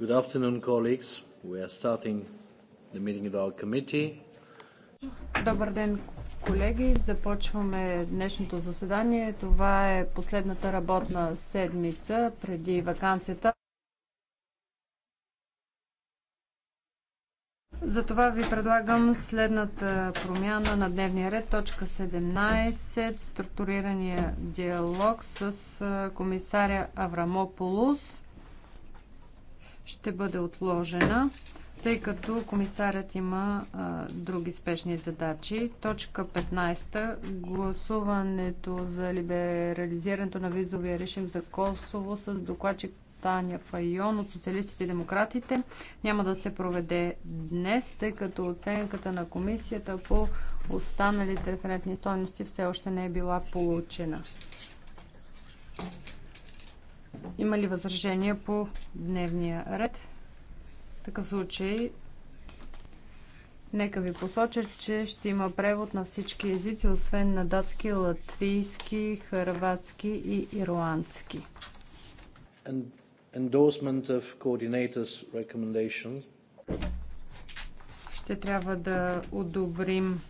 Good afternoon, colleagues. We are starting the meeting of our committee. Добър ден, колеги. Започваме днешното заседание. Това е последната работна седмица преди вакансията. Затова ви предлагам следната промяна на дневния ред. Точка 17. Структурирания диалог с комисаря Аврамополус ще бъде отложена, тъй като комисарят има а, други спешни задачи. Точка 15. Гласуването за либерализирането на визовия режим за Косово с докладчик Таня Файон от Социалистите и Демократите няма да се проведе днес, тъй като оценката на комисията по останалите референтни стоености все още не е била получена. Има ли възражения по дневния ред? В такъв случай, нека ви посоча, че ще има превод на всички езици, освен на датски, латвийски, хърватски и ирландски. Endorsement of coordinators recommendations. Ще трябва да одобрим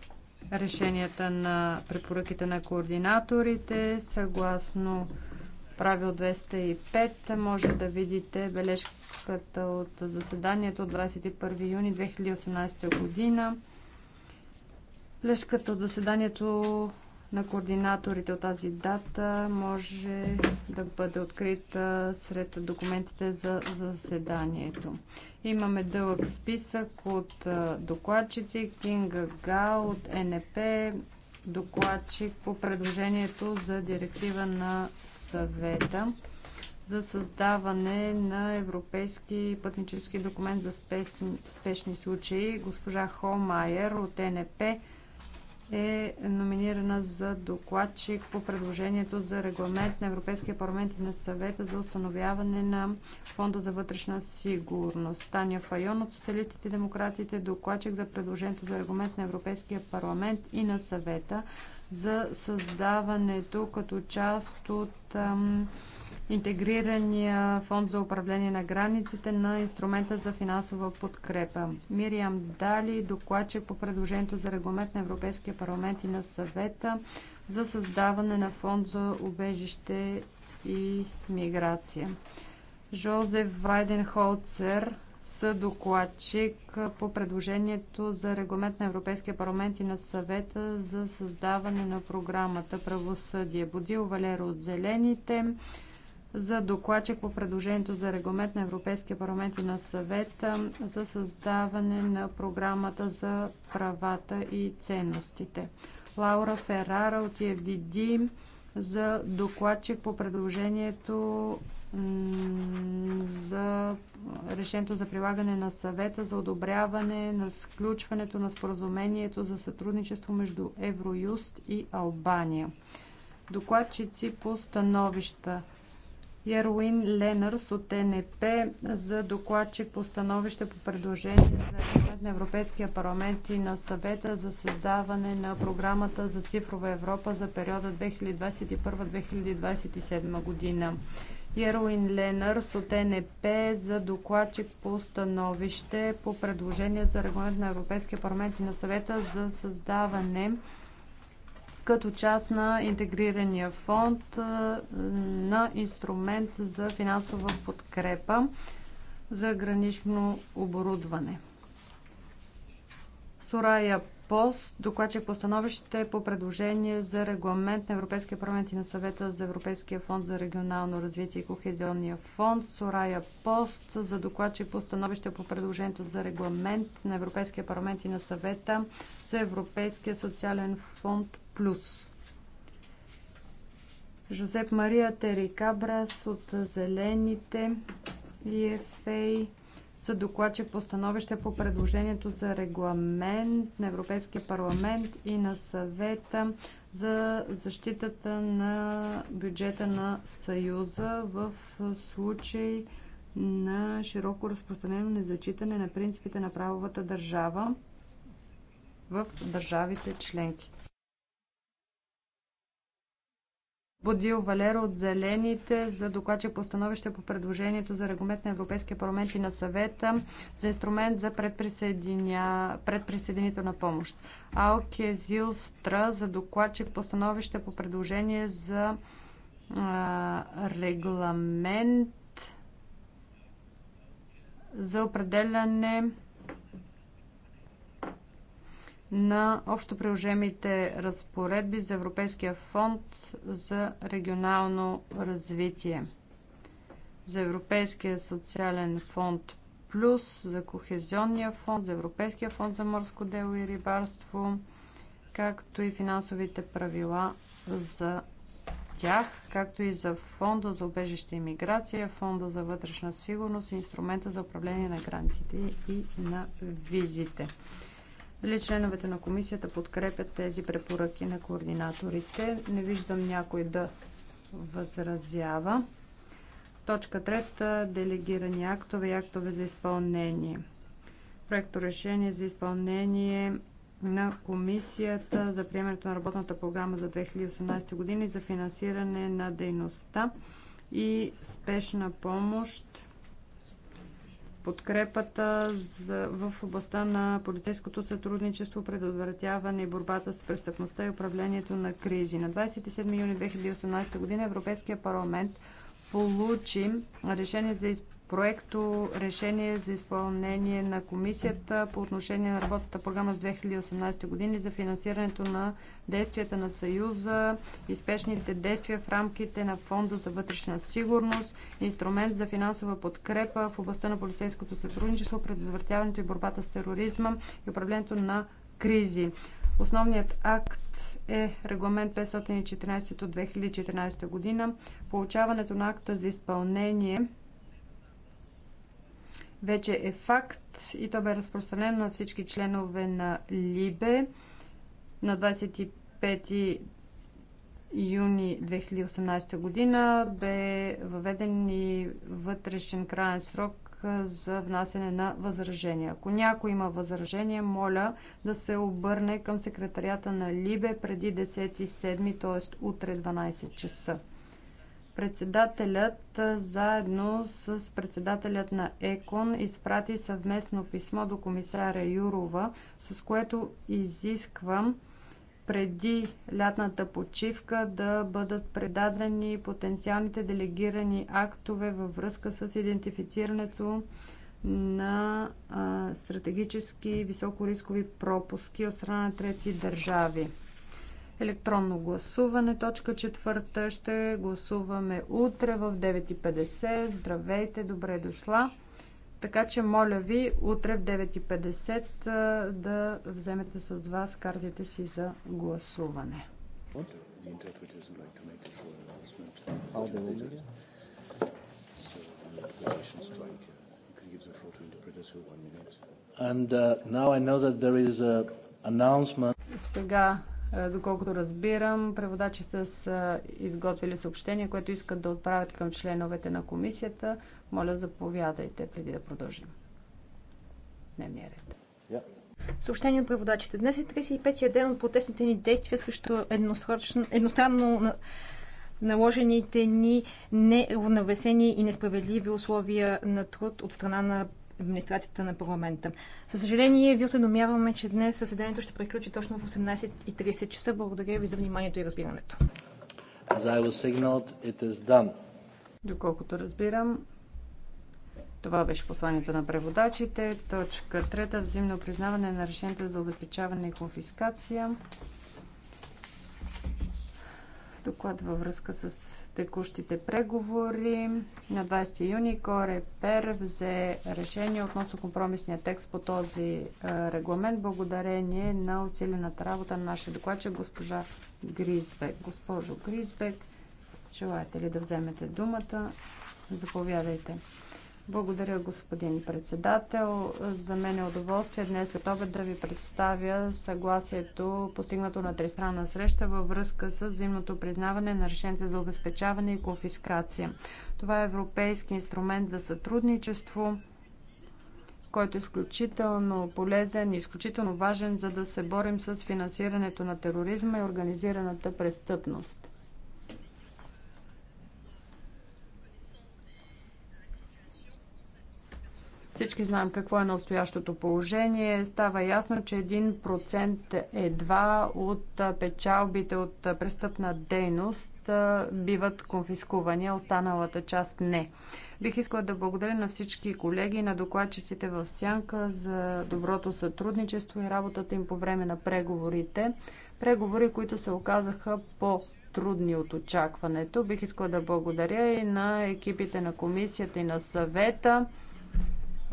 решенията на препоръките на координаторите съгласно правил 205 може да видите бележката от заседанието от 21 юни 2018 година. Бележката от заседанието на координаторите от тази дата може да бъде открита сред документите за заседанието. Имаме дълъг списък от докладчици Кинга Гал от НП, докладчик по предложението за директива на съвета за създаване на европейски пътнически документ за спешни, спешни случаи. Госпожа Холмайер от НП е номинирана за докладчик по предложението за регламент на Европейския парламент и на съвета за установяване на Фонда за вътрешна сигурност. Таня Файон от Социалистите и демократите докладчик за предложението за регламент на Европейския парламент и на съвета за създаването като част от ам, интегрирания фонд за управление на границите на инструмента за финансова подкрепа. Мириам Дали, докладчик по предложението за регламент на Европейския парламент и на съвета за създаване на фонд за убежище и миграция. Жозеф Вайденхолцер, докладчик по предложението за регламент на Европейския парламент и на съвета за създаване на програмата Правосъдие. Бодил Валеро от Зелените за докладчик по предложението за регламент на Европейския парламент и на съвета за създаване на програмата за правата и ценностите. Лаура Ферара от EFDD за докладчик по предложението за решението за прилагане на съвета за одобряване на сключването на споразумението за сътрудничество между Евроюст и Албания. Докладчици по становища. Яруин Ленърс от ТНП за докладчик по становище по предложение за регламент на Европейския парламент и на съвета за създаване на програмата за цифрова Европа за периода 2021-2027 година. Еруин Ленърс от НП за докладчик по становище по предложение за регламент на Европейския парламент и на съвета за създаване като част на интегрирания фонд на инструмент за финансова подкрепа за гранично оборудване. Сурая Пост, докладчик по становище по предложение за регламент на Европейския парламент и на съвета за Европейския фонд за регионално развитие и кохезионния фонд. Сорая Пост за докладчик по становище по предложението за регламент на Европейския парламент и на съвета за Европейския социален фонд Плюс. Жозеп Мария Терикабрас от Зелените и Ефей. Са докладчик по становище по предложението за регламент на Европейския парламент и на съвета за защитата на бюджета на Съюза в случай на широко разпространено незачитане на принципите на правовата държава в държавите членки. Бодил Валеро от Зелените за докладчик по становище по предложението за регламент на Европейския парламент и на съвета за инструмент за предприсъединя... на помощ. Алке Зилстра за докладчик по становище по предложение за а, регламент за определяне на общо приложимите разпоредби за Европейския фонд за регионално развитие, за Европейския социален фонд Плюс, за Кохезионния фонд, за Европейския фонд за морско дело и рибарство, както и финансовите правила за тях, както и за Фонда за обежище и миграция, Фонда за вътрешна сигурност, Инструмента за управление на границите и на визите. Дали членовете на комисията подкрепят тези препоръки на координаторите? Не виждам някой да възразява. Точка трета Делегирани актове и актове за изпълнение. Проекто решение за изпълнение на комисията за приемането на работната програма за 2018 година и за финансиране на дейността и спешна помощ подкрепата за, в областта на полицейското сътрудничество, предотвратяване и борбата с престъпността и управлението на кризи. На 27 юни 2018 година Европейския парламент получи решение за изпълнение проекто решение за изпълнение на комисията по отношение на работната програма с 2018 години за финансирането на действията на Съюза и спешните действия в рамките на Фонда за вътрешна сигурност, инструмент за финансова подкрепа в областта на полицейското сътрудничество, предотвратяването и борбата с тероризма и управлението на кризи. Основният акт е регламент 514 от 2014 година. Получаването на акта за изпълнение вече е факт и то бе разпространено на всички членове на Либе на 25 юни 2018 година бе въведен и вътрешен крайен срок за внасяне на възражения. Ако някой има възражение, моля да се обърне към секретарията на Либе преди 10.7, т.е. утре 12 часа. Председателят заедно с председателят на ЕКОН изпрати съвместно писмо до комисаря Юрова, с което изисквам преди лятната почивка да бъдат предадени потенциалните делегирани актове във връзка с идентифицирането на а, стратегически високорискови пропуски от страна на трети държави. Електронно гласуване, точка четвърта. Ще гласуваме утре в 9.50. Здравейте, добре дошла. Така че, моля ви, утре в 9.50 да вземете с вас картите си за гласуване. And uh, now I know that there is a announcement. Сега е, доколкото разбирам, преводачите са изготвили съобщение, което искат да отправят към членовете на комисията. Моля, заповядайте преди да продължим. С дневния ред. Съобщение от преводачите. Днес е 35-я ден от протестните ни действия срещу едностранно наложените ни неравновесени и несправедливи условия на труд от страна на администрацията на парламента. Със съжаление, ви осведомяваме, че днес съседанието ще приключи точно в 18.30 часа. Благодаря ви за вниманието и разбирането. Signaled, Доколкото разбирам, това беше посланието на преводачите. Точка трета. Взаимно признаване на решенията за обезпечаване и конфискация доклад във връзка с текущите преговори. На 20 юни Коре Пер взе решение относно компромисния текст по този е, регламент, благодарение на усилената работа на нашия докладчик госпожа Гризбек. Госпожо Гризбек, желаете ли да вземете думата? Заповядайте. Благодаря, господин председател. За мен е удоволствие днес след обед да ви представя съгласието, постигнато на тристранна среща във връзка с взаимното признаване на решенията за обезпечаване и конфискация. Това е европейски инструмент за сътрудничество, който е изключително полезен и изключително важен, за да се борим с финансирането на тероризма и организираната престъпност. Всички знаем какво е настоящото положение. Става ясно, че 1% едва от печалбите от престъпна дейност биват конфискувани, а останалата част не. Бих искала да благодаря на всички колеги и на докладчиците в Сянка за доброто сътрудничество и работата им по време на преговорите. Преговори, които се оказаха по трудни от очакването. Бих искала да благодаря и на екипите на комисията и на съвета.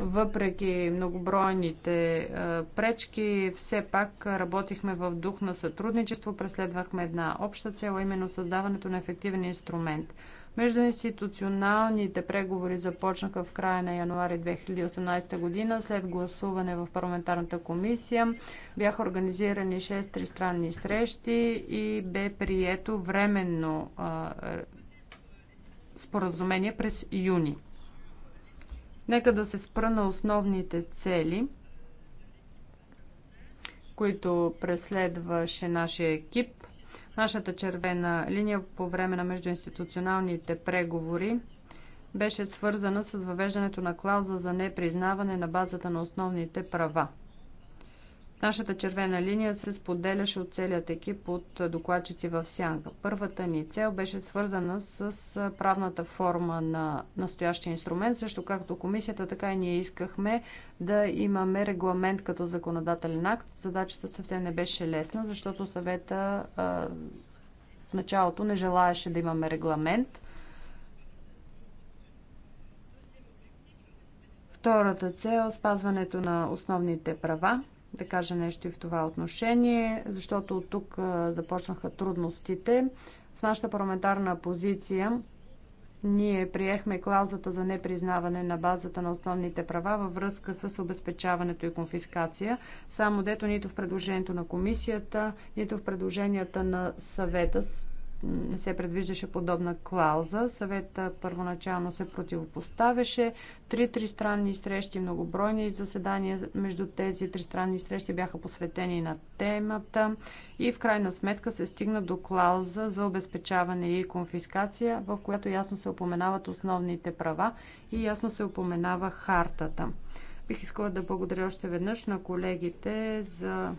Въпреки многобройните пречки, все пак работихме в дух на сътрудничество, преследвахме една обща цел, именно създаването на ефективен инструмент. Междуинституционалните преговори започнаха в края на януари 2018 година след гласуване в парламентарната комисия. Бяха организирани 6 тристранни срещи и бе прието временно а, споразумение през юни. Нека да се спра на основните цели, които преследваше нашия екип. Нашата червена линия по време на междуинституционалните преговори беше свързана с въвеждането на клауза за непризнаване на базата на основните права. Нашата червена линия се споделяше от целият екип от докладчици в Сянка. Първата ни цел беше свързана с правната форма на настоящия инструмент, също както комисията, така и ние искахме да имаме регламент като законодателен акт. Задачата съвсем не беше лесна, защото съвета в началото не желаеше да имаме регламент. Втората цел – спазването на основните права – да кажа нещо и в това отношение, защото от тук започнаха трудностите. В нашата парламентарна позиция ние приехме клаузата за непризнаване на базата на основните права във връзка с обезпечаването и конфискация, само дето нито в предложението на комисията, нито в предложенията на съвета не се предвиждаше подобна клауза. Съвета първоначално се противопоставяше. Три тристранни срещи, многобройни заседания между тези тристранни срещи бяха посветени на темата и в крайна сметка се стигна до клауза за обезпечаване и конфискация, в която ясно се упоменават основните права и ясно се упоменава хартата. Бих искала да благодаря още веднъж на колегите за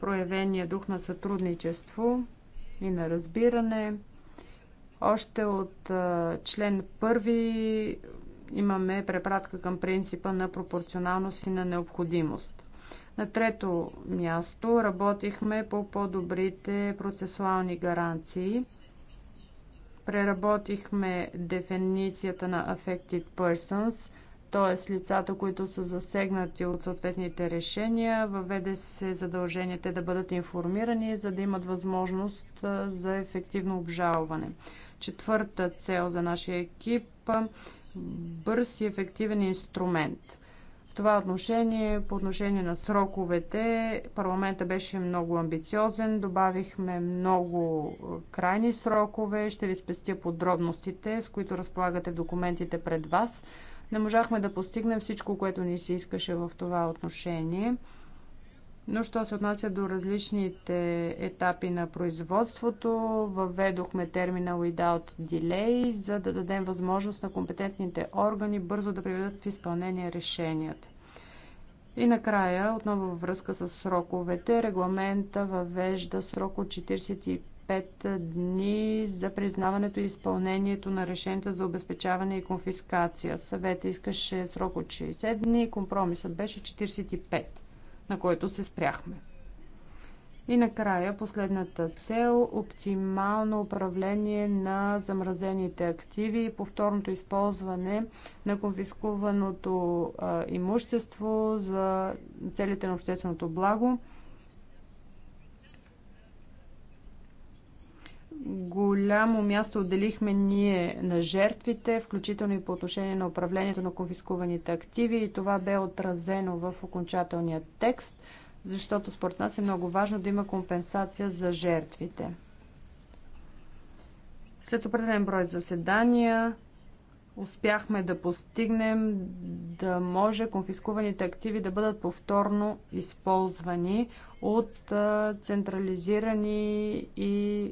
проявения дух на сътрудничество и на разбиране. Още от член първи имаме препратка към принципа на пропорционалност и на необходимост. На трето място работихме по по-добрите процесуални гаранции. Преработихме дефиницията на affected persons – т.е. лицата, които са засегнати от съответните решения, въведе се задължение те да бъдат информирани, за да имат възможност за ефективно обжалване. Четвърта цел за нашия екип – бърз и ефективен инструмент. В това отношение, по отношение на сроковете, парламента беше много амбициозен, добавихме много крайни срокове, ще ви спестя подробностите, с които разполагате в документите пред вас – не можахме да постигнем всичко, което ни се искаше в това отношение. Но що се отнася до различните етапи на производството, въведохме термина without delay, за да дадем възможност на компетентните органи бързо да приведат в изпълнение решенията. И накрая, отново във връзка с сроковете, регламента въвежда срок от 45 5 дни за признаването и изпълнението на решенията за обезпечаване и конфискация. Съвета искаше срок от 60 дни, компромисът беше 45, на който се спряхме. И накрая последната цел оптимално управление на замразените активи и повторното използване на конфискуваното а, имущество за целите на общественото благо голямо място отделихме ние на жертвите, включително и по отношение на управлението на конфискуваните активи и това бе отразено в окончателния текст, защото според нас е много важно да има компенсация за жертвите. След определен брой заседания успяхме да постигнем да може конфискуваните активи да бъдат повторно използвани от централизирани и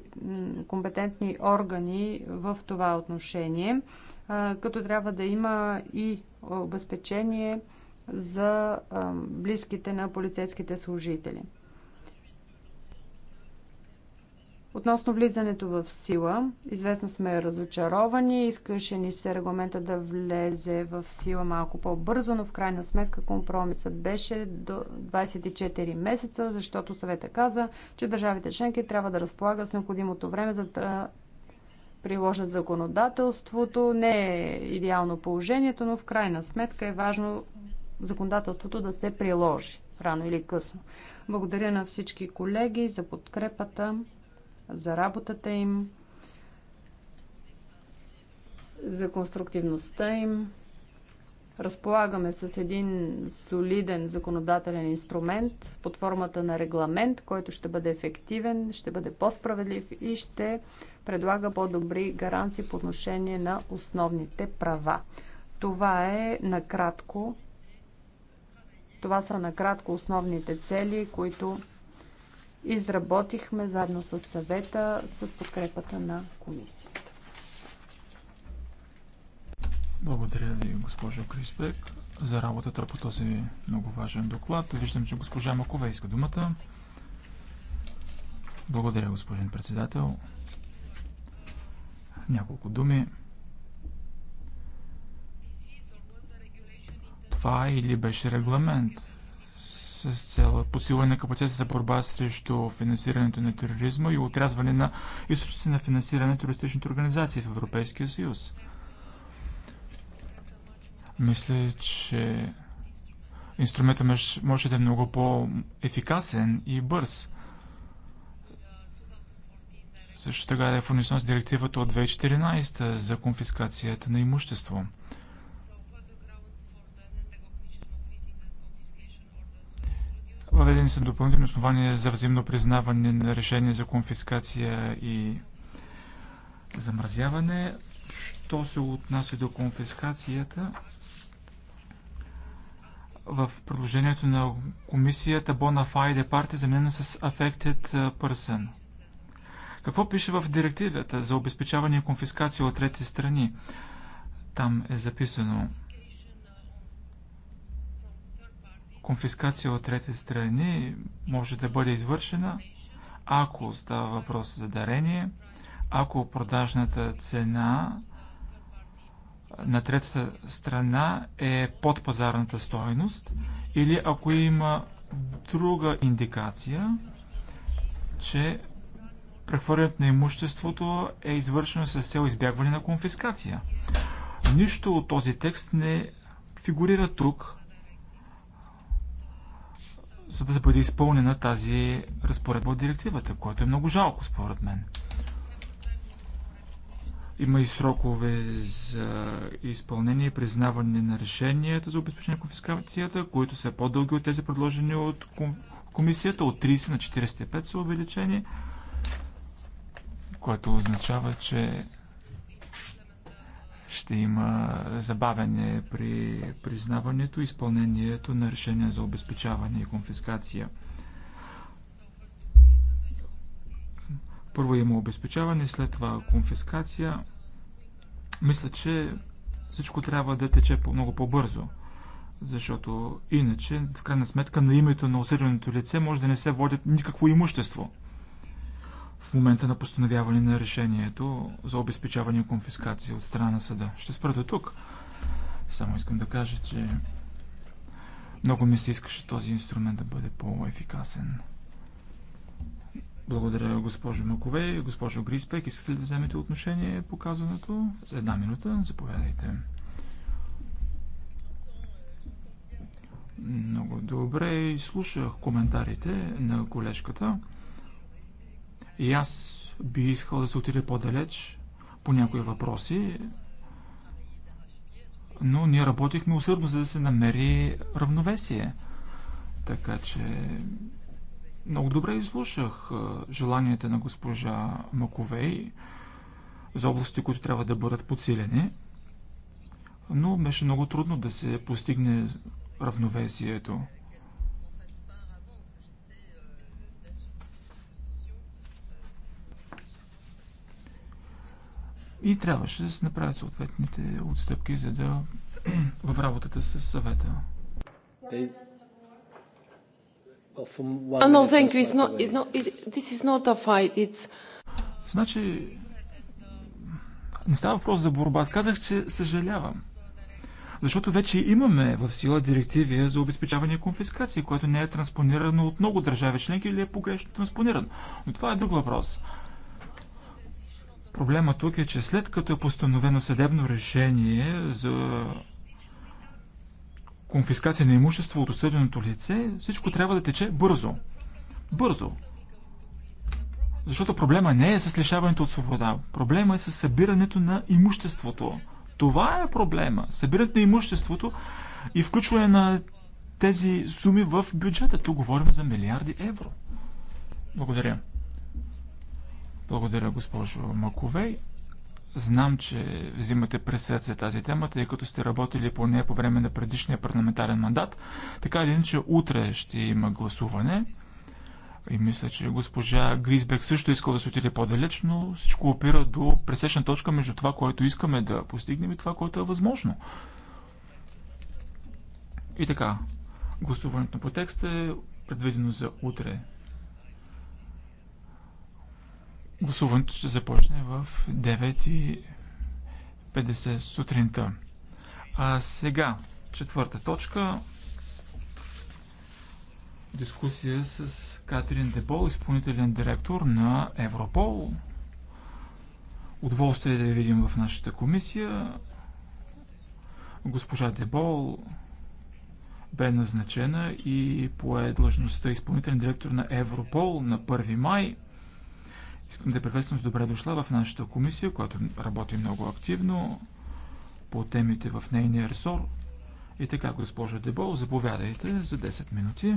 компетентни органи в това отношение, като трябва да има и обезпечение за близките на полицейските служители. Относно влизането в сила, известно сме разочаровани, искаше ни се регламента да влезе в сила малко по-бързо, но в крайна сметка компромисът беше до 24 месеца, защото съвета каза, че държавите членки трябва да разполагат с необходимото време за да приложат законодателството. Не е идеално положението, но в крайна сметка е важно законодателството да се приложи рано или късно. Благодаря на всички колеги за подкрепата за работата им, за конструктивността им. Разполагаме с един солиден законодателен инструмент под формата на регламент, който ще бъде ефективен, ще бъде по-справедлив и ще предлага по-добри гаранции по отношение на основните права. Това е накратко. Това са накратко основните цели, които изработихме заедно с съвета с подкрепата на комисията. Благодаря ви, госпожо Крисбек, за работата по този много важен доклад. Виждам, че госпожа Макова иска думата. Благодаря, господин председател. Няколко думи. Това или беше регламент? с цел посилване на капацитета за борба срещу финансирането на тероризма и отрязване на източници на финансиране на терористичните организации в Европейския съюз. Мисля, че инструментът може да е много по-ефикасен и бърз. Също така е в унисон с директивата от 2014 за конфискацията на имущество – Въведени са допълнителни основания за взаимно признаване на решение за конфискация и замразяване. Що се отнася до конфискацията, в предложението на комисията Fide Party е заменена с Affected Person. Какво пише в директивата за обезпечаване и конфискация от трети страни? Там е записано – конфискация от трети страни може да бъде извършена, ако става въпрос за дарение, ако продажната цена на третата страна е под пазарната стоеност или ако има друга индикация, че прехвърлянето на имуществото е извършено с цел избягване на конфискация. Нищо от този текст не фигурира тук, за да бъде изпълнена тази разпоредба от директивата, което е много жалко според мен. Има и срокове за изпълнение и признаване на решенията за обезпечение на конфискацията, които са по-дълги от тези предложени от комисията. От 30 на 45 са увеличени, което означава, че ще има забавяне при признаването и изпълнението на решение за обезпечаване и конфискация. Първо има обезпечаване, след това конфискация. Мисля, че всичко трябва да тече много по-бързо, защото иначе, в крайна сметка, на името на осъденото лице може да не се водят никакво имущество – в момента на постановяване на решението за обезпечаване и конфискация от страна на съда. Ще спра до тук. Само искам да кажа, че много ми се искаше този инструмент да бъде по-ефикасен. Благодаря, госпожо Макове. и Госпожо Гриспек, искате ли да вземете отношение по казаното? За една минута, заповядайте. Много добре слушах коментарите на колежката. И аз би искал да се отиде по-далеч по някои въпроси, но ние работихме усърдно, за да се намери равновесие. Така че много добре изслушах желанията на госпожа Маковей за областите, които трябва да бъдат подсилени, но беше много трудно да се постигне равновесието. И трябваше да се направят съответните отстъпки, за да в работата с съвета. Значи, не става въпрос за борба. Аз казах, че съжалявам. Защото вече имаме в сила директиви за обезпечаване и конфискация, което не е транспонирано от много държави членки или е погрешно транспонирано. Но това е друг въпрос. Проблема тук е, че след като е постановено съдебно решение за конфискация на имущество от осъденото лице, всичко трябва да тече бързо. Бързо. Защото проблема не е с лишаването от свобода. Проблема е с събирането на имуществото. Това е проблема. Събирането на имуществото и включване на тези суми в бюджета. Тук говорим за милиарди евро. Благодаря. Благодаря, госпожо Маковей. Знам, че взимате през сърце тази тема, тъй като сте работили по нея по време на предишния парламентарен мандат. Така един, че утре ще има гласуване. И мисля, че госпожа Гризбек също иска да се отиде по-далеч, но всичко опира до пресечна точка между това, което искаме да постигнем и това, което е възможно. И така, гласуването по текста е предвидено за утре. Гласуването ще започне в 9.50 сутринта. А сега, четвърта точка. Дискусия с Катрин Дебол, изпълнителен директор на Европол. Удоволствие да я видим в нашата комисия. Госпожа Дебол бе назначена и пое длъжността изпълнителен директор на Европол на 1 май – Искам да приветствам с добре дошла в нашата комисия, която работи много активно по темите в нейния ресор. И така, госпожа Дебол, заповядайте за 10 минути.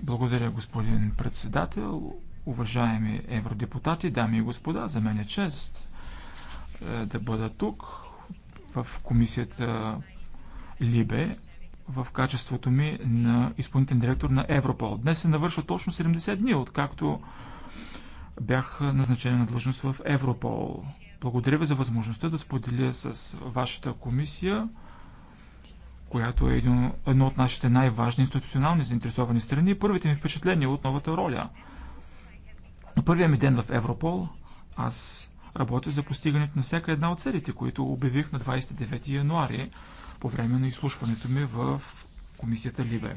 Благодаря, господин председател, уважаеми евродепутати, дами и господа. За мен е чест е, да бъда тук в комисията Либе в качеството ми на изпълнителен директор на Европол. Днес се навършва точно 70 дни, откакто бях назначен на длъжност в Европол. Благодаря ви за възможността да споделя с вашата комисия, която е едно, едно от нашите най-важни институционални заинтересовани страни, първите ми впечатления от новата роля. На първия ми ден в Европол аз работя за постигането на всяка една от целите, които обявих на 29 януари по време на изслушването ми в комисията Либе.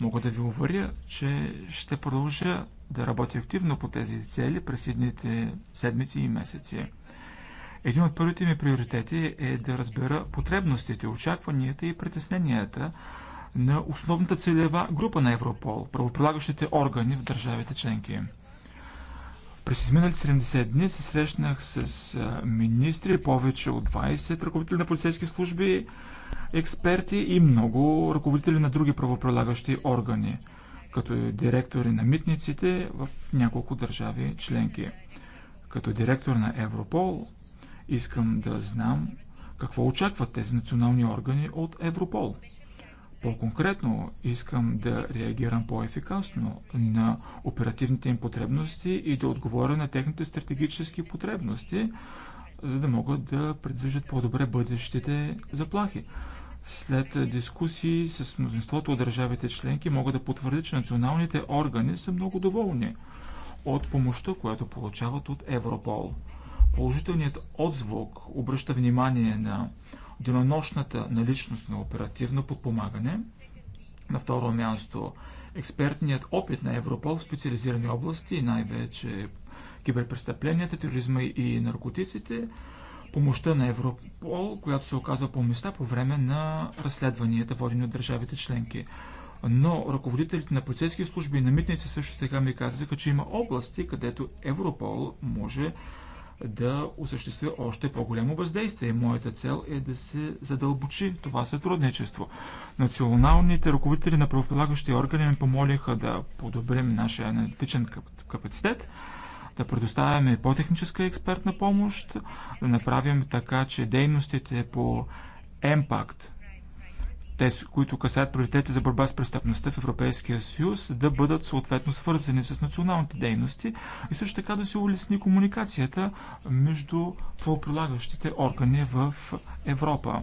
Мога да ви уверя, че ще продължа да работя активно по тези цели през едните седмици и месеци. Един от първите ми приоритети е да разбера потребностите, очакванията и притесненията на основната целева група на Европол – правоприлагащите органи в държавите членки. През изминали 70 дни се срещнах с министри, повече от 20 ръководители на полицейски служби, експерти и много ръководители на други правоприлагащи органи, като е директори на митниците в няколко държави членки. Като директор на Европол искам да знам какво очакват тези национални органи от Европол. По-конкретно искам да реагирам по-ефикасно на оперативните им потребности и да отговоря на техните стратегически потребности, за да могат да предвиждат по-добре бъдещите заплахи. След дискусии с мнозинството от държавите членки могат да потвърдят, че националните органи са много доволни от помощта, която получават от Европол. Положителният отзвук обръща внимание на денонощната наличност на оперативно подпомагане. На второ място експертният опит на Европол в специализирани области и най-вече киберпрестъпленията, тероризма и наркотиците, помощта на Европол, която се оказва по места по време на разследванията, водени от държавите членки. Но ръководителите на полицейски служби и на митници също така ми казаха, че има области, където Европол може да осъществи още по-голямо въздействие. Моята цел е да се задълбочи това сътрудничество. Националните ръководители на правоприлагащи органи ми помолиха да подобрим нашия аналитичен капацитет. Кап- да предоставяме по-техническа експертна помощ, да направим така, че дейностите по МПАКТ, те, които касаят приоритети за борба с престъпността в Европейския съюз, да бъдат съответно свързани с националните дейности и също така да се улесни комуникацията между правоприлагащите органи в Европа.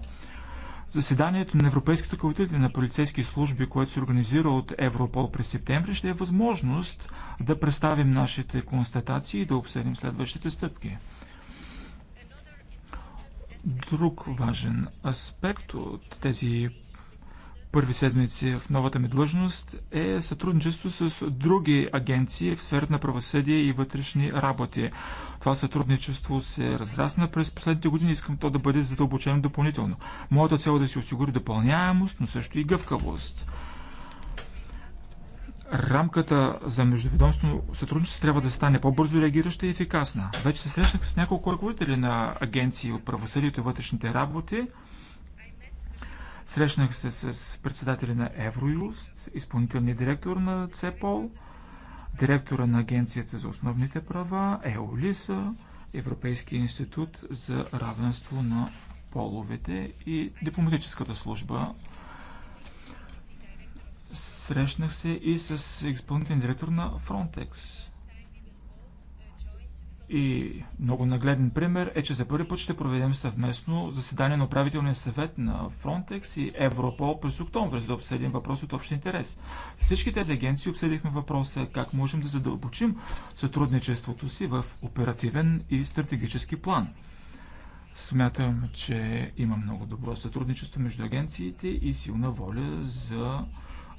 Заседанието на Европейската ръководители на полицейски служби, което се организира от Европол през септември, ще е възможност да представим нашите констатации и да обсъдим следващите стъпки. Друг важен аспект от тези първи седмици в новата ми длъжност е сътрудничество с други агенции в сферата на правосъдие и вътрешни работи. Това сътрудничество се разрасна през последните години и искам то да бъде задълбочено допълнително. Моята цел е да се осигури допълняемост, но също и гъвкавост. Рамката за междуведомствено сътрудничество трябва да стане по-бързо реагираща и ефикасна. Вече се срещнах с няколко ръководители на агенции от правосъдието и вътрешните работи – Срещнах се с председателя на Евроюст, изпълнителния директор на ЦЕПОЛ, директора на Агенцията за основните права, ЕОЛИСА, Европейския институт за равенство на половете и дипломатическата служба. Срещнах се и с изпълнителния директор на Frontex. И много нагледен пример е, че за първи път ще проведем съвместно заседание на управителния съвет на Frontex и Европол през октомври, за да обсъдим въпрос от общ интерес. Всички тези агенции обсъдихме въпроса как можем да задълбочим сътрудничеството си в оперативен и стратегически план. Смятам, че има много добро сътрудничество между агенциите и силна воля за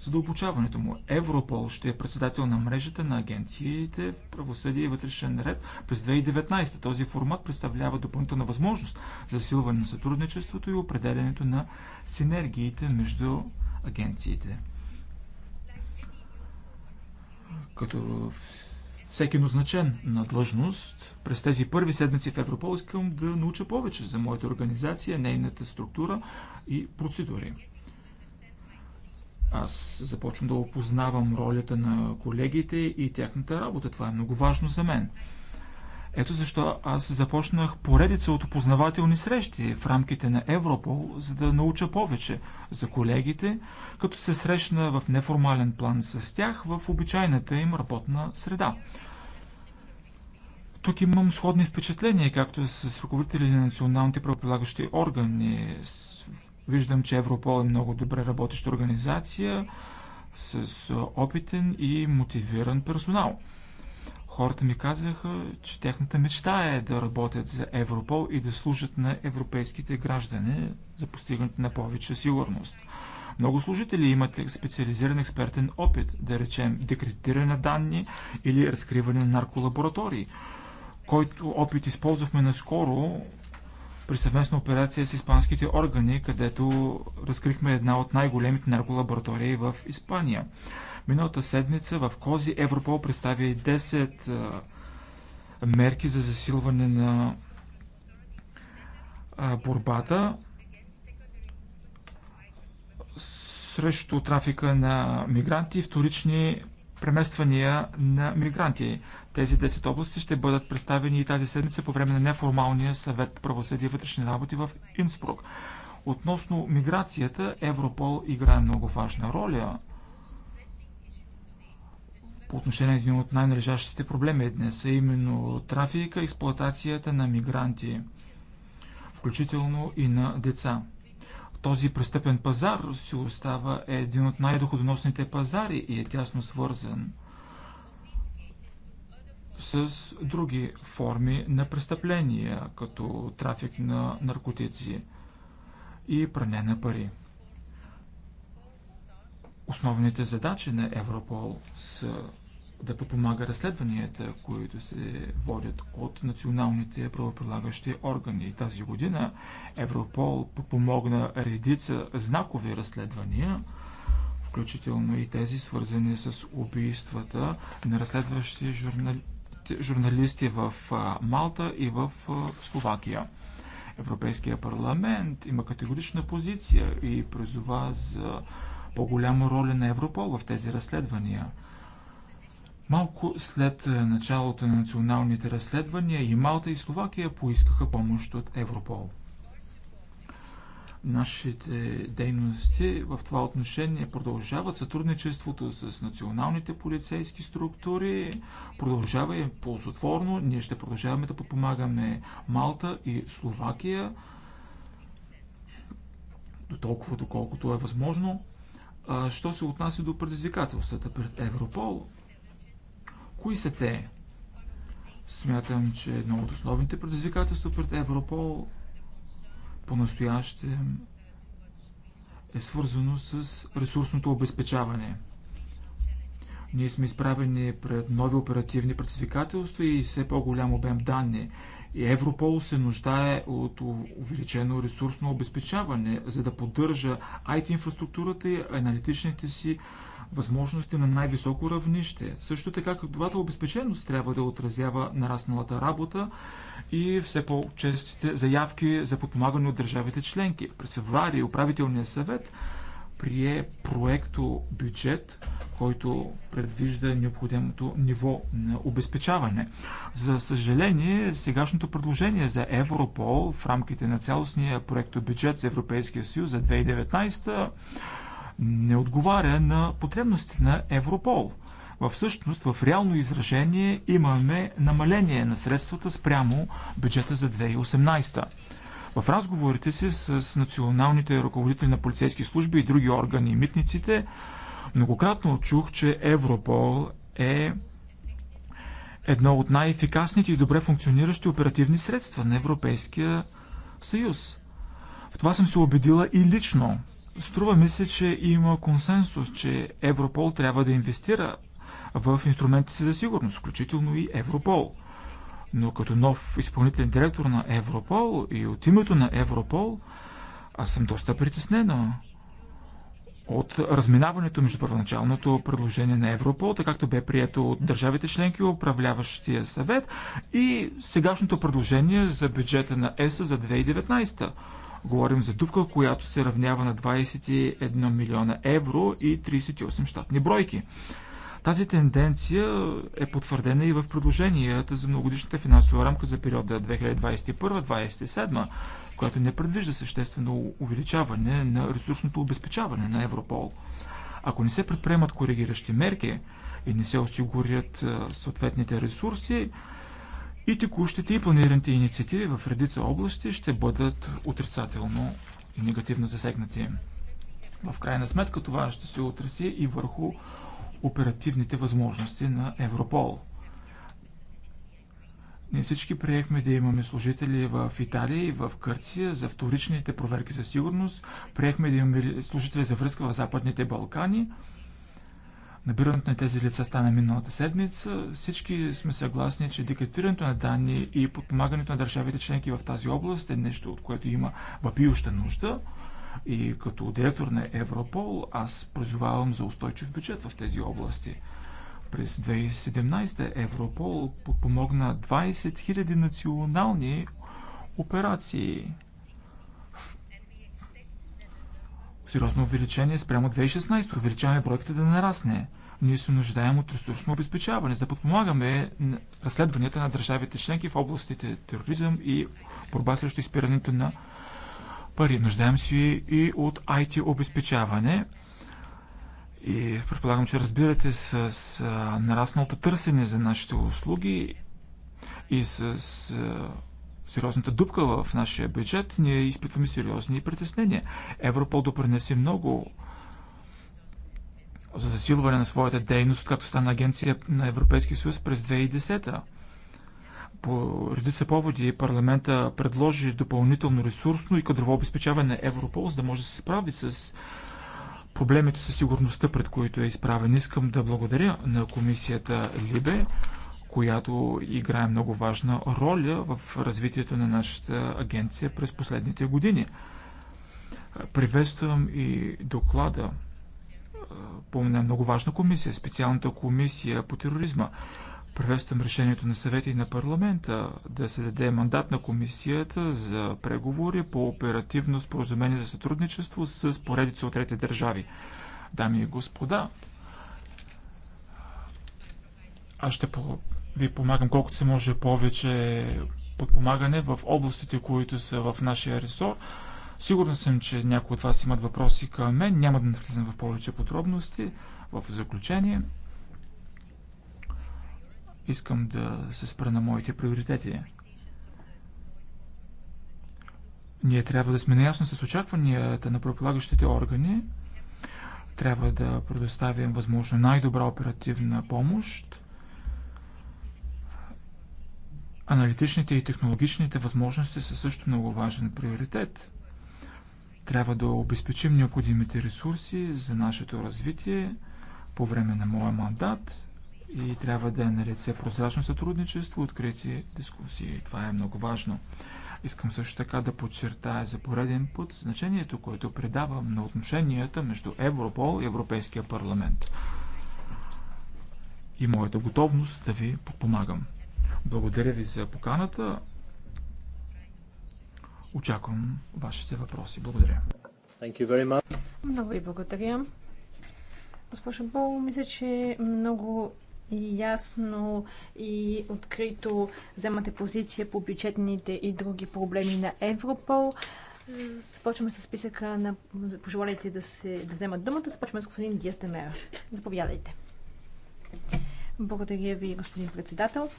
задълбочаването му. Европол ще е председател на мрежата на агенциите в правосъдие и вътрешен ред през 2019. Този формат представлява допълнителна възможност за силване на сътрудничеството и определенето на синергиите между агенциите. Като всеки назначен на длъжност, през тези първи седмици в Европол искам да науча повече за моята организация, нейната структура и процедури. Аз започвам да опознавам ролята на колегите и тяхната работа. Това е много важно за мен. Ето защо аз започнах поредица от опознавателни срещи в рамките на Европол, за да науча повече за колегите, като се срещна в неформален план с тях в обичайната им работна среда. Тук имам сходни впечатления, както с ръководители на националните правоприлагащи органи, Виждам, че Европол е много добре работеща организация с опитен и мотивиран персонал. Хората ми казаха, че тяхната мечта е да работят за Европол и да служат на европейските граждани за постигането на повече сигурност. Много служители имат специализиран експертен опит, да речем декретиране на данни или разкриване на нарколаборатории, който опит използвахме наскоро при съвместна операция с испанските органи, където разкрихме една от най-големите нарколаборатории в Испания. Миналата седмица в Кози Европол представи 10 мерки за засилване на борбата срещу трафика на мигранти и вторични премествания на мигранти. Тези 10 области ще бъдат представени и тази седмица по време на неформалния съвет по правосъдие и вътрешни работи в Инспрук. Относно миграцията, Европол играе много важна роля по отношение на един от най-належащите проблеми днес, а именно трафика, експлоатацията на мигранти, включително и на деца. Този престъпен пазар си остава един от най-доходоносните пазари и е тясно свързан – с други форми на престъпления, като трафик на наркотици и пране на пари. Основните задачи на Европол са да подпомага разследванията, които се водят от националните правоприлагащи органи. Тази година Европол подпомогна редица знакови разследвания, включително и тези свързани с убийствата на разследващи журналисти журналисти в Малта и в Словакия. Европейския парламент има категорична позиция и призова за по-голяма роля на Европол в тези разследвания. Малко след началото на националните разследвания и Малта и Словакия поискаха помощ от Европол. Нашите дейности в това отношение продължават. Сътрудничеството с националните полицейски структури продължава и е ползотворно. Ние ще продължаваме да подпомагаме Малта и Словакия до толкова, доколкото е възможно. А, що се отнася до предизвикателствата пред Европол? Кои са те? Смятам, че едно от основните предизвикателства пред Европол по-настояще е свързано с ресурсното обезпечаване. Ние сме изправени пред нови оперативни предизвикателства и все по-голям обем данни. И Европол се нуждае от увеличено ресурсно обезпечаване, за да поддържа IT инфраструктурата и аналитичните си възможности на най-високо равнище. Също така, кадровата обезпеченост трябва да отразява нарасналата работа и все по-честите заявки за подпомагане от държавите членки. През феврари управителният съвет прие проекто бюджет, който предвижда необходимото ниво на обезпечаване. За съжаление, сегашното предложение за Европол в рамките на цялостния проекто бюджет за Европейския съюз за 2019 не отговаря на потребностите на Европол. В същност, в реално изражение имаме намаление на средствата спрямо бюджета за 2018. В разговорите си с националните ръководители на полицейски служби и други органи и митниците, многократно чух, че Европол е едно от най-ефикасните и добре функциониращи оперативни средства на Европейския съюз. В това съм се убедила и лично, Струва ми се, че има консенсус, че Европол трябва да инвестира в инструментите си за сигурност, включително и Европол. Но като нов изпълнителен директор на Европол и от името на Европол, аз съм доста притеснена от разминаването между първоначалното предложение на Европол, така както бе прието от държавите членки и управляващия съвет, и сегашното предложение за бюджета на ЕСА за 2019. Говорим за дупка, която се равнява на 21 милиона евро и 38 щатни бройки. Тази тенденция е потвърдена и в предложенията за многодишната финансова рамка за периода 2021-2027, която не предвижда съществено увеличаване на ресурсното обезпечаване на Европол. Ако не се предприемат коригиращи мерки и не се осигурят съответните ресурси, и текущите и планираните инициативи в редица области ще бъдат отрицателно и негативно засегнати. В крайна сметка това ще се отраси и върху оперативните възможности на Европол. Ние всички приехме да имаме служители в Италия и в Кърция за вторичните проверки за сигурност. Приехме да имаме служители за връзка в Западните Балкани – Набирането на тези лица стана миналата седмица. Всички сме съгласни, че декретирането на данни и подпомагането на държавите членки в тази област е нещо, от което има въпиюща нужда. И като директор на Европол, аз призовавам за устойчив бюджет в тези области. През 2017 Европол подпомогна 20 000 национални операции сериозно увеличение спрямо 2016. Увеличаваме бройката да нарасне. Ние се нуждаем от ресурсно обезпечаване, за да подпомагаме разследванията на държавите членки в областите тероризъм и борба срещу изпирането на пари. Нуждаем се и от IT обезпечаване. И предполагам, че разбирате с, с нарасналото търсене за нашите услуги и с сериозната дупка в нашия бюджет, ние изпитваме сериозни притеснения. Европол допринесе много за засилване на своята дейност, както стана агенция на Европейския съюз през 2010-та. По редица поводи парламента предложи допълнително ресурсно и кадрово обезпечаване на Европол, за да може да се справи с проблемите със сигурността, пред които е изправен. Искам да благодаря на комисията Либе която играе много важна роля в развитието на нашата агенция през последните години. Приветствам и доклада по една много важна комисия, специалната комисия по тероризма. Приветствам решението на съвета и на парламента да се даде мандат на комисията за преговори по оперативно споразумение за сътрудничество с поредица от трети държави. Дами и господа, аз ще ви помагам колкото се може повече подпомагане в областите, които са в нашия ресор. Сигурно съм, че някои от вас имат въпроси към мен. Няма да навлизам в повече подробности. В заключение искам да се спра на моите приоритети. Ние трябва да сме наясно с очакванията на прополагащите органи. Трябва да предоставим възможно най-добра оперативна помощ Аналитичните и технологичните възможности са също много важен приоритет. Трябва да обезпечим необходимите ресурси за нашето развитие по време на моя мандат и трябва да е на лице прозрачно сътрудничество, открити дискусии. Това е много важно. Искам също така да подчертая за пореден път значението, което предавам на отношенията между Европол и Европейския парламент и моята готовност да ви помагам. Благодаря ви за поканата. Очаквам вашите въпроси. Благодаря. Много ви благодаря. Госпожа Бол, мисля, че много и ясно и открито вземате позиция по бюджетните и други проблеми на Европол. Започваме с списъка на пожелалите да, се, да вземат думата. Започваме с господин Диестемер. Заповядайте. Благодаря ви, господин председател.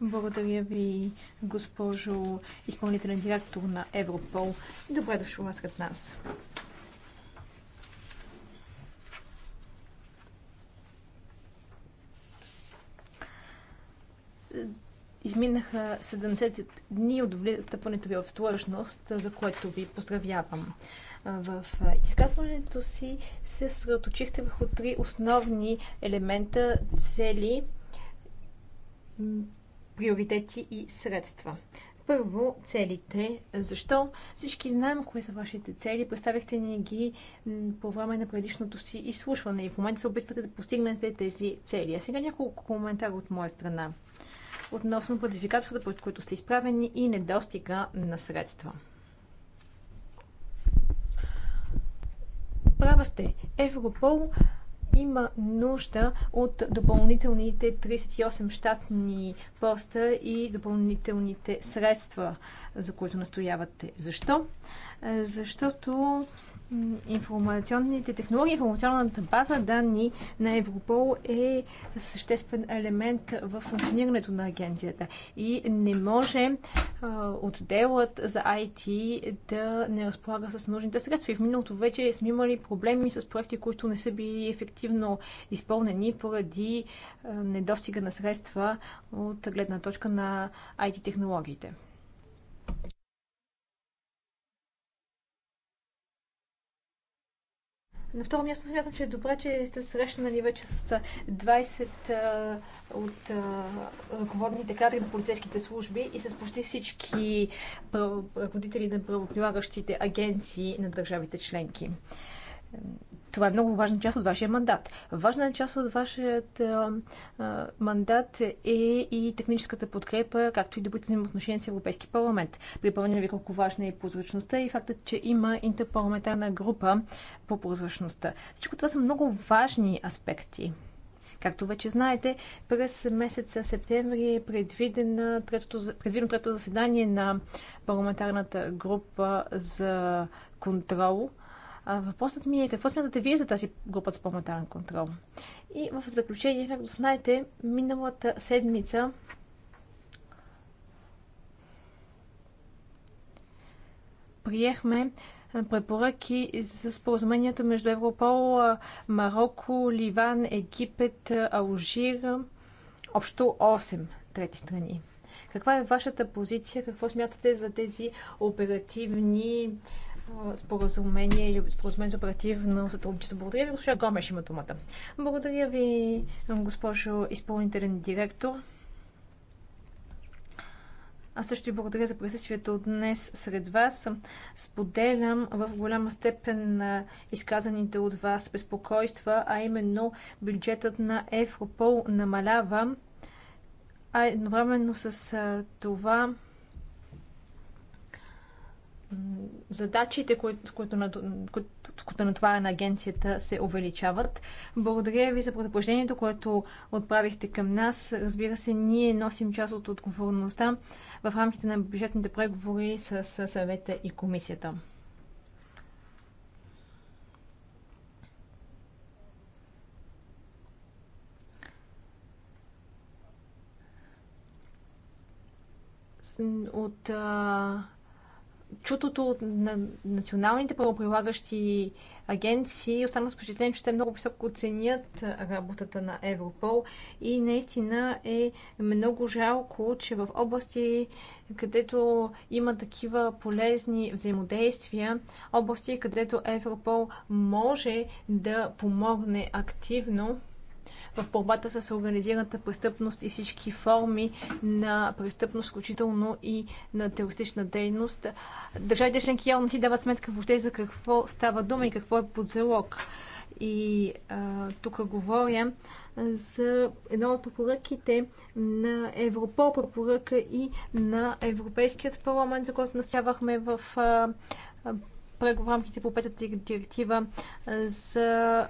Благодаря ви, госпожо изпълнителен директор на Европол. Добре е дошла сред нас. Изминаха 70 дни от встъпването ви в длъжност, за което ви поздравявам. В изказването си се съсредоточихте върху три основни елемента, цели, приоритети и средства. Първо, целите. Защо? Всички знаем кои са вашите цели. Представихте ни ги по време на предишното си изслушване и в момента се опитвате да постигнете тези цели. А сега няколко коментара от моя страна относно предизвикателствата, пред които сте изправени и недостига на средства. Права сте. Европол има нужда от допълнителните 38 щатни поста и допълнителните средства, за които настоявате. Защо? Защото информационните технологии, информационната база данни на Европол е съществен елемент в функционирането на агенцията. И не може а, отделът за IT да не разполага с нужните средства. И в миналото вече сме имали проблеми с проекти, които не са били ефективно изпълнени поради а, недостига на средства от гледна точка на IT технологиите. На второ място смятам, че е добре, че сте срещнали вече с 20 от ръководните кадри на полицейските служби и с почти всички ръководители на правоприлагащите агенции на държавите членки. Това е много важна част от вашия мандат. Важна е част от вашият а, а, мандат е и техническата подкрепа, както и добрите взаимоотношения с Европейски парламент. Припомням ви колко важна е прозрачността и фактът, че има интерпарламентарна група по прозрачността. Всичко това са много важни аспекти. Както вече знаете, през месеца септември е предвидено третото, предвидено третото заседание на парламентарната група за контрол Въпросът ми е какво смятате вие за тази група за парламентарен контрол? И в заключение, както знаете, миналата седмица приехме препоръки за споразумението между Европол, Марокко, Ливан, Египет, Алжир, общо 8 трети страни. Каква е вашата позиция? Какво смятате за тези оперативни споразумение или споразумение за оперативно сътрудничество. Благодаря ви, госпожа Гомеш има думата. Благодаря ви, госпожо изпълнителен директор. Аз също и благодаря за присъствието днес сред вас. Споделям в голяма степен на изказаните от вас безпокойства, а именно бюджетът на Европол намалява, а едновременно с това задачите, които, които, на, които, които на агенцията, се увеличават. Благодаря ви за предупреждението, което отправихте към нас. Разбира се, ние носим част от отговорността в рамките на бюджетните преговори с, с съвета и комисията. От а чутото от на националните правоприлагащи агенции. Останах с впечатление, че те много високо оценят работата на Европол и наистина е много жалко, че в области, където има такива полезни взаимодействия, области, където Европол може да помогне активно, в борбата с организираната престъпност и всички форми на престъпност, включително и на терористична дейност. Държавите членки явно си дават сметка въобще за какво става дума и какво е под залог. И а, тук говоря за една от препоръките на Европол, препоръка и на Европейският парламент, за който настоявахме в а, в рамките по петата директива за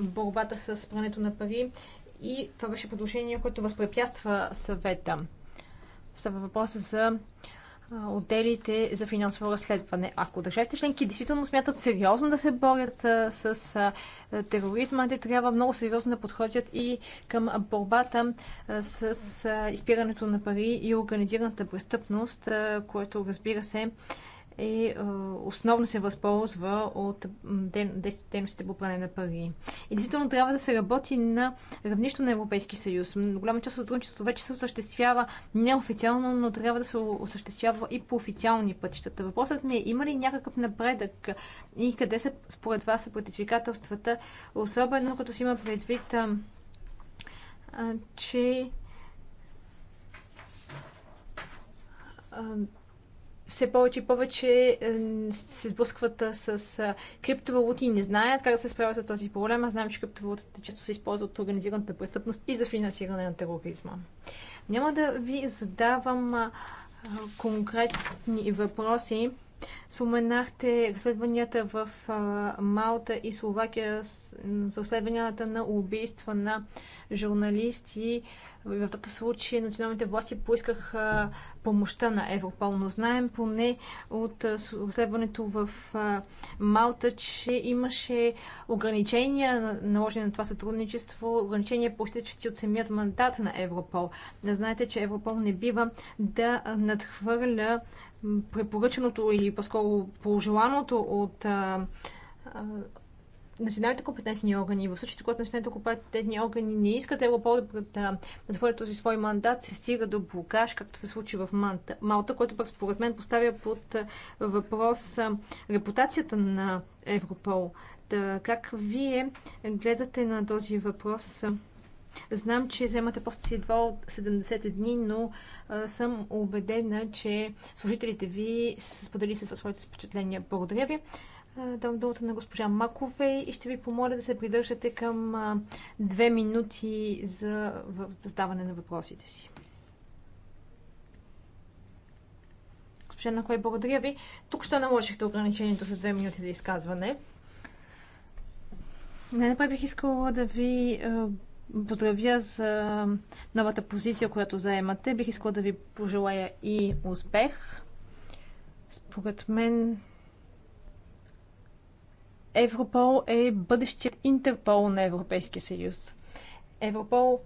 борбата с прането на пари и това беше предложение, което възпрепятства съвета. Става въпроса за отделите за финансово разследване. Ако държавите членки действително смятат сериозно да се борят с, с тероризма, те трябва много сериозно да подходят и към борбата с, с изпирането на пари и организираната престъпност, което разбира се е, е основно се възползва от дейностите по пране на пари. И действително трябва да се работи на равнището на Европейски съюз. Голяма част от сътрудничеството вече се осъществява неофициално, но трябва да се осъществява и по официални пътищата. Въпросът ми е има ли някакъв напредък и къде са според вас са предизвикателствата, особено като си има предвид, а, а, че а, все повече и повече е, се сблъскват е, с е, криптовалути и не знаят как да се справят с този проблем. Аз знам, че криптовалутите често се използват от организираната престъпност и за финансиране на тероризма. Няма да ви задавам конкретни въпроси. Споменахте разследванията в Малта и Словакия за разследванията на убийства на журналисти. В този случай националните власти поискаха помощта на Европол. Но знаем поне от следването в Малта, че имаше ограничения наложени на това сътрудничество, ограничения проистичащи от самият мандат на Европол. Не знаете, че Европол не бива да надхвърля препоръченото или по-скоро пожеланото от националните компетентни органи. В случаите, когато националните компетентни органи не искат Европол да надхвърля този свой мандат, се стига до блокаж, както се случи в Малта, който пък според мен поставя под въпрос репутацията на Европол. как вие гледате на този въпрос? Знам, че вземате поста си едва от 70 дни, но а, съм убедена, че служителите ви са сподели с вас своите впечатления. Благодаря ви. Дам думата на госпожа Макове и ще ви помоля да се придържате към две минути за задаване на въпросите си. Госпожа Накой, благодаря ви. Тук ще наложихте ограничението за две минути за изказване. Най-напред бих искала да ви поздравя за новата позиция, която заемате. Бих искала да ви пожелая и успех. Според мен Европол е бъдещият Интерпол на Европейския съюз. Европол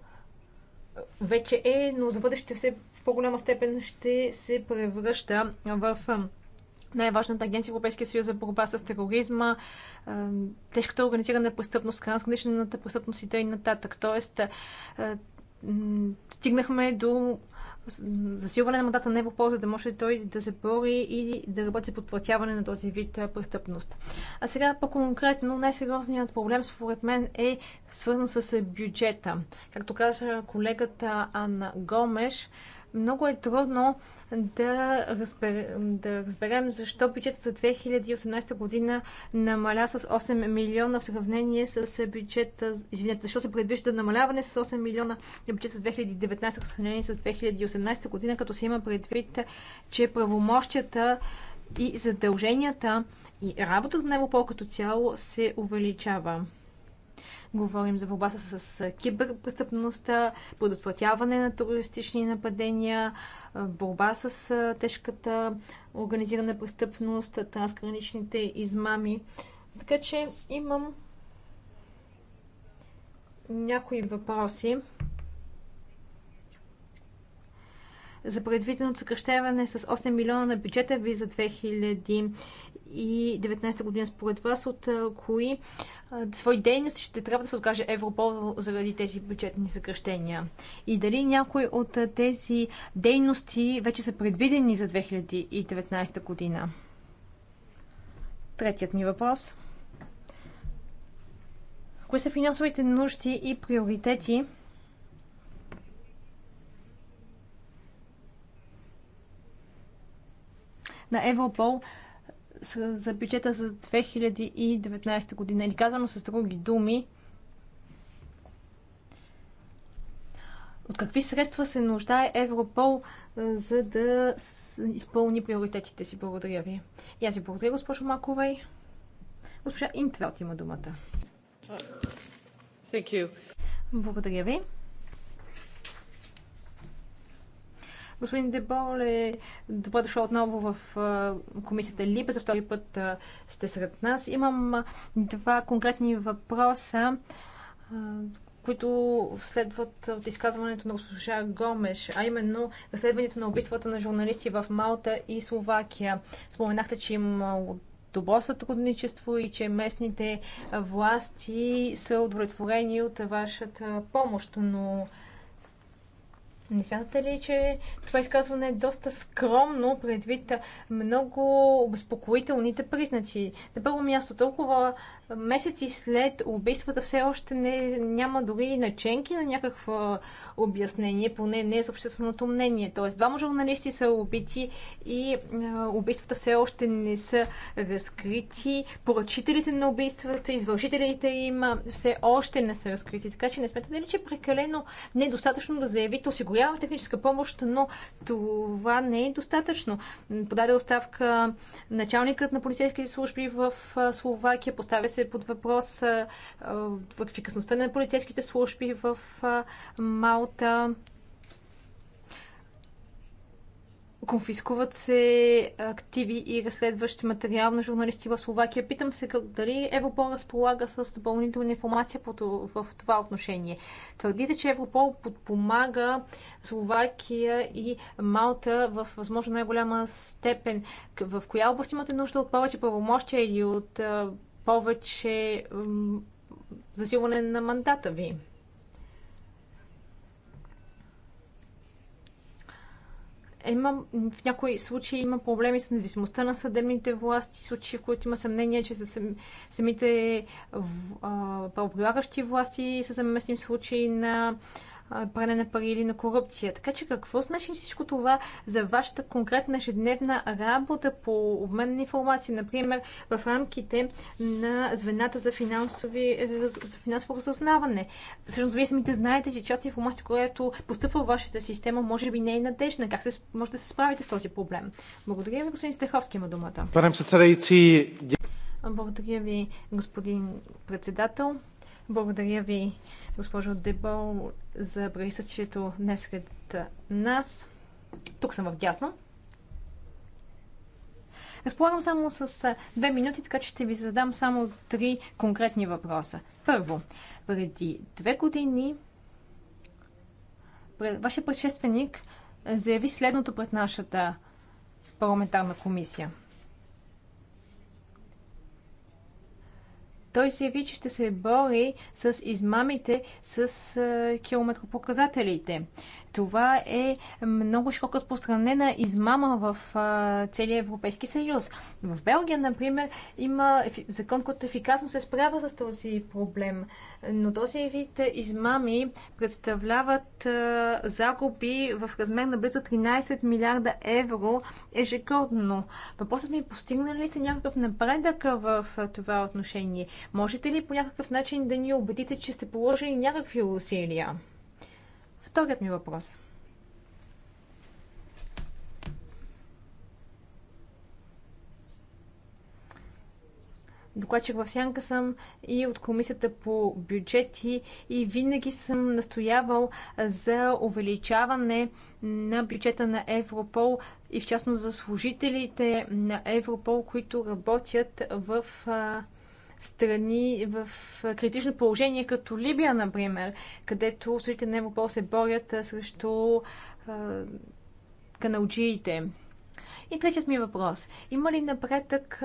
вече е, но за бъдеще все в по-голяма степен ще се превръща в най-важната агенция Европейския съюз за борба с тероризма, тежката организирана престъпност, трансграничната престъпност и т.н. Тоест, стигнахме до засилване на мандата на него е полза да може той да се бори и да работи за подплатяване на този вид престъпност. А сега по-конкретно най-сериозният проблем според мен е свързан с бюджета. Както каза колегата Анна Гомеш, много е трудно да, разбер, да разберем защо бюджетът за 2018 година намаля с 8 милиона в сравнение с е, бюджета, извинете, защо се предвижда намаляване с 8 милиона на бюджет за 2019 в сравнение с 2018 година, като се има предвид, че правомощията и задълженията и работата на Европол като цяло се увеличава. Говорим за борба с киберпрестъпността, предотвратяване на терористични нападения, борба с тежката организирана престъпност, трансграничните измами. Така че имам някои въпроси за предвиденото съкръщаване с 8 милиона на бюджета ви за 2019 година. Според вас от кои свои дейности ще трябва да се откаже Европол заради тези бюджетни съкръщения? И дали някои от тези дейности вече са предвидени за 2019 година? Третият ми въпрос. Кои са финансовите нужди и приоритети на Европол за бюджета за 2019 година. Или казано с други думи, от какви средства се нуждае Европол, за да изпълни приоритетите си? Благодаря ви. И аз ви благодаря, госпожо и. Госпожа Интвелт има думата. Благодаря ви. Господин е добре дошъл отново в комисията Либе. За втори път сте сред нас. Имам два конкретни въпроса, които следват от изказването на госпожа Гомеш, а именно разследването на убийствата на журналисти в Малта и Словакия. Споменахте, че има добро сътрудничество и че местните власти са удовлетворени от вашата помощ, но не смятате ли, че това изказване е доста скромно предвид много обезпокоителните признаци? На първо място толкова месеци след убийствата все още не, няма дори наченки на някакво обяснение, поне не за общественото мнение. Тоест, двама журналисти са убити и а, убийствата все още не са разкрити. Поръчителите на убийствата, извършителите им все още не са разкрити. Така че не смятате ли, че е прекалено недостатъчно да заявите Осигурява техническа помощ, но това не е достатъчно. Подаде оставка началникът на полицейските служби в Словакия, поставя се под въпрос ефикасността на полицейските служби в Малта. Конфискуват се активи и разследващи материал на журналисти в Словакия. Питам се дали Европол разполага с допълнителна информация в това отношение. Твърдите, че Европол подпомага Словакия и Малта в възможно най-голяма степен. В коя област имате нужда от повече правомощия или от повече засилване на мандата ви. Има, в някои случаи има проблеми с независимостта на съдебните власти, случаи, в които има съмнение, че са самите правоприлагащи власти са заместни в случаи на пране на пари или на корупция. Така че какво значи всичко това за вашата конкретна ежедневна работа по обмен на информация, например в рамките на звената за, финансови, за финансово разузнаване? Всъщност вие самите знаете, че част информация, която постъпва в вашата система, може би не е надежна. Как се, може да се справите с този проблем? Благодаря ви, господин Стеховски има думата. благодаря ви, господин председател. Благодаря ви, госпожо Дебо, за присъствието днес сред нас. Тук съм в дясно. Разполагам само с две минути, така че ще ви задам само три конкретни въпроса. Първо, преди две години вашия предшественик заяви следното пред нашата парламентарна комисия – Той заяви, че ще се бори с измамите с е, километропоказателите. Това е много широко разпространена измама в а, целия Европейски съюз. В Белгия, например, има закон, който ефикасно се справя с този проблем. Но този вид измами представляват а, загуби в размер на близо 13 милиарда евро ежегодно. Въпросът ми е постигнали ли сте някакъв напредък в това отношение? Можете ли по някакъв начин да ни убедите, че сте положили някакви усилия? Вторият ми въпрос. докладчик в Сянка съм и от комисията по бюджети и винаги съм настоявал за увеличаване на бюджета на Европол и в частност за служителите на Европол, които работят в страни в критично положение, като Либия, например, където страните на Европол се борят срещу каналджиите. И третият ми въпрос. Има ли напредък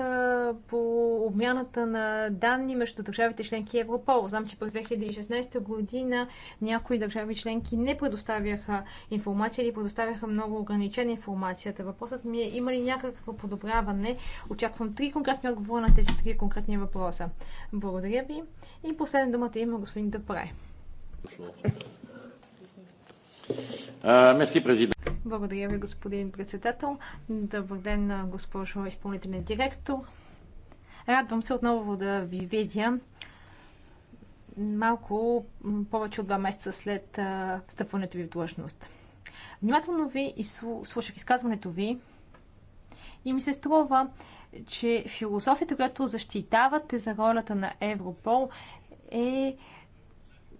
по обмяната на данни между държавите членки и Европол? Знам, че през 2016 година някои държави членки не предоставяха информация или предоставяха много ограничена информацията. Въпросът ми е има ли някакво подобряване? Очаквам три конкретни отговора на тези три конкретни въпроса. Благодаря ви. И последна думата има господин Депре. Мерси, президент. Благодаря ви, господин председател. Добър ден, госпожо изпълнителен директор. Радвам се отново да ви видя малко повече от два месеца след встъпването ви в длъжност. Внимателно ви и слушах изказването ви и ми се струва, че философията, която защитавате за ролята на Европол е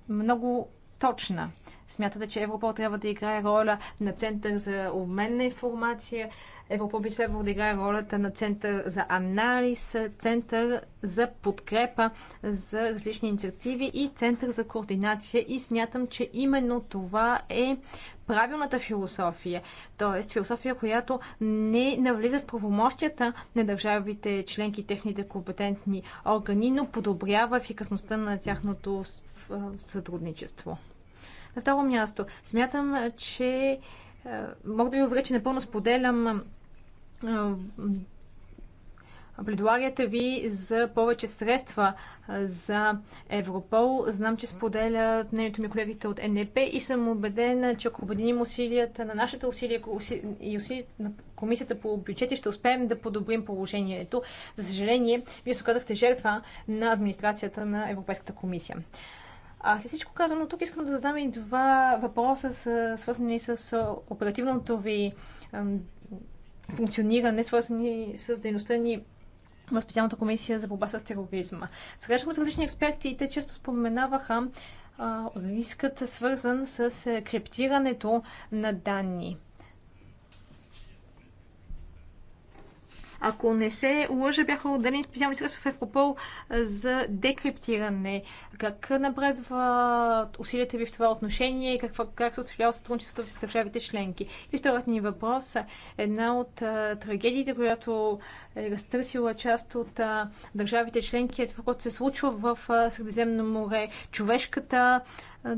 много точна. Смятате, че Европол трябва да играе роля на център за обмен на информация. Европол би следвало да играе ролята на център за анализ, център за подкрепа за различни инициативи и център за координация. И смятам, че именно това е правилната философия, т.е. философия, която не навлиза в правомощията на държавите членки, техните компетентни органи, но подобрява ефикасността на тяхното сътрудничество. На второ място, смятам, че е, мога да ви уверя, че напълно споделям е, предлагате ви за повече средства е, за Европол. Знам, че споделят мнението ми колегите от НЕП и съм убедена, че ако обединим усилията на нашите усилия и усилията на Комисията по бюджети, ще успеем да подобрим положението. За съжаление, вие се оказахте жертва на администрацията на Европейската комисия. А след всичко казано, тук искам да задам и два въпроса, свързани с оперативното ви функциониране, свързани с дейността ни в специалната комисия за борба с тероризма. Срещахме с различни експерти и те често споменаваха а, рискът, свързан с криптирането на данни. Ако не се лъжа, бяха отделени специални средства в Европол за декриптиране. Как напредва усилията ви в това отношение и каква, как се осъществява сътрудничеството с държавите членки? И вторият ни въпрос е една от а, трагедиите, която е разтърсила част от а, държавите членки е това, което се случва в а, Средиземно море. Човешката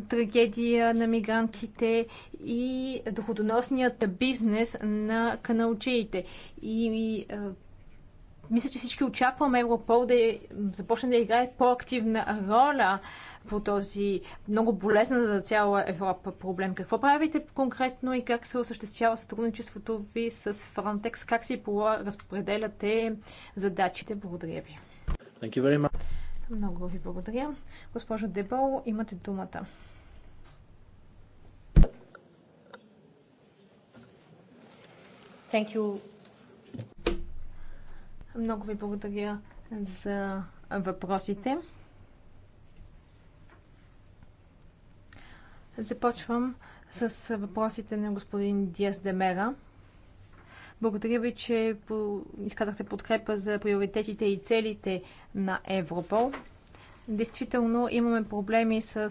трагедия на мигрантите и доходоносният бизнес на каналчеите. И, и мисля, че всички очакваме Европол да е, започне да играе по-активна роля по този много болезнен за цяла Европа проблем. Какво правите конкретно и как се осъществява сътрудничеството ви с Frontex? Как си разпределяте задачите? Благодаря ви. Thank you very much. Много ви благодаря. Госпожо Дебол, имате думата. Thank you. Много ви благодаря за въпросите. Започвам с въпросите на господин Диас Демера. Благодаря ви, че изказахте подкрепа за приоритетите и целите на Европол. Действително имаме проблеми с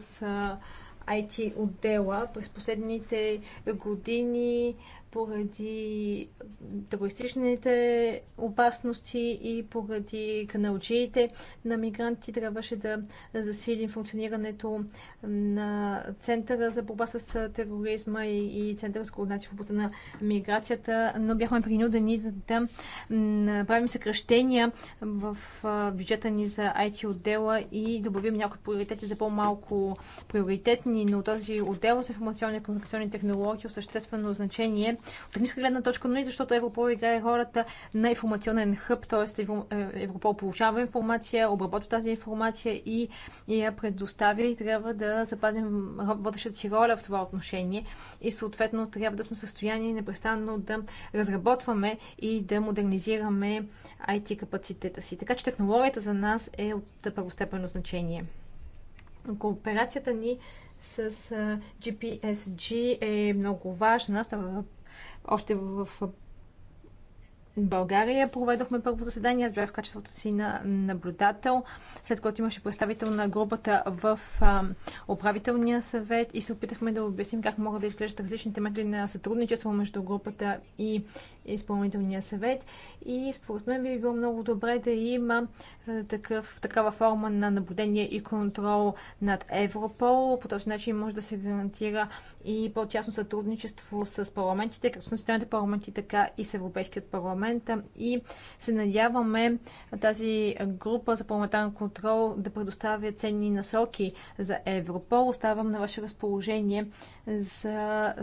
IT отдела. През последните години поради терористичните опасности и поради каналчиите на мигранти трябваше да засилим функционирането на Центъра за борба с тероризма и Центъра за координация в областта на миграцията, но бяхме принудени да, да направим съкръщения в бюджета ни за IT отдела и добавим някои приоритети за по-малко приоритетни, но този отдел за информационни и комуникационни технологии от съществено значение от техническа гледна точка, но и защото Европол играе хората на информационен хъб, т.е. Е, Европол получава информация, обработва тази информация и, и я предоставя и трябва да запазим водещата си роля в това отношение и съответно трябва да сме в състояние непрестанно да разработваме и да модернизираме IT капацитета си. Така че технологията за нас е от първостепенно значение. Кооперацията ни с GPSG е много важна. Става още в България проведохме първо заседание. Аз бях в качеството си на наблюдател, след което имаше представител на групата в а, управителния съвет и се опитахме да обясним как могат да изглеждат различните методи на сътрудничество между групата и изпълнителния съвет. И според мен би било много добре да има такъв, такава форма на наблюдение и контрол над Европол. По този начин може да се гарантира и по-тясно сътрудничество с парламентите, както с националните парламенти, така и с Европейският парламент парламента и се надяваме тази група за парламентарен контрол да предоставя ценни насоки за Европол. Оставам на ваше разположение за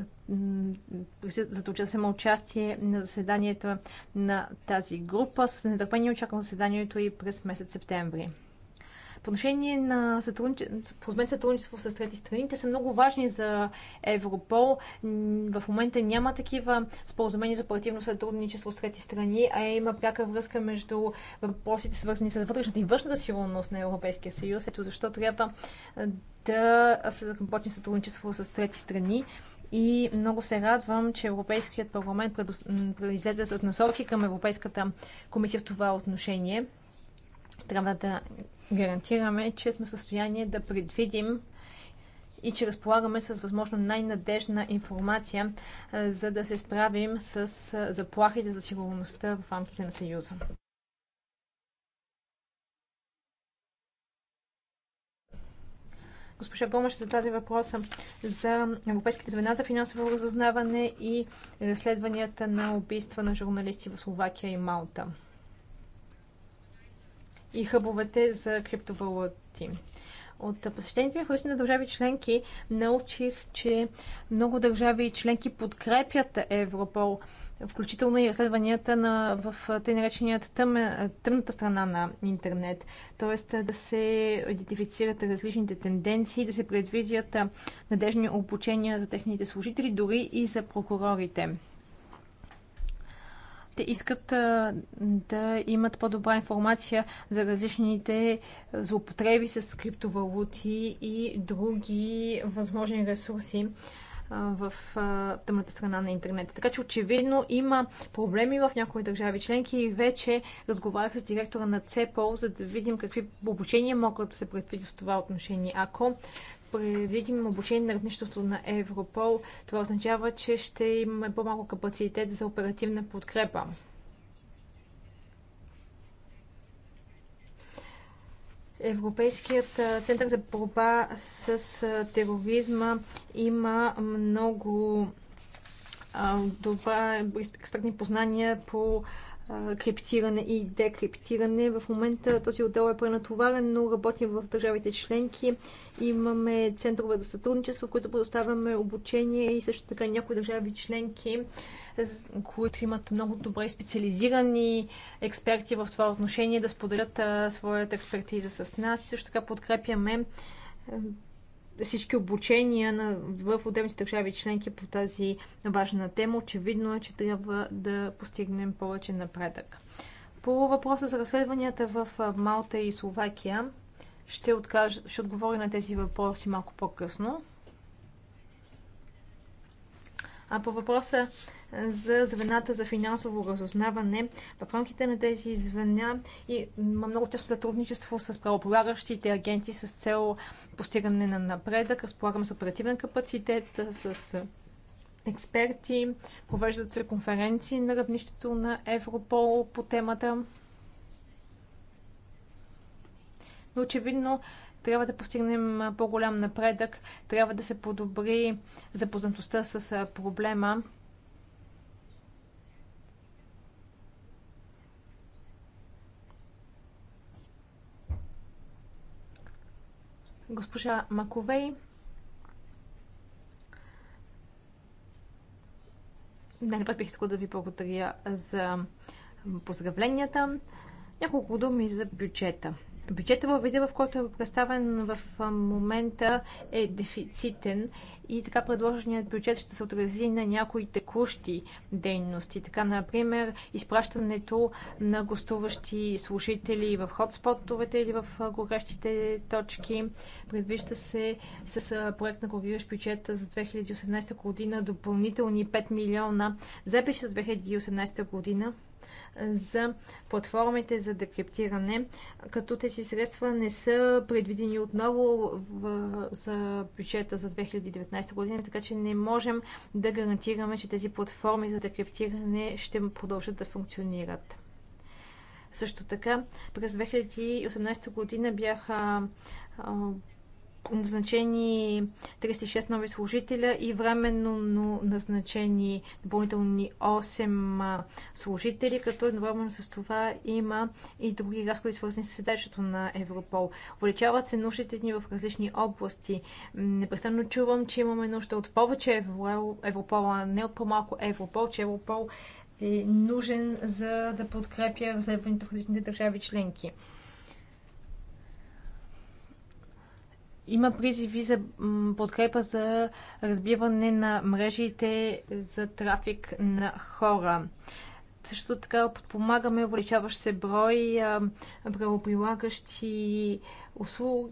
за участие участие на заседанието на тази група. С нетърпение очаквам заседанието и през месец септември. По отношение на сътрудничество, сътрудничество с трети страни, те са много важни за Европол. В момента няма такива споразумения за оперативно сътрудничество с трети страни, а има пряка връзка между въпросите, свързани с вътрешната и външната сигурност на Европейския съюз. Ето защо трябва да работим сътрудничество с трети страни. И много се радвам, че Европейският парламент излезе с насоки към Европейската комисия в това отношение. Трябва да гарантираме, че сме в състояние да предвидим и че разполагаме с възможно най-надежна информация, за да се справим с заплахите за сигурността в рамките на Съюза. Госпожа Бома ще зададе въпроса за Европейските звена за финансово разузнаване и разследванията на убийства на журналисти в Словакия и Малта и хъбовете за криптовалути. От посещените ми в различни държави членки научих, че много държави членки подкрепят Европол, включително и разследванията на, в тъй нареченият тъм, тъмната страна на интернет. Тоест да се идентифицират различните тенденции, да се предвидят надежни обучения за техните служители, дори и за прокурорите те искат да имат по-добра информация за различните злоупотреби с криптовалути и други възможни ресурси в тъмната страна на интернет. Така че очевидно има проблеми в някои държави членки и вече разговарях с директора на ЦЕПОЛ, за да видим какви обучения могат да се предвидят в това отношение. Ако предвидим обучение на равнището на Европол, това означава, че ще имаме по-малко капацитет за оперативна подкрепа. Европейският център за борба с тероризма има много добра експертни познания по криптиране и декриптиране. В момента този отдел е пренатоварен, но работим в държавите членки. Имаме центрове за сътрудничество, в които предоставяме обучение и също така някои държави членки, които имат много добре специализирани експерти в това отношение, да споделят своята експертиза с нас. И също така подкрепяме всички обучения на, в отделните държави членки по тази важна тема. Очевидно е, че трябва да постигнем повече напредък. По въпроса за разследванията в Малта и Словакия, ще, откаж, ще отговоря на тези въпроси малко по-късно. А по въпроса за звената за финансово разузнаване. В рамките на тези звена и има много тесно сътрудничество с правополагащите агенции с цел постигане на напредък. Разполагаме с оперативен капацитет, с експерти, провеждат се конференции на равнището на Европол по темата. Но очевидно трябва да постигнем по-голям напредък, трябва да се подобри запознатостта с проблема госпожа Маковей. не, път бих искала да ви благодаря за поздравленията. Няколко думи за бюджета. Бюджета му, вида, в който е представен в момента, е дефицитен и така предложеният бюджет ще се отрази на някои текущи дейности. Така, например, изпращането на гостуващи служители в хотспотовете или в горещите точки. Предвижда се с проект на коригиращ бюджет за 2018 година допълнителни 5 милиона за 2018 година за платформите за декриптиране, като тези средства не са предвидени отново в, за бюджета за 2019 година, така че не можем да гарантираме, че тези платформи за декриптиране ще продължат да функционират. Също така, през 2018 година бяха назначени 36 нови служителя и временно назначени допълнителни 8 служители, като едновременно с това има и други разходи, свързани с седалището на Европол. Увеличават се нуждите ни в различни области. Непрестанно чувам, че имаме нужда от повече Европол, а не от по-малко Европол, че Европол е нужен за да подкрепя разследването в различните държави членки. Има призиви за подкрепа за разбиване на мрежите за трафик на хора. Също така подпомагаме увеличаващ се брой правоприлагащи услуги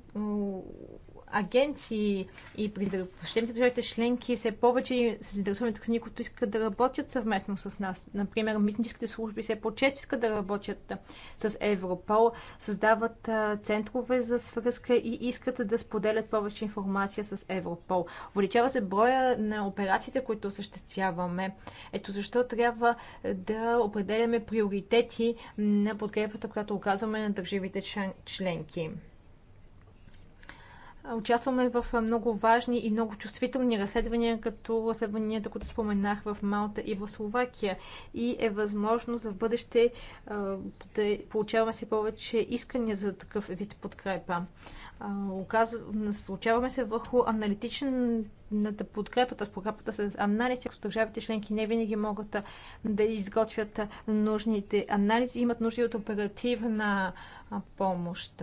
агенции и при държавите държавите членки все повече се заинтересуват страни, които искат да работят съвместно с нас. Например, митническите служби все по-често искат да работят с Европол, създават центрове за свръзка и искат да споделят повече информация с Европол. Увеличава се броя на операциите, които осъществяваме. Ето защо трябва да определяме приоритети на подкрепата, която оказваме на държавите членки. Участваме в много важни и много чувствителни разследвания, като разследванията, които споменах в Малта и в Словакия. И е възможно за бъдеще да получаваме си повече искания за такъв вид подкрепа. Случаваме се върху аналитичната подкрепа, т.е. подкрепата с анализ, като държавите членки не винаги могат да изготвят нужните анализи, имат нужда от оперативна помощ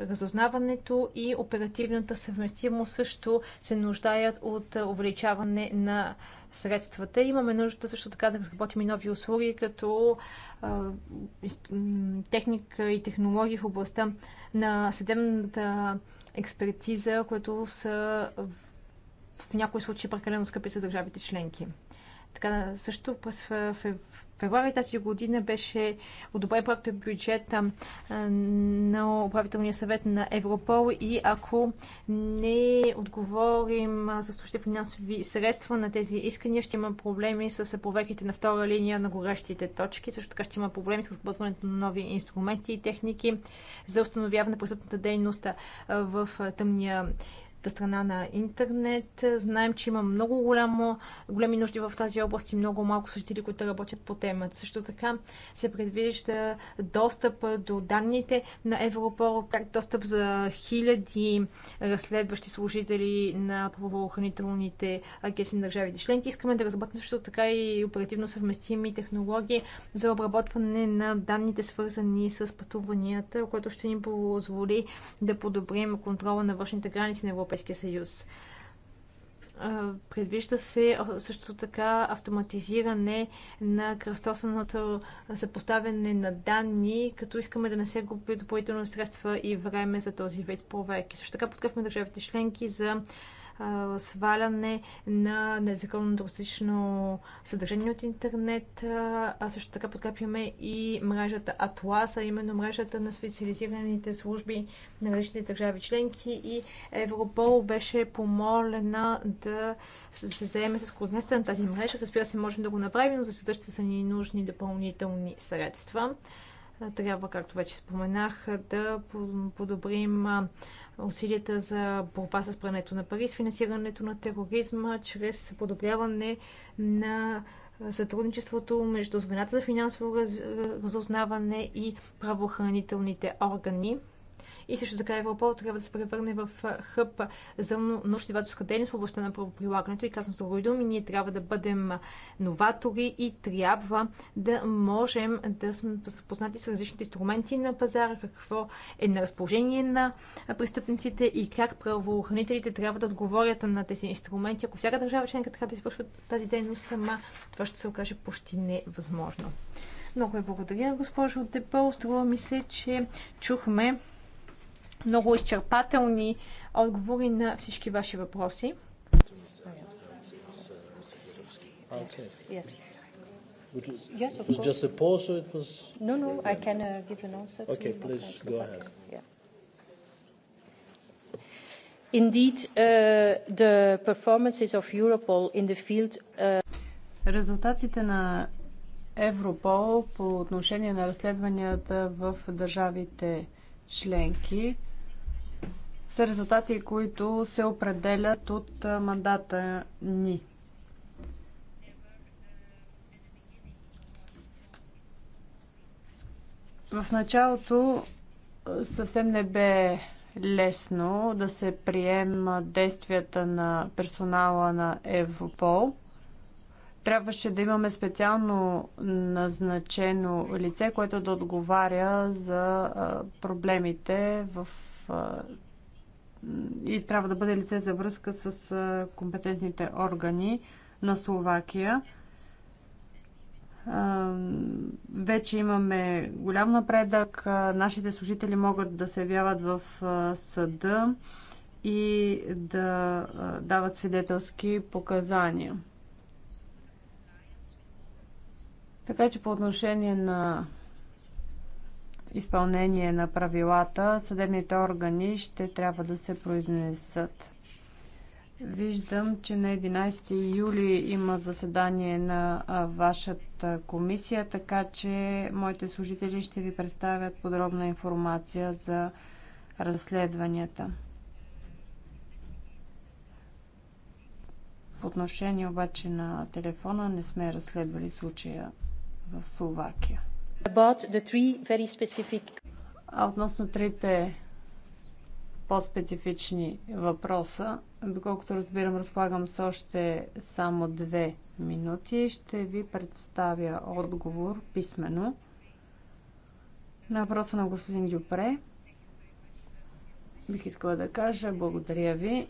разузнаването и оперативната съвместимост също се нуждаят от увеличаване на средствата. Имаме нужда също така да разработим и нови услуги, като а, техника и технологии в областта на съдебната експертиза, които са в някои случаи прекалено скъпи за държавите членки. Така също през февруари тази година беше одобрен проект бюджета на управителния съвет на Европол и ако не отговорим с точните финансови средства на тези искания, ще има проблеми с проверките на втора линия на горещите точки. Също така ще има проблеми с разработването на нови инструменти и техники за установяване на престъпната дейност в тъмния страна на интернет. Знаем, че има много голямо, големи нужди в тази област и много малко служители, които работят по темата. Също така се предвижда достъп до данните на Европол, как достъп за хиляди разследващи служители на правоохранителните агенции на държавите членки. Искаме да разработим също така и оперативно съвместими технологии за обработване на данните, свързани с пътуванията, което ще ни позволи да подобрим контрола на външните граници на Европейския Европейския съюз. Предвижда се също така автоматизиране на кръстосаното съпоставяне на данни, като искаме да не се губи допълнително средства и време за този вид проверки. Също така подкрепяме държавите членки за сваляне на незаконно токсично съдържание от интернет, а също така подкрепяме и мрежата Атласа, именно мрежата на специализираните служби на различните държави членки и Европол беше помолена да се заеме с координацията на тази мрежа. Разбира се, можем да го направим, но за света ще са ни нужни допълнителни средства трябва, както вече споменах, да подобрим усилията за борба с прането на пари, с финансирането на тероризма, чрез подобряване на сътрудничеството между звената за финансово разузнаване и правоохранителните органи и също така Европол трябва да се превърне в хъб за научно-изследователска дейност в областта на правоприлагането и казвам с други думи, ние трябва да бъдем новатори и трябва да можем да сме запознати с различните инструменти на пазара, какво е на разположение на престъпниците и как правоохранителите трябва да отговорят на тези инструменти. Ако всяка държава членка трябва да извършва тази дейност сама, това ще се окаже почти невъзможно. Много ви благодаря, госпожо Депо. Струва ми се, че чухме много изчерпателни отговори на всички ваши въпроси. Okay. Yes. Would you, yes, of was course. just a pause, or it was? No, no. Yeah. I can uh, give an answer. Okay, to please go ahead. Yeah. Indeed, uh, the performances of Europol in the field. Uh... Резултатите на Европол по отношение на разследванията в държавите членки са резултати, които се определят от мандата ни. В началото съвсем не бе лесно да се приема действията на персонала на Европол. Трябваше да имаме специално назначено лице, което да отговаря за проблемите в и трябва да бъде лице за връзка с компетентните органи на Словакия. Вече имаме голям напредък. Нашите служители могат да се явяват в съда и да дават свидетелски показания. Така че по отношение на изпълнение на правилата, съдебните органи ще трябва да се произнесат. Виждам, че на 11 юли има заседание на вашата комисия, така че моите служители ще ви представят подробна информация за разследванията. По отношение обаче на телефона не сме разследвали случая в Словакия. Specific... А относно трите по-специфични въпроса, доколкото разбирам, разполагам с още само две минути. Ще ви представя отговор писменно на въпроса на господин Дюпре. Бих искала да кажа благодаря ви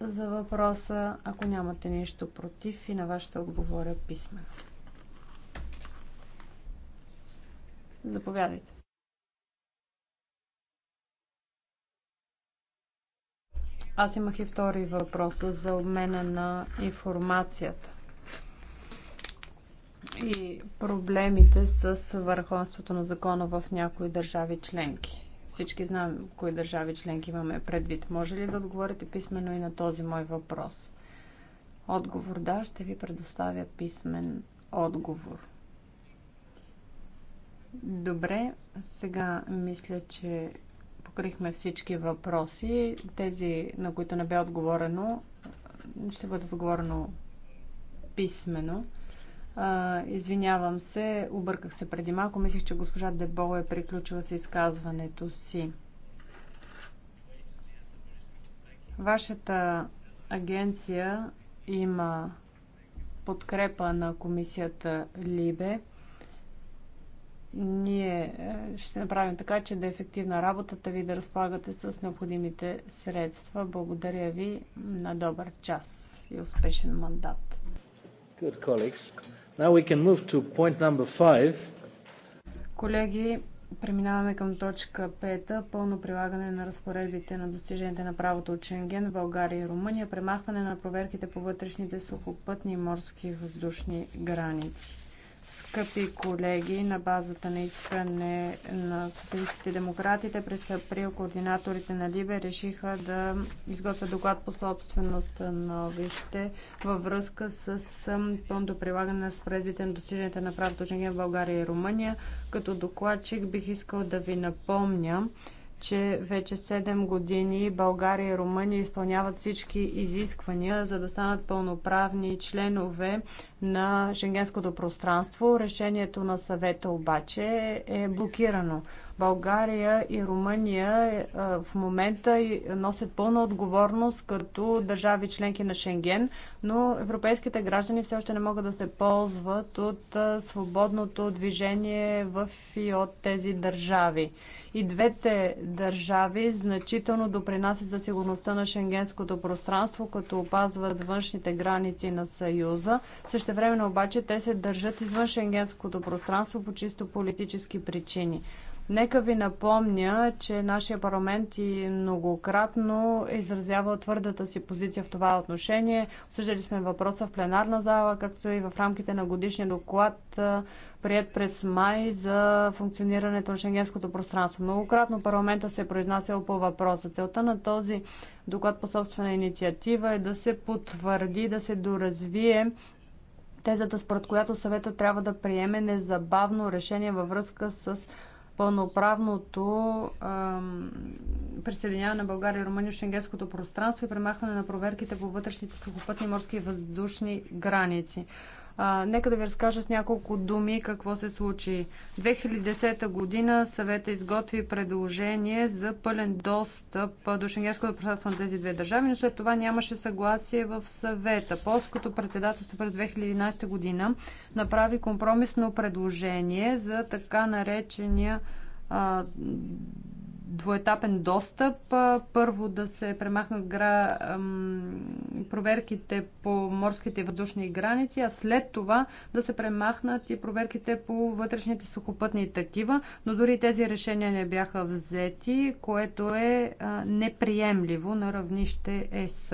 за въпроса. Ако нямате нищо против и на вас ще отговоря писменно. Заповядайте. Аз имах и втори въпрос за обмена на информацията и проблемите с върховенството на закона в някои държави членки. Всички знаем кои държави членки имаме предвид. Може ли да отговорите писменно и на този мой въпрос? Отговор да, ще ви предоставя писмен отговор. Добре, сега мисля, че покрихме всички въпроси. Тези, на които не бе отговорено, ще бъдат отговорено писменно. извинявам се, обърках се преди малко. Мислих, че госпожа Дебол е приключила с изказването си. Вашата агенция има подкрепа на комисията Либе ние е, ще направим така, че да е ефективна работата ви, да разполагате с необходимите средства. Благодаря ви на добър час и успешен мандат. Good colleagues. Now we can move to point number five. Колеги, преминаваме към точка 5. Пълно прилагане на разпоредбите на достиженията на правото от Шенген в България и Румъния. Премахване на проверките по вътрешните сухопътни и морски въздушни граници. Скъпи колеги, на базата на искане на социалистите и демократите през април координаторите на Либе решиха да изготвят доклад по собственост на становище във връзка с пълното прилагане на спредбите на достиженията на правото Шенген в България и Румъния. Като докладчик бих искал да ви напомня, че вече 7 години България и Румъния изпълняват всички изисквания, за да станат пълноправни членове на шенгенското пространство. Решението на съвета обаче е блокирано. България и Румъния в момента носят пълна отговорност като държави членки на Шенген, но европейските граждани все още не могат да се ползват от свободното движение в и от тези държави. И двете държави значително допринасят за сигурността на шенгенското пространство, като опазват външните граници на Съюза. Също Същевременно обаче те се държат извън шенгенското пространство по чисто политически причини. Нека ви напомня, че нашия парламент и многократно изразява твърдата си позиция в това отношение. Обсъждали сме въпроса в пленарна зала, както и в рамките на годишния доклад, прият през май за функционирането на шенгенското пространство. Многократно парламента се е произнасял по въпроса. Целта на този доклад по собствена инициатива е да се потвърди, да се доразвие Тезата, според която съвета трябва да приеме незабавно решение във връзка с пълноправното ам, присъединяване на България и Румъния в шенгенското пространство и премахване на проверките по вътрешните сухопътни морски и въздушни граници. А, нека да ви разкажа с няколко думи какво се случи. 2010 година съвета изготви предложение за пълен достъп до шенгенското пространство на тези две държави, но след това нямаше съгласие в съвета. Полското председателство през 2011 година направи компромисно предложение за така наречения а, двоетапен достъп. Първо да се премахнат гра, проверките по морските и въздушни граници, а след това да се премахнат и проверките по вътрешните сухопътни такива, но дори тези решения не бяха взети, което е неприемливо на равнище ЕС.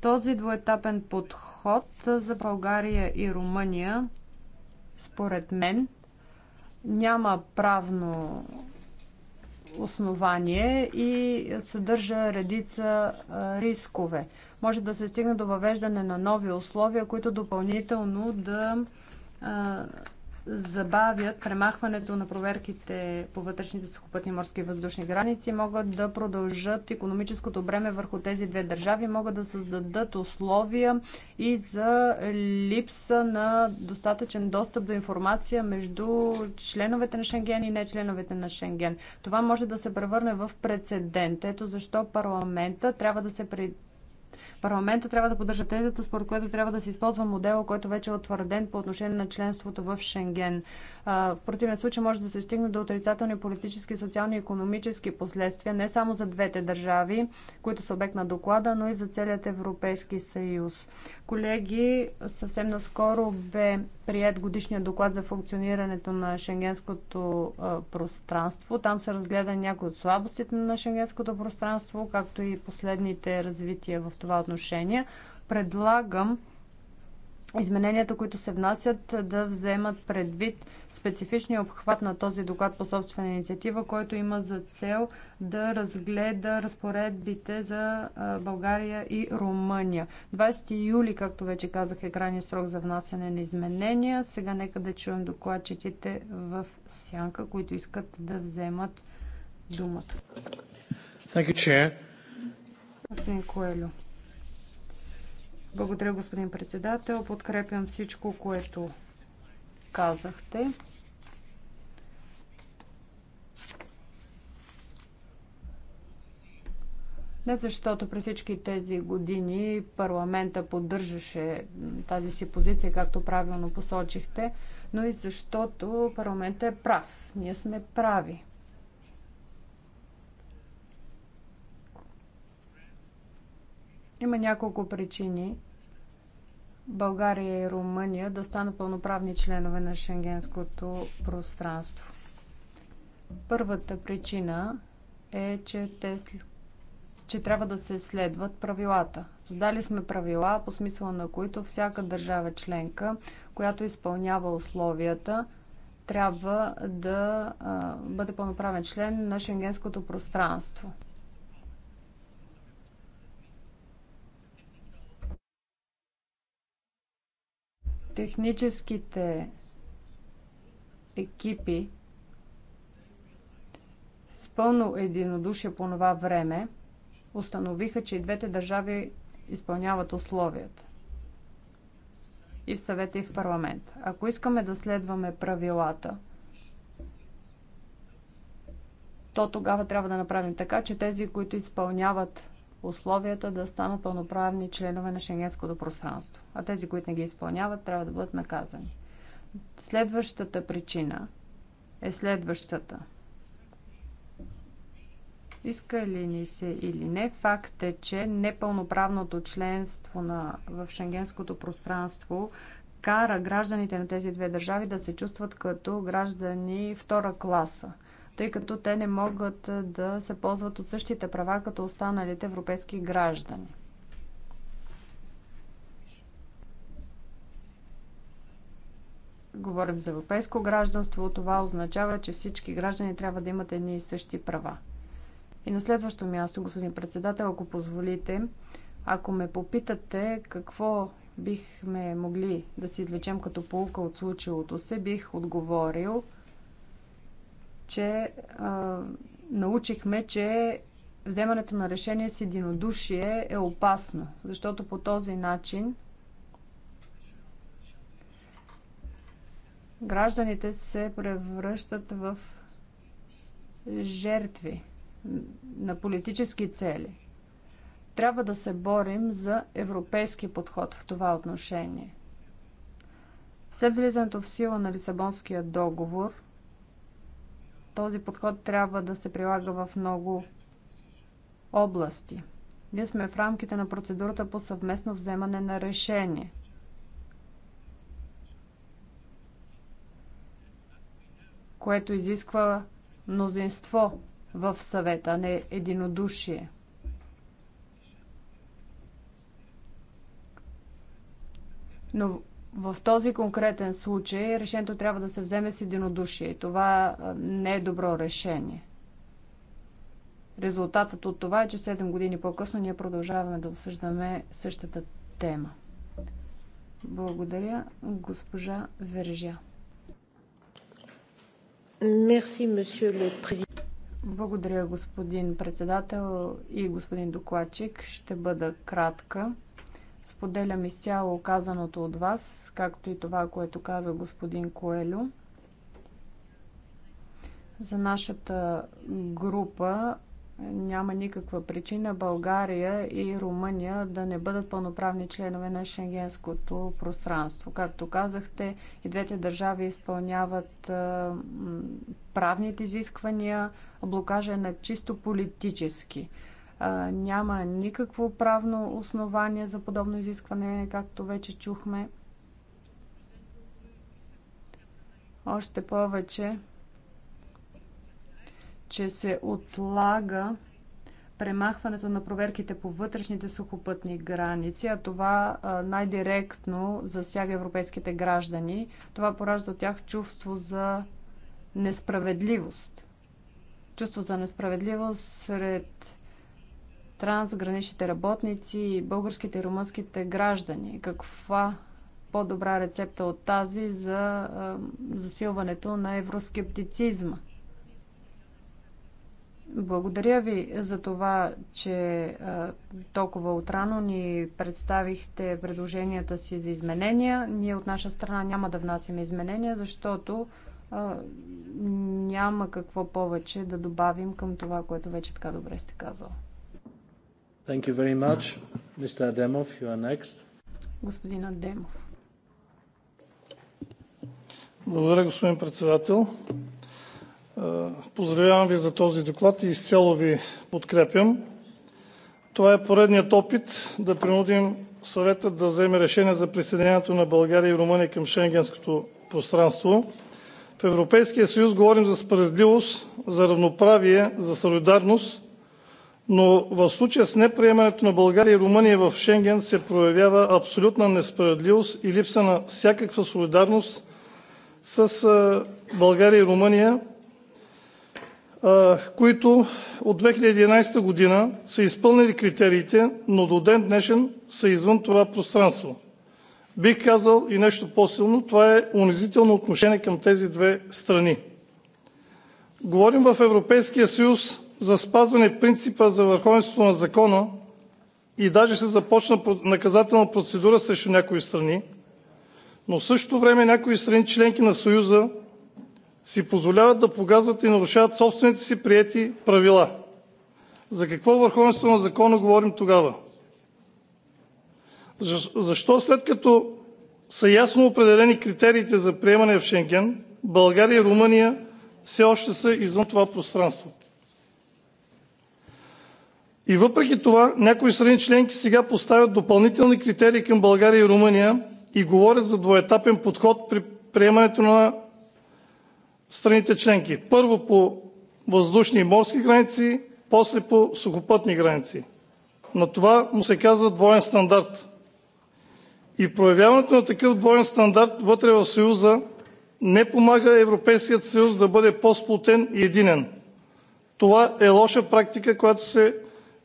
Този двоетапен подход за България и Румъния, според мен, няма правно основание и съдържа редица рискове. Може да се стигне до въвеждане на нови условия, които допълнително да забавят премахването на проверките по вътрешните сухопътни морски и въздушни граници, могат да продължат економическото бреме върху тези две държави, могат да създадат условия и за липса на достатъчен достъп до информация между членовете на Шенген и не членовете на Шенген. Това може да се превърне в прецедент. Ето защо парламента трябва да се Парламента трябва да поддържа тезата, според което трябва да се използва модела, който вече е утвърден по отношение на членството в Шенген. В противен случай може да се стигне до отрицателни политически, социални и економически последствия не само за двете държави, които са обект на доклада, но и за целият Европейски съюз. Колеги, съвсем наскоро бе прият годишния доклад за функционирането на шенгенското пространство. Там се разгледа някои от слабостите на шенгенското пространство, както и последните развития в това това отношение. Предлагам измененията, които се внасят, да вземат предвид специфичния обхват на този доклад по собствена инициатива, който има за цел да разгледа разпоредбите за България и Румъния. 20 юли, както вече казах, е крайният срок за внасяне на изменения. Сега нека да чуем докладчиците в сянка, които искат да вземат думата. Thank you, Chair. Господин Коелю. Благодаря, господин председател. Подкрепям всичко, което казахте. Не защото през всички тези години парламента поддържаше тази си позиция, както правилно посочихте, но и защото парламентът е прав. Ние сме прави. Има няколко причини България и Румъния да станат пълноправни членове на шенгенското пространство. Първата причина е, че, те, че трябва да се следват правилата. Създали сме правила, по смисъл на които всяка държава членка, която изпълнява условията, трябва да а, бъде пълноправен член на шенгенското пространство. техническите екипи с пълно единодушие по това време установиха, че и двете държави изпълняват условията. И в съвета, и в парламент. Ако искаме да следваме правилата, то тогава трябва да направим така, че тези, които изпълняват условията да станат пълноправни членове на шенгенското пространство. А тези, които не ги изпълняват, трябва да бъдат наказани. Следващата причина е следващата. Иска ли ни се или не, факт е, че непълноправното членство на, в шенгенското пространство кара гражданите на тези две държави да се чувстват като граждани втора класа тъй като те не могат е, да се ползват от същите права като останалите европейски граждани. Говорим за европейско гражданство, това означава, че всички граждани трябва да имат едни и същи права. И на следващо място, господин председател, ако позволите, ако ме попитате какво бихме могли да си извлечем като полука от случилото се, бих отговорил – че а, научихме, че вземането на решение с единодушие е опасно, защото по този начин гражданите се превръщат в жертви на политически цели. Трябва да се борим за европейски подход в това отношение. След влизането в сила на Лисабонския договор – този подход трябва да се прилага в много области. Ние сме в рамките на процедурата по съвместно вземане на решение. което изисква мнозинство в съвета, а не единодушие. Но в този конкретен случай решението трябва да се вземе с единодушие. Това не е добро решение. Резултатът от това е, че 7 години по-късно ние продължаваме да обсъждаме същата тема. Благодаря, госпожа Вержа. Merci, Благодаря, господин председател и господин докладчик. Ще бъда кратка. Споделям изцяло казаното от вас, както и това, което каза господин Коелю. За нашата група няма никаква причина България и Румъния да не бъдат пълноправни членове на шенгенското пространство. Както казахте, и двете държави изпълняват правните изисквания, блокажа е на чисто политически няма никакво правно основание за подобно изискване, както вече чухме. Още повече, че се отлага премахването на проверките по вътрешните сухопътни граници, а това най-директно засяга европейските граждани. Това поражда от тях чувство за несправедливост. Чувство за несправедливост сред трансграничните работници и българските и румънските граждани. Каква по-добра рецепта от тази за засилването на евроскептицизма? Благодаря ви за това, че толкова отрано ни представихте предложенията си за изменения. Ние от наша страна няма да внасяме изменения, защото няма какво повече да добавим към това, което вече така добре сте казал. Thank you very much. Mr. Ademov, you are next. Господин Адемов. Благодаря, господин председател. Поздравявам Ви за този доклад и изцяло Ви подкрепям. Това е поредният опит да принудим Съвета да вземе решение за присъединяването на България и Румъния към Шенгенското пространство. В Европейския съюз говорим за справедливост, за равноправие, за солидарност – но в случая с неприемането на България и Румъния в Шенген се проявява абсолютна несправедливост и липса на всякаква солидарност с България и Румъния, които от 2011 г. са изпълнили критериите, но до ден днешен са извън това пространство. Бих казал и нещо по-силно – това е унизително отношение към тези две страни. Говорим в Европейския съюз за спазване принципа за върховенството на закона и даже се започна наказателна процедура срещу някои страни, но в същото време някои страни – членки на Съюза, си позволяват да погазват и нарушават собствените си приети правила. За какво върховенство на закона говорим тогава? Защо, след като са ясно определени критериите за приемане в Шенген, България и Румъния все още са извън това пространство? И въпреки това някои страни членки сега поставят допълнителни критерии към България и Румъния и говорят за двуетапен подход при приемането на страните членки. Първо по въздушни и морски граници, после по сухопътни граници. На това му се казва двоен стандарт. И проявяването на такъв двоен стандарт вътре в Съюза не помага Европейският съюз да бъде по-сплотен и единен. Това е лоша практика, която се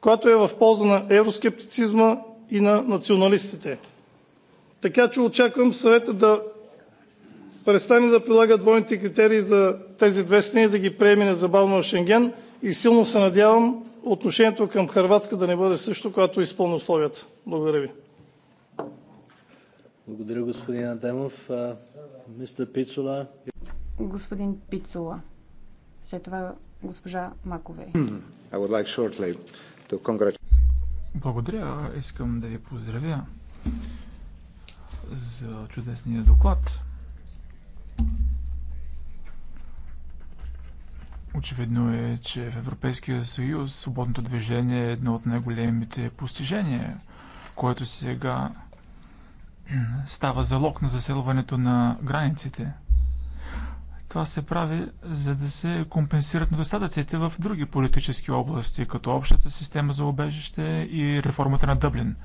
която е в полза на евроскептицизма и на националистите. Така че очаквам Съветът да престане да прилага двойните критерии за тези две страни и да ги приеме незабавно в Шенген и силно се надявам отношението към Хърватска да не бъде същото, когато изпълни условията. Благодаря Ви. Благодаря, господин Адемов. Мистер Пицула. Господин Пицула. След това госпожа Макове. I would like shortly благодаря. Искам да ви поздравя за чудесния доклад. Очевидно е, че в Европейския съюз свободното движение е едно от най-големите постижения, което сега става залог на заселването на границите – това се прави, за да се компенсират недостатъците в други политически области, като общата система за обежище и реформата на Дъблин.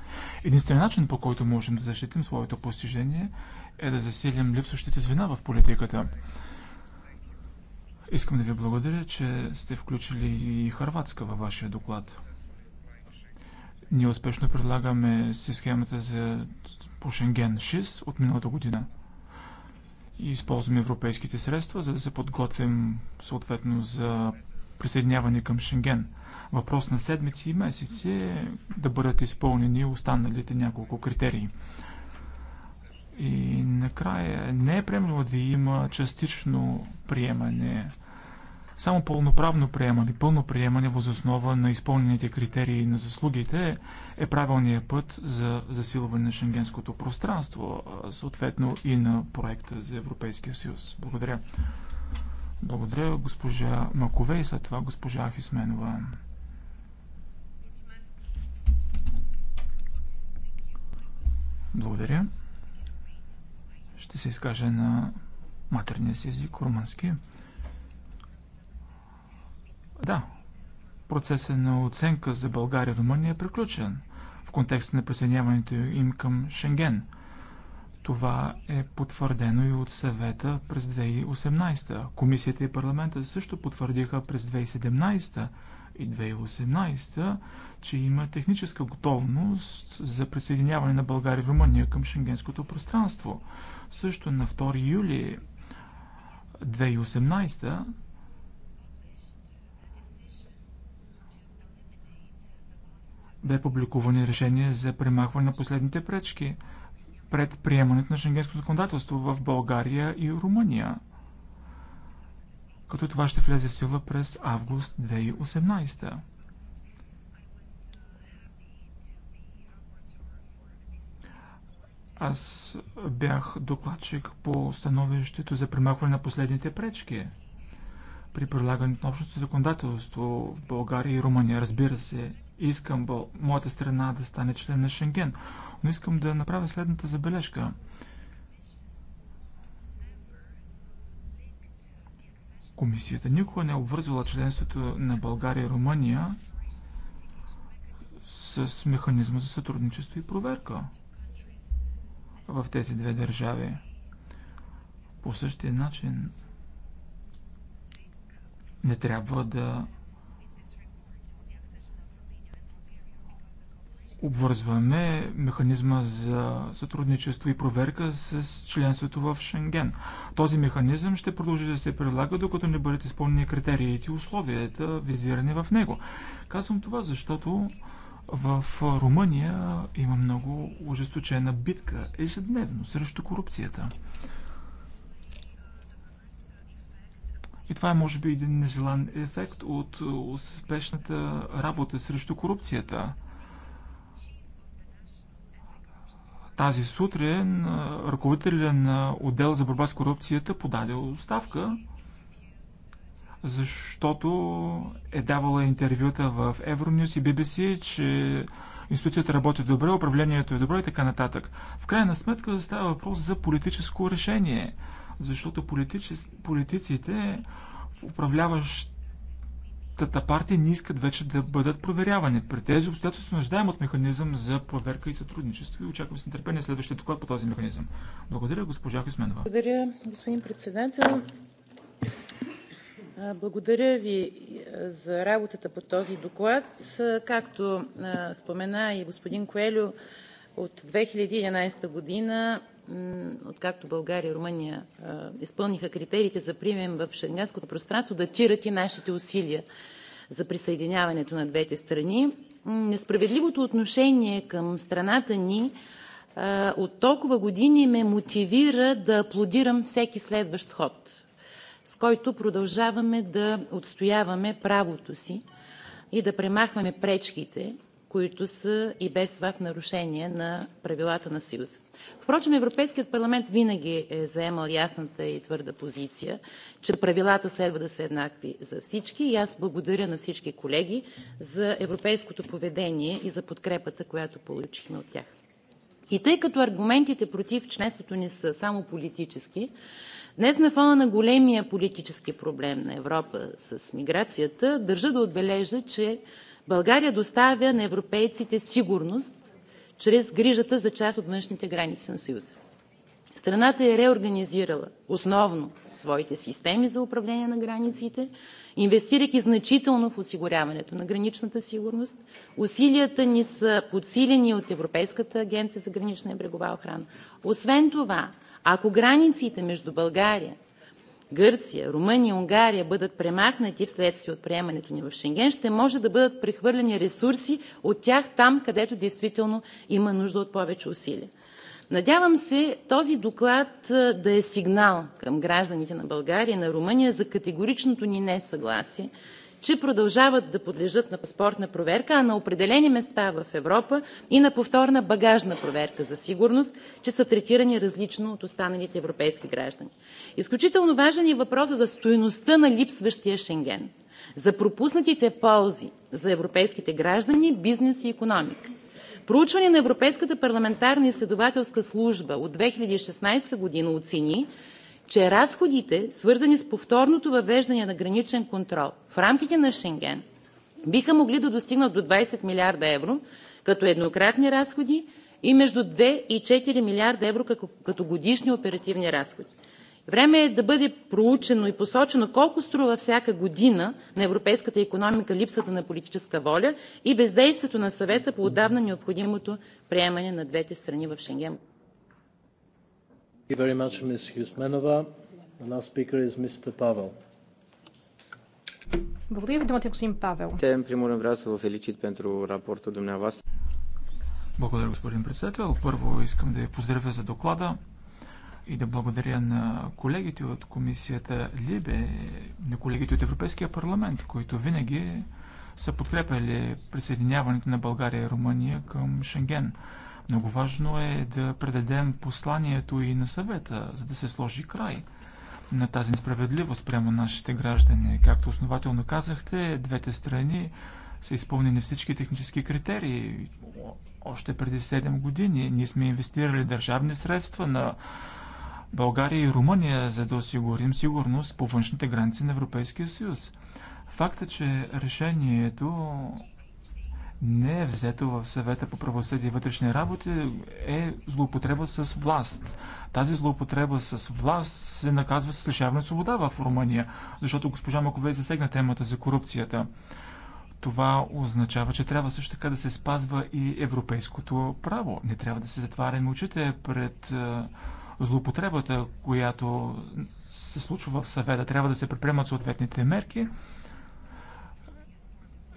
Единственият начин, по който можем да защитим своето постижение, е да засилим липсващите звена в политиката. Искам да ви благодаря, че сте включили и Харватска във вашия доклад. Ние успешно предлагаме си схемата за по Шенген 6 от миналата година – и използваме европейските средства, за да се подготвим съответно за присъединяване към Шенген. Въпрос на седмици и месеци е да бъдат изпълнени останалите няколко критерии. И накрая не е приемливо да има частично приемане само пълноправно приемане, пълно приемане въз основа на изпълнените критерии на заслугите е правилният път за засилване на шенгенското пространство, съответно и на проекта за Европейския съюз. Благодаря. Благодаря госпожа Макове и след това госпожа Хисменова. Благодаря. Ще се изкаже на матерния си език, румънски. Да, процесът на оценка за България и Румъния е приключен в контекста на присъединяването им към Шенген. Това е потвърдено и от съвета през 2018. Комисията и парламента също потвърдиха през 2017 и 2018, че има техническа готовност за присъединяване на България и Румъния към шенгенското пространство. Също на 2 юли 2018 бе публикувано решение за премахване на последните пречки пред приемането на шенгенско законодателство в България и Румъния. Като това ще влезе в сила през август 2018. Аз бях докладчик по становището за премахване на последните пречки при прилагането на общото законодателство в България и Румъния, разбира се, искам бъл, моята страна да стане член на Шенген, но искам да направя следната забележка. Комисията никога не е обвързвала членството на България и Румъния с механизма за сътрудничество и проверка в тези две държави. По същия начин не трябва да обвързваме механизма за сътрудничество и проверка с членството в Шенген. Този механизъм ще продължи да се прилага, докато не бъдат изпълнени критериите и условията, визирани в него. Казвам това, защото в Румъния има много ожесточена битка ежедневно срещу корупцията. И това е може би един нежелан ефект от успешната работа срещу корупцията. Тази сутрин ръководителя на отдел за борба с корупцията подаде оставка, защото е давала интервюта в Euronews и BBC, че институцията работи добре, управлението е добро и така нататък. В крайна сметка става въпрос за политическо решение, защото политици, политиците в управляващ тата партия не искат вече да бъдат проверявани. При тези обстоятелства нуждаем от механизъм за проверка и сътрудничество и очакваме с нетърпение следващия доклад по този механизъм. Благодаря, госпожа Хисменова. Благодаря, господин председател. Благодаря ви за работата по този доклад. Както спомена и господин Коелю, от 2011 година откакто България и Румъния изпълниха критериите за прием в Шенгенското пространство, датират и нашите усилия за присъединяването на двете страни. Несправедливото отношение към страната ни от толкова години ме мотивира да аплодирам всеки следващ ход, с който продължаваме да отстояваме правото си и да премахваме пречките които са и без това в нарушение на правилата на Съюза. Впрочем Европейският парламент винаги е заемал ясната и твърда позиция, че правилата следва да са еднакви за всички и аз благодаря на всички колеги за европейското поведение и за подкрепата, която получихме от тях. И тъй като аргументите против членството ни са само политически, днес на фона на големия политически проблем на Европа с миграцията държа да отбележа, че България доставя на европейците сигурност чрез грижата за част от външните граници на Съюза. Страната е реорганизирала основно своите системи за управление на границите, инвестирайки значително в осигуряването на граничната сигурност. Усилията ни са подсилени от Европейската агенция за гранична и брегова охрана. Освен това, ако границите между България Гърция, Румъния, Унгария бъдат премахнати вследствие от приемането ни в Шенген, ще може да бъдат прехвърлени ресурси от тях там, където действително има нужда от повече усилия. Надявам се този доклад да е сигнал към гражданите на България и на Румъния за категоричното ни несъгласие че продължават да подлежат на паспортна проверка, а на определени места в Европа и на повторна багажна проверка за сигурност, че са третирани различно от останалите европейски граждани. Изключително важен е и въпросът за стойността на липсващия Шенген, за пропуснатите ползи за европейските граждани, бизнес и икономика. Проучване на Европейската парламентарна изследователска служба от 2016 г. оцени, че разходите, свързани с повторното въвеждане на граничен контрол в рамките на Шенген, биха могли да достигнат до 20 милиарда евро като еднократни разходи и между 2 и 4 милиарда евро като годишни оперативни разходи. Време е да бъде проучено и посочено колко струва всяка година на европейската икономика липсата на политическа воля и бездействието на Съвета по отдавна необходимото приемане на двете страни в Шенген you very much, Ms. The last speaker is Mr. Pavel. Благодаря ви, думата е господин Павел. Те, Благодаря, господин председател. Първо искам да ви поздравя за доклада и да благодаря на колегите от комисията Либе, на колегите от Европейския парламент, които винаги са подкрепили присъединяването на България и Румъния към Шенген. Много важно е да предадем посланието и на съвета, за да се сложи край на тази несправедливост прямо нашите граждани. Както основателно казахте, двете страни са изпълнени всички технически критерии. Още преди 7 години ние сме инвестирали държавни средства на България и Румъния, за да осигурим сигурност по външните граници на Европейския съюз. Факта, е, че решението не е взето в съвета по правосъдие и вътрешни работи е злоупотреба с власт. Тази злоупотреба с власт се наказва с лишаване от свобода в Румъния, защото госпожа Макове засегна темата за корупцията. Това означава, че трябва също така да се спазва и европейското право. Не трябва да се затваряме очите пред е, злоупотребата, която се случва в съвета. Трябва да се предприемат съответните мерки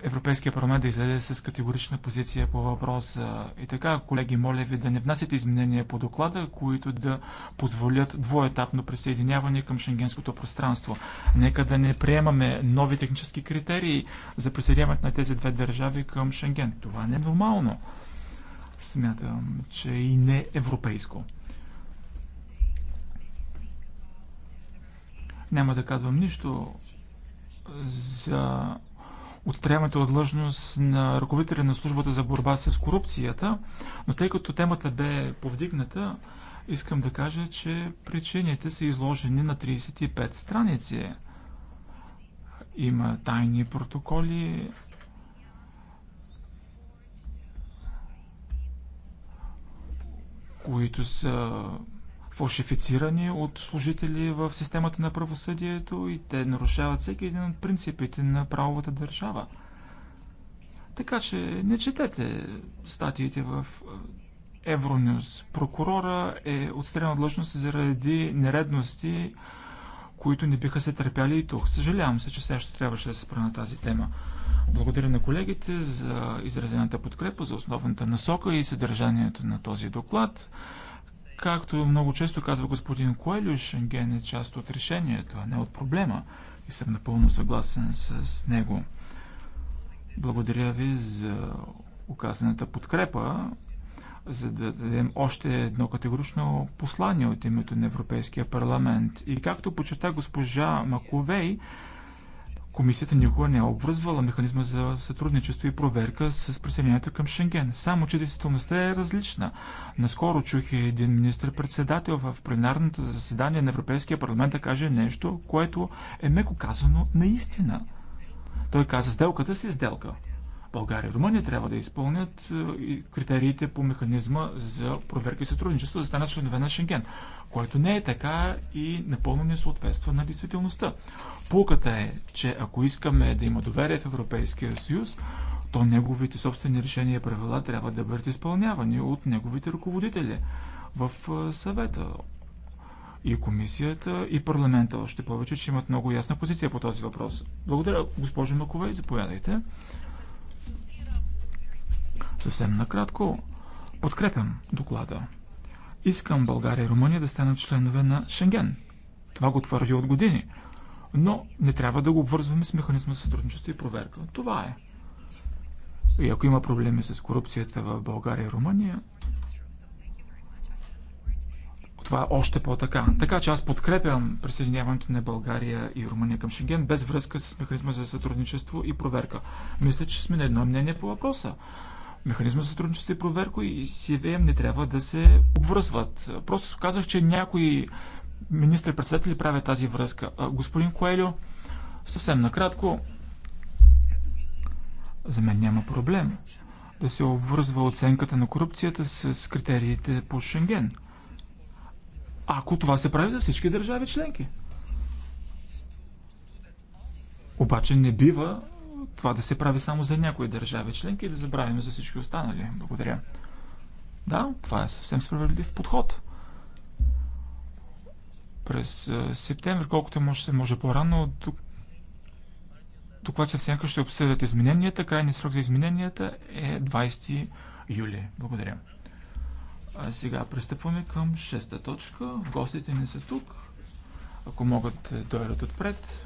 Европейския парламент да излезе с категорична позиция по въпроса. И така, колеги, моля ви да не внасяте изменения по доклада, които да позволят двоетапно присъединяване към шенгенското пространство. Нека да не приемаме нови технически критерии за присъединяването на тези две държави към Шенген. Това не е нормално. Смятам, че и не е европейско. Няма да казвам нищо за отстраняването от длъжност на ръководителя на службата за борба с корупцията, но тъй като темата бе повдигната, искам да кажа, че причините са изложени на 35 страници. Има тайни протоколи, които са фалшифицирани от служители в системата на правосъдието и те нарушават всеки един от принципите на правовата държава. Така че не четете статиите в е, Евронюс. Прокурора е отстрелян от длъжност заради нередности, които не биха се търпяли и тук. Съжалявам се, че сега ще трябваше да се спра на тази тема. Благодаря на колегите за изразената подкрепа, за основната насока и съдържанието на този доклад. Както много често казва господин Коелю, Шенген е част от решението, а не от проблема. И съм напълно съгласен с него. Благодаря ви за оказаната подкрепа, за да дадем още едно категорично послание от името на Европейския парламент. И както почета госпожа Маковей, Комисията никога не е обвързвала механизма за сътрудничество и проверка с присъединението към Шенген. Само, че действителността е различна. Наскоро чух един министр-председател в пленарното заседание на Европейския парламент да каже нещо, което е меко казано наистина. Той каза, сделката си е сделка. България и Румъния трябва да изпълнят е, критериите по механизма за проверка и сътрудничество за станат членове на Шенген, което не е така и напълно не съответства на действителността. Пулката е, че ако искаме да има доверие в Европейския съюз, то неговите собствени решения и правила трябва да бъдат изпълнявани от неговите ръководители в е, съвета, и комисията, и парламента още повече, че имат много ясна позиция по този въпрос. Благодаря, госпожо Макове, и заповядайте. Съвсем накратко подкрепям доклада. Искам България и Румъния да станат членове на Шенген. Това го твърди от години. Но не трябва да го обвързваме с механизма за сътрудничество и проверка. Това е. И ако има проблеми с корупцията в България и Румъния, това е още по-така. Така че аз подкрепям присъединяването на България и Румъния към Шенген без връзка с механизма за сътрудничество и проверка. Мисля, че сме на едно мнение по въпроса. Механизма за сътрудничество и проверка и CVM не трябва да се обвързват. Просто казах, че някои и председатели правят тази връзка. Господин Коелю, съвсем накратко, за мен няма проблем да се обвързва оценката на корупцията с критериите по Шенген. Ако това се прави за всички държави членки. Обаче не бива това да се прави само за някои държави членки и да забравим за всички останали. Благодаря. Да, това е съвсем справедлив подход. През е, септември, колкото може се може по-рано, докладча сянка ще обсъдят измененията. Крайният срок за измененията е 20 юли. Благодаря. А сега пристъпваме към шеста точка. Гостите не са тук. Ако могат, дойдат отпред.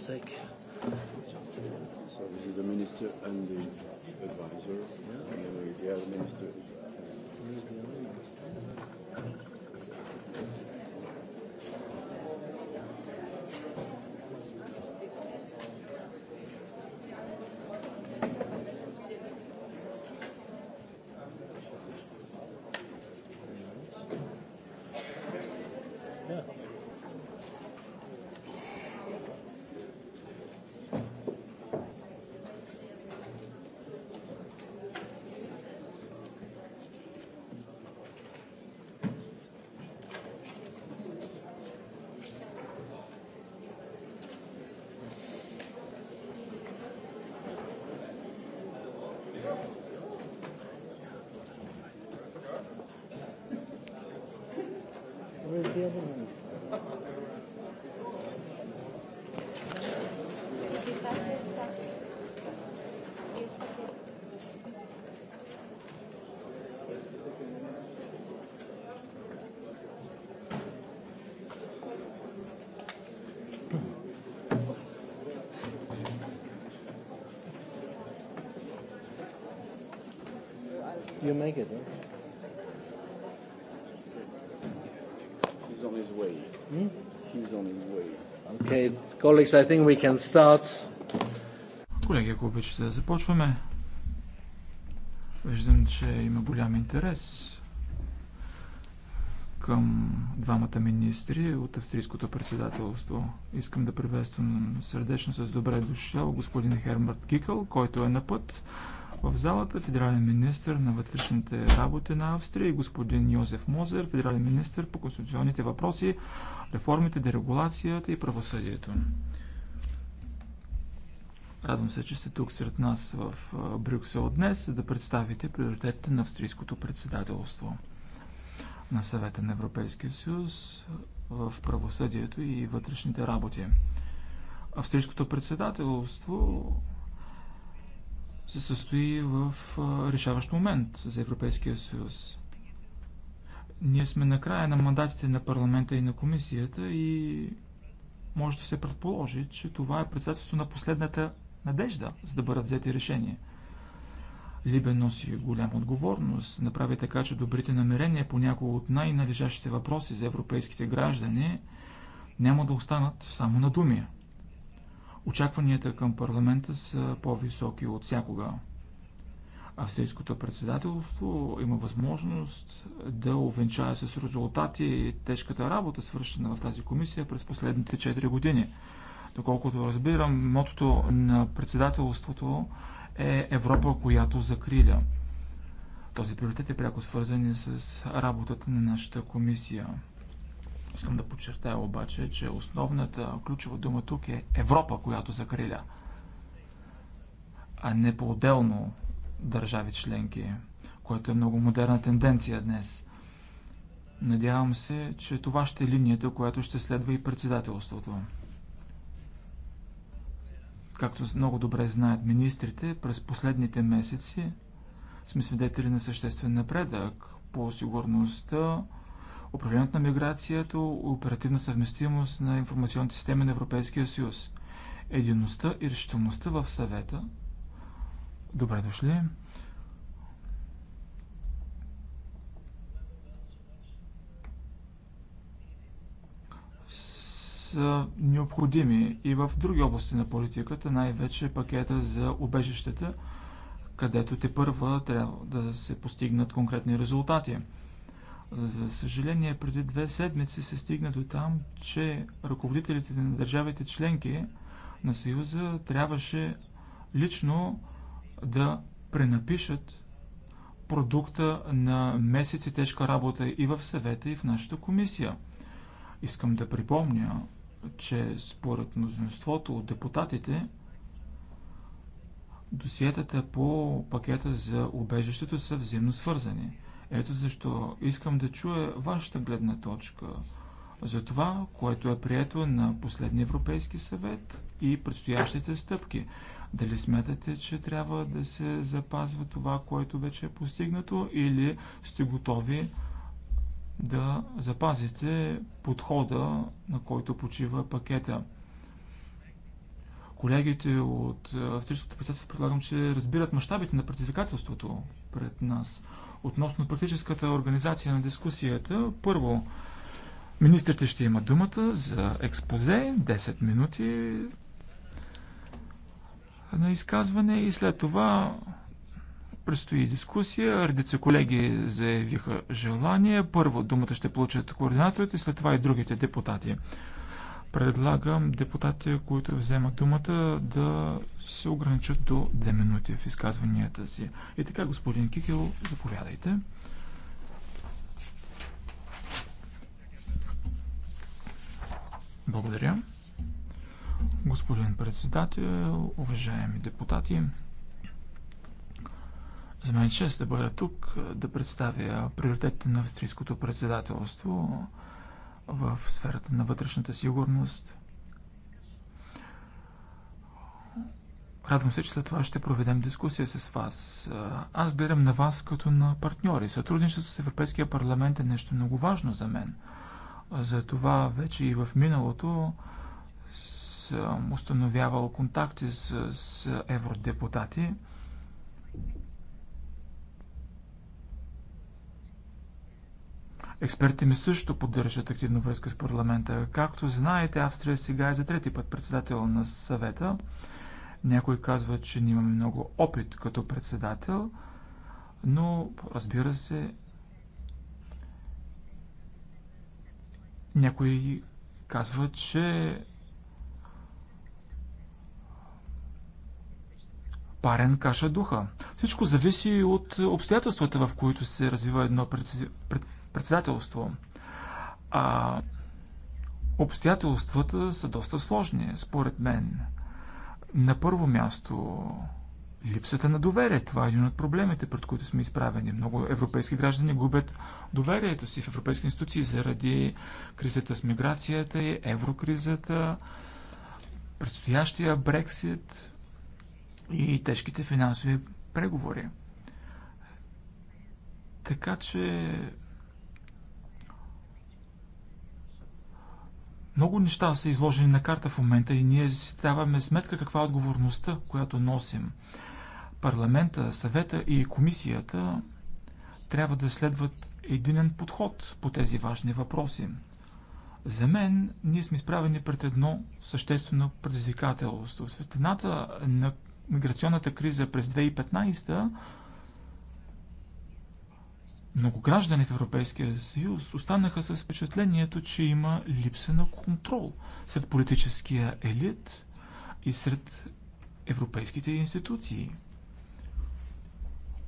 mistake. You make it, huh? Colleagues, I think we can start. Колеги, ако обичате да започваме. Виждам, че има голям интерес към двамата министри от австрийското председателство. Искам да приветствам сърдечно с добре дошъл господин Хермарт Кикъл, който е на път в залата федерален министр на вътрешните работи на Австрия и господин Йозеф Мозер, федерален министр по конституционните въпроси, реформите, дерегулацията и правосъдието. Радвам се, че сте тук сред нас в Брюксел днес, за да представите приоритетите на австрийското председателство на съвета на Европейския съюз в правосъдието и вътрешните работи. Австрийското председателство се състои в решаващ момент за Европейския съюз. Ние сме на края на мандатите на парламента и на комисията и може да се предположи, че това е председателство на последната надежда, за да бъдат взети решения. Либе носи голяма отговорност, направи така, че добрите намерения по някои от най-належащите въпроси за европейските граждани няма да останат само на думи. Очакванията към парламента са по-високи от всякога. Австрийското председателство има възможност да увенчае с резултати тежката работа, свършена в тази комисия през последните 4 години. Доколкото разбирам, мотото на председателството е Европа, която закриля. Този приоритет е пряко свързан и с работата на нашата комисия. Искам да подчертая обаче, че основната ключова дума тук е Европа, която закриля, а не по-отделно държави членки, което е много модерна тенденция днес. Надявам се, че това ще е линията, която ще следва и председателството. Както много добре знаят министрите, през последните месеци сме свидетели на съществен напредък по сигурността, управлението на миграцията, оперативна съвместимост на информационните системи на Европейския съюз. Единността и решителността в съвета. Добре дошли. са необходими и в други области на политиката, най-вече пакета за убежищата, където те първа трябва да се постигнат конкретни резултати. За съжаление, преди две седмици се стигна до там, че ръководителите на държавите членки на Съюза трябваше лично да пренапишат продукта на месеци тежка работа и в съвета, и в нашата комисия. Искам да припомня, че според мнозинството от депутатите, досиетата по пакета за убежището са взаимно свързани – ето защо искам да чуя вашата гледна точка за това, което е прието на последния Европейски съвет и предстоящите стъпки. Дали смятате, че трябва да се запазва това, което вече е постигнато или сте готови да запазите подхода, на който почива пакета? Колегите от Австрийското председателство предлагам, че разбират мащабите на предизвикателството пред нас – Относно практическата организация на дискусията, първо, министрите ще имат думата за експозе, 10 минути на изказване и след това предстои дискусия. Редица колеги заявиха желание. Първо думата ще получат координаторите, след това и другите депутати. Предлагам депутатите, които вземат думата, да се ограничат до 2 минути в изказванията си. И така, господин Кикел, заповядайте. Благодаря. Господин председател, уважаеми депутати, за мен е чест да бъда тук да представя приоритетите на австрийското председателство – в сферата на вътрешната сигурност. Радвам се, че след това ще проведем дискусия с вас. Аз гледам на вас като на партньори. Сътрудничеството с Европейския парламент е нещо много важно за мен. Затова вече и в миналото съм установявал контакти с евродепутати – Експертите ми също поддържат активна връзка с парламента. Както знаете, Австрия сега е за трети път председател на съвета. Някой казва, че нямаме много опит като председател, но разбира се, някой казва, че парен каша духа. Всичко зависи от обстоятелствата, в които се развива едно пред председателство. А обстоятелствата са доста сложни, според мен. На първо място, липсата на доверие. Това е един от проблемите, пред които сме изправени. Много европейски граждани губят доверието си в европейски институции заради кризата с миграцията и еврокризата, предстоящия Брексит и тежките финансови преговори. Така че Много неща са изложени на карта в момента и ние си даваме сметка каква е отговорността, която носим. Парламента, съвета и комисията трябва да следват единен подход по тези важни въпроси. За мен ние сме изправени пред едно съществено предизвикателство. Светлината на миграционната криза през 2015 много граждани в Европейския съюз останаха с впечатлението, че има липса на контрол сред политическия елит и сред европейските институции,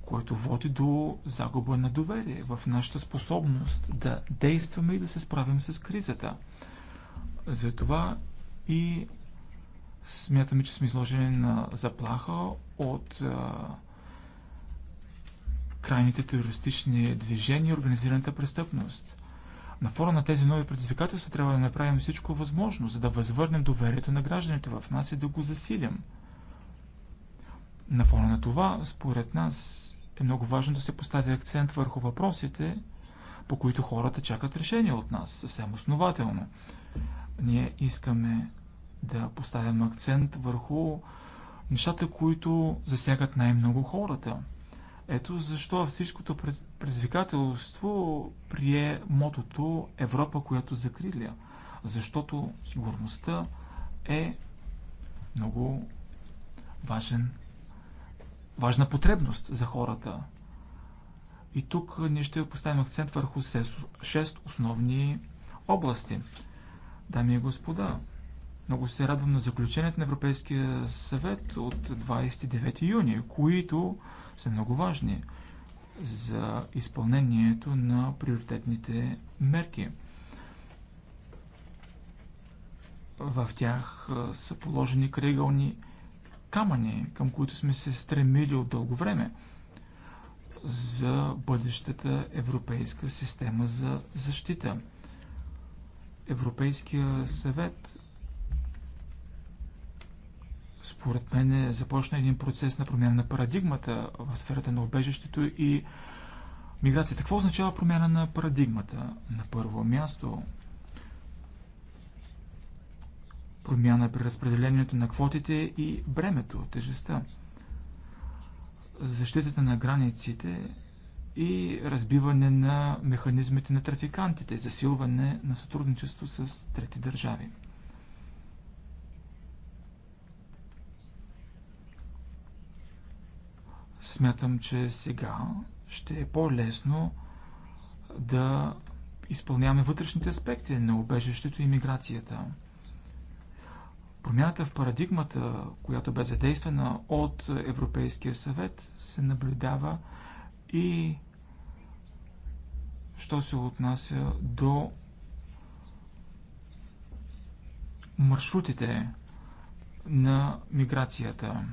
което води до загуба на доверие в нашата способност да действаме и да се справим с кризата. Затова и смятаме, че сме изложени на заплаха от крайните терористични движения и организираната престъпност. На фона на тези нови предизвикателства трябва да направим всичко възможно, за да възвърнем доверието на гражданите в нас и да го засилим. На фона на това, според нас, е много важно да се постави акцент върху въпросите, по които хората чакат решение от нас, съвсем основателно. Ние искаме да поставим акцент върху нещата, които засягат най-много хората – ето защо всичкото предизвикателство прие мотото Европа, която закриля. Защото сигурността е много важен, важна потребност за хората. И тук ние ще поставим акцент върху 6 основни области. Дами и господа, много се радвам на заключението на Европейския съвет от 29 юни, които са много важни за изпълнението на приоритетните мерки. В тях са положени крайъгълни камъни, към които сме се стремили от дълго време за бъдещата европейска система за защита. Европейския съвет според мен е започна един процес на промяна на парадигмата в сферата на обежището и миграцията. Какво означава промяна на парадигмата? На първо място промяна при разпределението на квотите и бремето, тежестта, защитата на границите и разбиване на механизмите на трафикантите, засилване на сътрудничество с трети държави. Смятам, че сега ще е по-лесно да изпълняваме вътрешните аспекти на убежището и миграцията. Промяната в парадигмата, която бе задействана от Европейския съвет, се наблюдава и що се отнася до маршрутите на миграцията.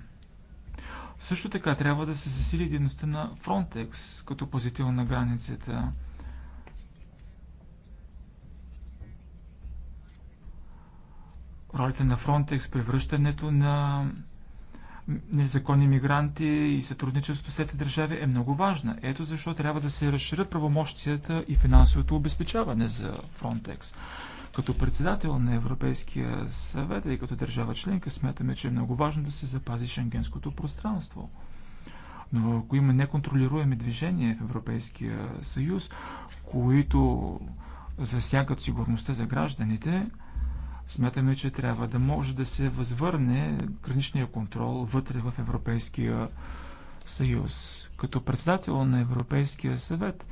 Също така трябва да се засили дейността на Frontex като пазител на границата. Ролята на Frontex при връщането на незаконни мигранти и сътрудничеството след държави е много важна. Ето защо трябва да се разширят правомощията и финансовото обезпечаване за Frontex. Като председател на Европейския съвет и като държава членка смятаме, че е много важно да се запази шенгенското пространство. Но ако има неконтролируеми движения в Европейския съюз, които засягат сигурността за гражданите, смятаме, че трябва да може да се възвърне граничния контрол вътре в Европейския съюз. Като председател на Европейския съвет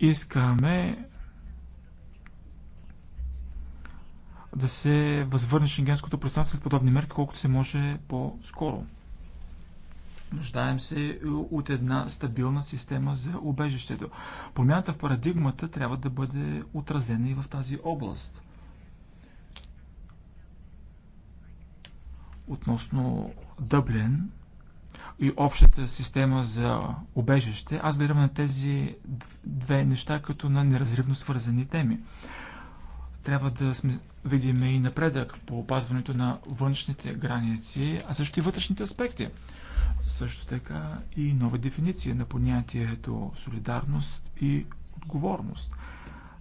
искаме да се възвърне шенгенското пространство след подобни мерки, колкото се може по-скоро. Нуждаем се от една стабилна система за убежището. Промяната в парадигмата трябва да бъде отразена и в тази област. Относно Дъблен и общата система за убежище, аз гледам на тези две неща като на неразривно свързани теми. Трябва да сме, видим и напредък по опазването на външните граници, а също и вътрешните аспекти. Също така и нова дефиниция на понятието солидарност и отговорност.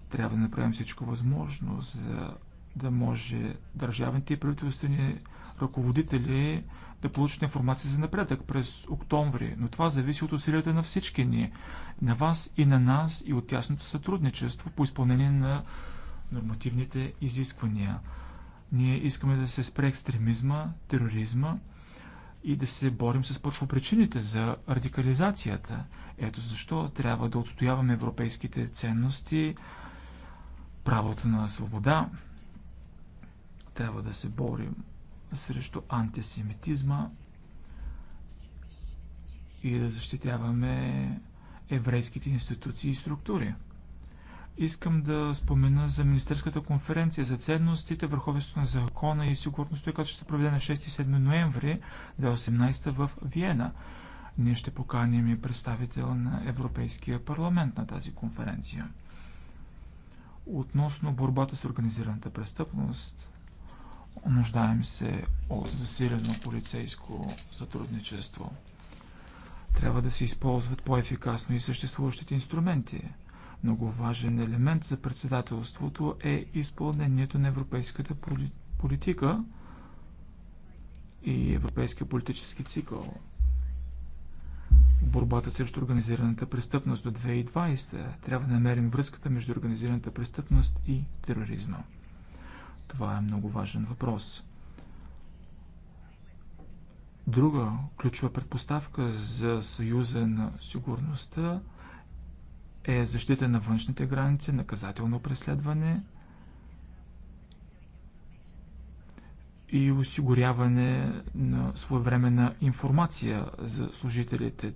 Трябва да направим всичко възможно, за да може държавните и правителствени ръководители да получат информация за напредък през октомври, но това зависи от усилията на всички ни, на вас и на нас и от тясното сътрудничество по изпълнение на нормативните изисквания. Ние искаме да се спре екстремизма, тероризма и да се борим с първопричините за радикализацията. Ето защо трябва да отстояваме европейските ценности, правото на свобода. Трябва да се борим срещу антисемитизма и да защитяваме еврейските институции и структури. Искам да спомена за Министерската конференция за ценностите, върховенството на закона и сигурността, която ще се проведе на 6 7 ноември 2018 в Виена. Ние ще поканим и представител на Европейския парламент на тази конференция. Относно борбата с организираната престъпност, нуждаем се от засилено полицейско сътрудничество. Трябва да се използват по-ефикасно и съществуващите инструменти – много важен елемент за председателството е изпълнението на европейската политика и европейския политически цикъл. Борбата срещу организираната престъпност до 2020 трябва да намерим връзката между организираната престъпност и тероризма. Това е много важен въпрос. Друга ключова предпоставка за Съюза на сигурността е защита на външните граници, наказателно преследване и осигуряване на своевременна информация за служителите.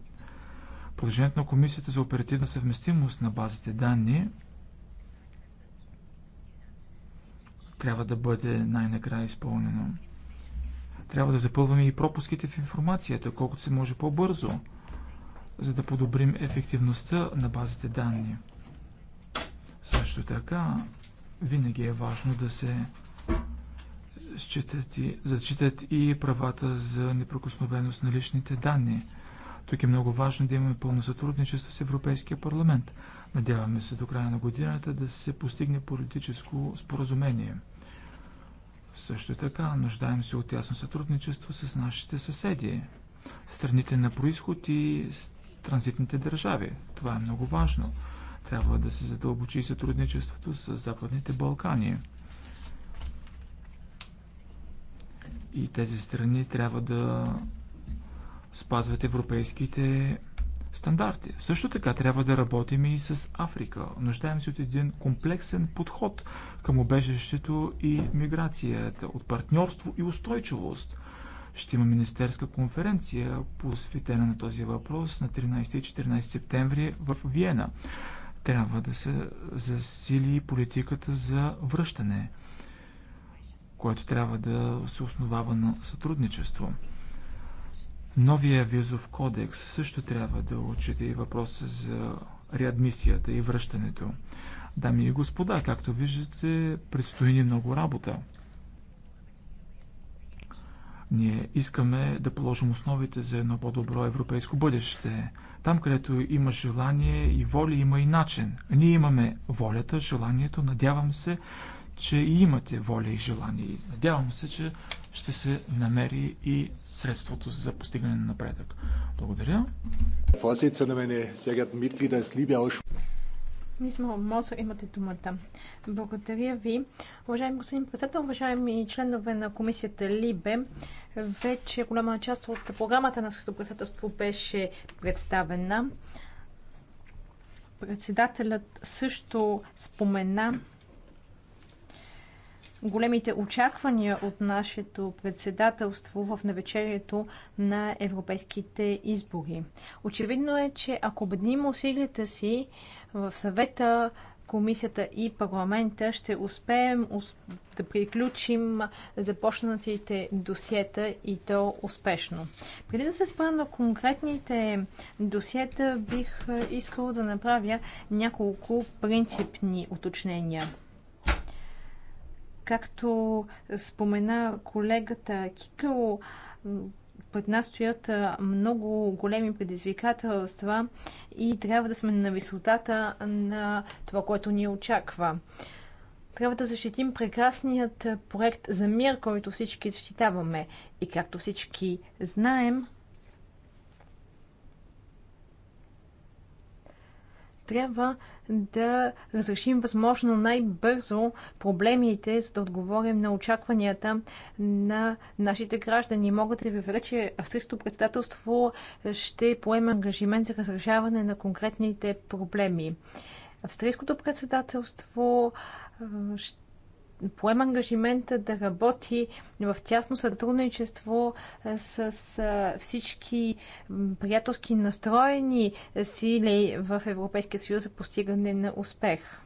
Продължението на Комисията за оперативна съвместимост на базите данни трябва да бъде най-накрая изпълнено. Трябва да запълваме и пропуските в информацията, колкото се може по-бързо – за да подобрим ефективността на базите данни. Също така, винаги е важно да се считат и, зачитат и правата за непрекосновеност на личните данни. Тук е много важно да имаме пълно сътрудничество с Европейския парламент. Надяваме се до края на годината да се постигне политическо споразумение. Също така, нуждаем се от ясно сътрудничество с нашите съседи, страните на происход и транзитните държави. Това е много важно. Трябва да се задълбочи сътрудничеството с Западните Балкани. И тези страни трябва да спазват европейските стандарти. Също така трябва да работим и с Африка. Нуждаем се от един комплексен подход към обежището и миграцията, от партньорство и устойчивост. Ще има министерска конференция посветена на този въпрос на 13 и 14 септември в Виена. Трябва да се засили политиката за връщане, което трябва да се основава на сътрудничество. Новия визов кодекс също трябва да отчете и въпроса за реадмисията и връщането. Дами и господа, както виждате, предстои ни много работа. Ние искаме да положим основите за едно по-добро европейско бъдеще. Там, където има желание и воля, има и начин. Ние имаме волята, желанието. Надявам се, че и имате воля и желание. Надявам се, че ще се намери и средството за постигане на напредък. Благодаря. Мисмо моса, имате думата. Благодаря ви. Уважаеми господин председател, уважаеми членове на комисията Либе, вече голяма част от програмата на Ското председателство беше представена. Председателят също спомена големите очаквания от нашето председателство в навечерието на европейските избори. Очевидно е, че ако обединим усилията си в съвета, комисията и парламента ще успеем да приключим започнатите досиета и то успешно. Преди да се спра на конкретните досиета, бих е, искала да направя няколко принципни уточнения. Както спомена колегата Кикъл, пред нас стоят много големи предизвикателства и трябва да сме на висотата на това, което ни очаква. Трябва да защитим прекрасният проект за мир, който всички защитаваме. И както всички знаем, Трябва да разрешим възможно най-бързо проблемите, за да отговорим на очакванията на нашите граждани. Могат ли ви уверя, че австрийското председателство ще поеме ангажимент за разрешаване на конкретните проблеми. Австрийското председателство ще поема ангажимента да работи в тясно сътрудничество с всички приятелски настроени сили в Европейския съюз за постигане на успех.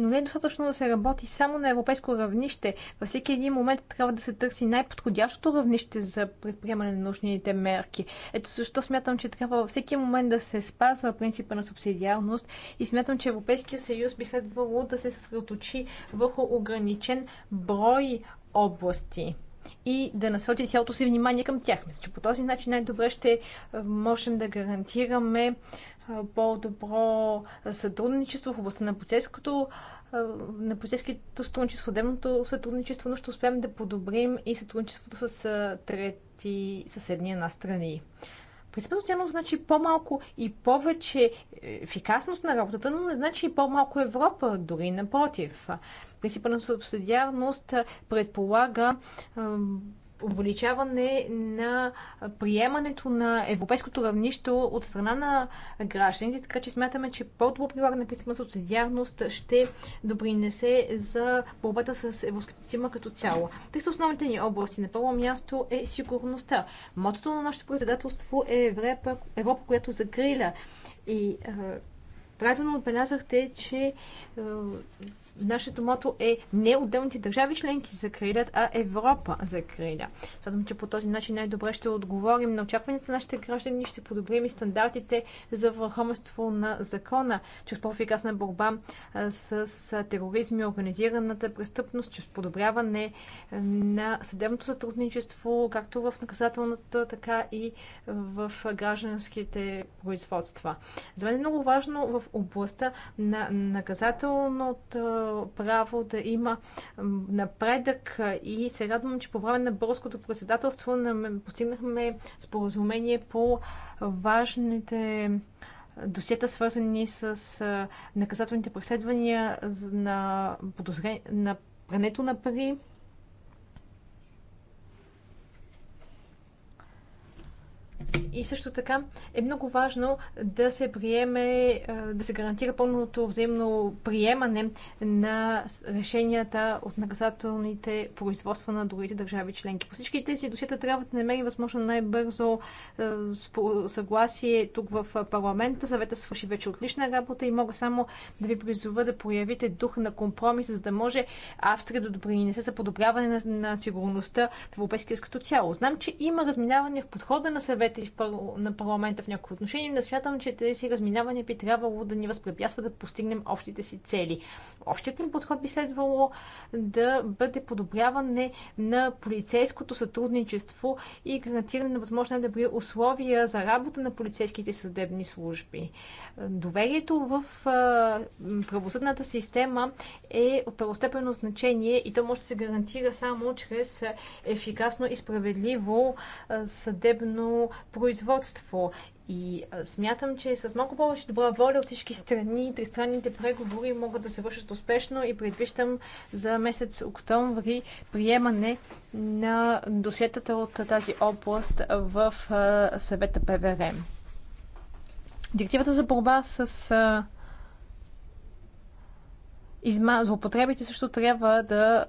но не е достатъчно да се работи само на европейско равнище. Във всеки един момент трябва да се търси най-подходящото равнище за предприемане на нужните мерки. Ето защо смятам, че трябва във всеки момент да се спазва принципа на субсидиарност и смятам, че Европейския съюз би следвало да се съсредоточи върху ограничен брой области и да насочи цялото си внимание към тях. Мисля, че по този начин най-добре ще можем да гарантираме по-добро сътрудничество в областта на полицейското на полицейското сътрудничество, демното сътрудничество, но ще успеем да подобрим и сътрудничеството с трети съседния на страни. Принципът тя значи по-малко и повече е, ефикасност на работата, но не значи и по-малко Европа, дори напротив. Принципът на субсидиарност предполага увеличаване на приемането на европейското равнище от страна на гражданите, така че смятаме, че по-добро прилагане на принципа субсидиарност ще допринесе за борбата с евроскептицизма като цяло. Те са основните ни области. На първо място е сигурността. Мотото на нашето председателство е Европа, Европа която закриля. И правилно отбелязахте, че нашето мото е не отделните държави членки за закрилят, а Европа за криля. Смятам, че по този начин най-добре ще отговорим на очакванията на нашите граждани, ще подобрим и стандартите за върховенство на закона, чрез по-ефикасна борба с тероризм и организираната престъпност, чрез подобряване на съдебното сътрудничество, както в наказателната, така и в гражданските производства. За мен е много важно в областта на наказателното право да има напредък и се радвам, че по време на българското председателство постигнахме споразумение по важните досиета, свързани с наказателните преследвания на, на прането на пари, И също така е много важно да се приеме, да се гарантира пълното взаимно приемане на решенията от наказателните производства на другите държави членки. По всички тези досията трябва да намери възможно най-бързо съгласие тук в парламента. Съвета свърши вече отлична работа и мога само да ви призова да проявите дух на компромис, за да може Австрия да допринесе за подобряване на, на сигурността в Европейския като цяло. Знам, че има разминаване в подхода на съвета представители на парламента в някои отношения, не смятам, че тези разминавания би трябвало да ни възпрепятства да постигнем общите си цели. Общият ни подход би следвало да бъде подобряване на полицейското сътрудничество и гарантиране на възможно добри условия за работа на полицейските съдебни служби. Доверието в правосъдната система е от първостепенно значение и то може да се гарантира само чрез ефикасно и справедливо съдебно производство. И смятам, че с малко повече добра воля от всички страни тристранните преговори могат да се вършат успешно и предвиждам за месец октомври приемане на досетата от тази област в съвета ПВРМ. Директивата за борба с изма... злопотребите също трябва да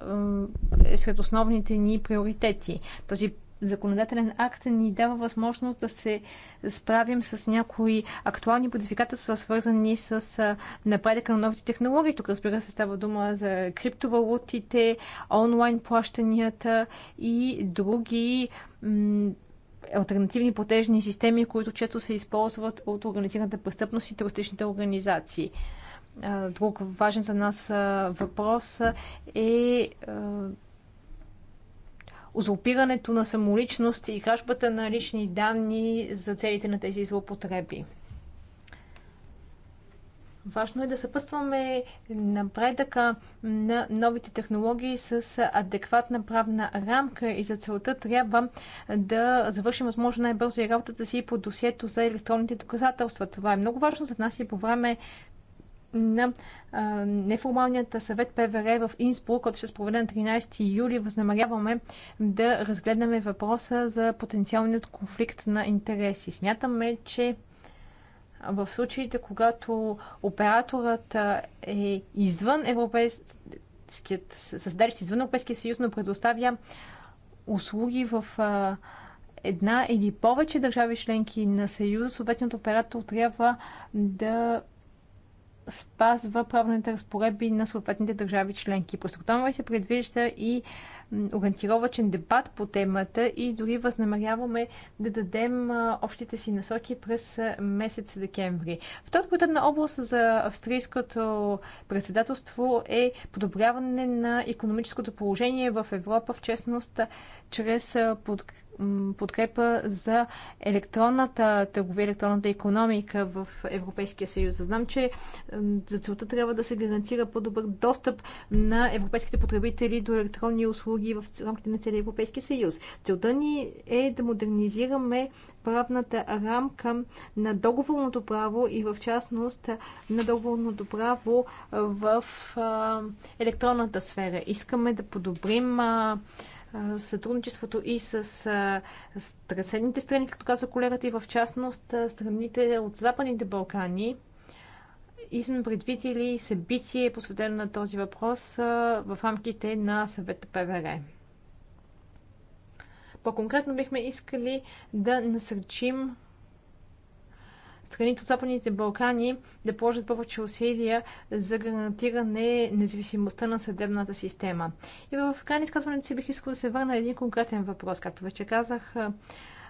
е сред основните ни приоритети. Този законодателен акт ни дава възможност да се справим с някои актуални предизвикателства, свързани с напредъка на новите технологии. Тук, разбира се, става дума за криптовалутите, онлайн плащанията и други альтернативни платежни системи, които често се използват от организираната престъпност и терористичните организации. Друг важен за нас въпрос е Злопирането на самоличност и кражбата на лични данни за целите на тези злопотреби. Важно е да съпъстваме напредъка на новите технологии с адекватна правна рамка и за целта трябва да завършим възможно най-бързо и работата си по досието за електронните доказателства. Това е много важно за нас и по време на неформалният съвет ПВР в Инспур, който ще се проведе на 13 юли, възнамеряваме да разгледаме въпроса за потенциалният конфликт на интереси. Смятаме, че в случаите, когато операторът е извън Европейският, създадещ извън Европейския съюз, но предоставя услуги в една или повече държави членки на Съюза, съответният оператор трябва да спазва правните разпоредби на съответните държави членки. През октомври се предвижда и ориентировачен дебат по темата и дори възнамеряваме да дадем общите си насоки през месец декември. Втората на област за австрийското председателство е подобряване на економическото положение в Европа, в честност чрез подкрепа подкрепа за електронната търговия, електронната економика в Европейския съюз. Знам, че за целта трябва да се гарантира по-добър достъп на европейските потребители до електронни услуги в рамките на целия Европейския съюз. Целта ни е да модернизираме правната рамка на договорното право и в частност на договорното право в електронната сфера. Искаме да подобрим сътрудничеството и с съседните страни, като каза колегата, и в частност страните от Западните Балкани. И сме предвидили събитие, посветено на този въпрос в рамките на съвета ПВР. По-конкретно бихме искали да насърчим страните от Западните Балкани да положат повече усилия за гарантиране независимостта на съдебната система. И в крайни изказването си бих искала да се върна един конкретен въпрос. Както вече казах,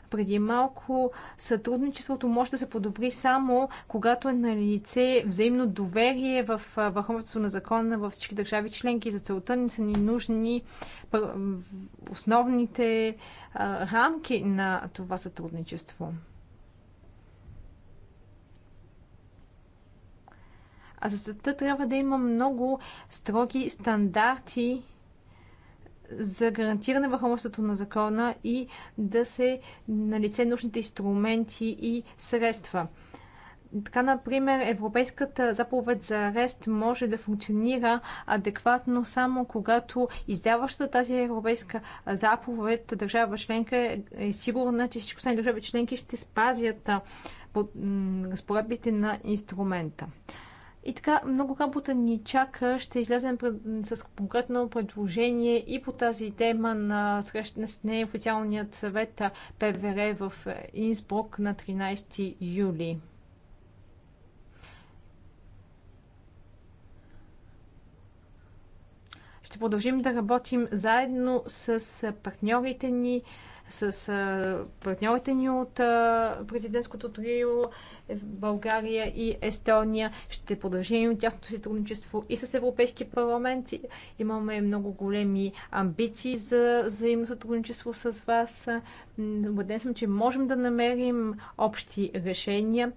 преди малко, сътрудничеството може да се подобри само когато е на лице взаимно доверие в върховенството на закона във всички държави членки. За целта ни са ни нужни основните рамки на това сътрудничество. а за света трябва да има много строги стандарти за гарантиране върховенството на закона и да се налице нужните инструменти и средства. Така, например, Европейската заповед за арест може да функционира адекватно само когато издаващата тази Европейска заповед държава членка е сигурна, че всички останали държави членки ще спазят разпоредбите на инструмента. И така, много работа ни чака. Ще излезем пред, с конкретно предложение и по тази тема на срещане с неофициалният съвет ПВР в Инсбрук на 13 юли. Ще продължим да работим заедно с партньорите ни, с партньорите ни от президентското трио е, България и Естония. Ще продължим тясното сътрудничество и с Европейския парламент. Имаме много големи амбиции за взаимно сътрудничество с вас. Убеден съм, че можем да намерим общи решения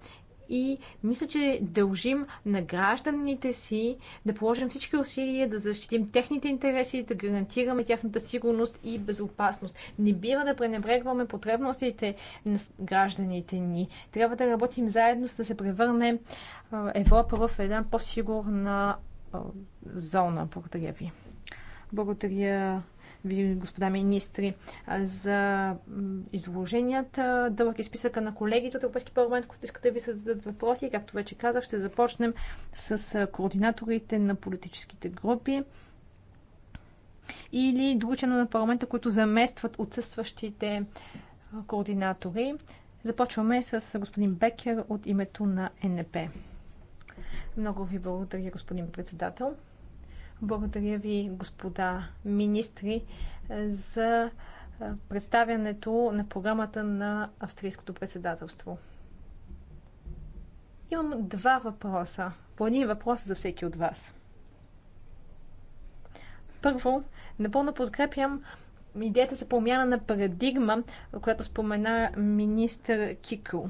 и мисля, че дължим на гражданите си да положим всички усилия да защитим техните интереси, да гарантираме тяхната сигурност и безопасност. Не бива да пренебрегваме потребностите на гражданите ни. Трябва да работим заедно, за да се превърне Европа в една по-сигурна зона. Благодаря ви. Благодаря ви, господа министри, за изложенията. Дълъг е списъка на колегите от Европейски парламент, които искат да ви зададат въпроси. И, както вече казах, ще започнем с координаторите на политическите групи или други членове на парламента, които заместват отсъстващите координатори. Започваме с господин Бекер от името на НП. Много ви благодаря, господин председател. Благодаря ви, господа министри, за представянето на програмата на австрийското председателство. Имам два въпроса. По един въпрос за всеки от вас. Първо, напълно подкрепям идеята за промяна на парадигма, която спомена министър Кикъл.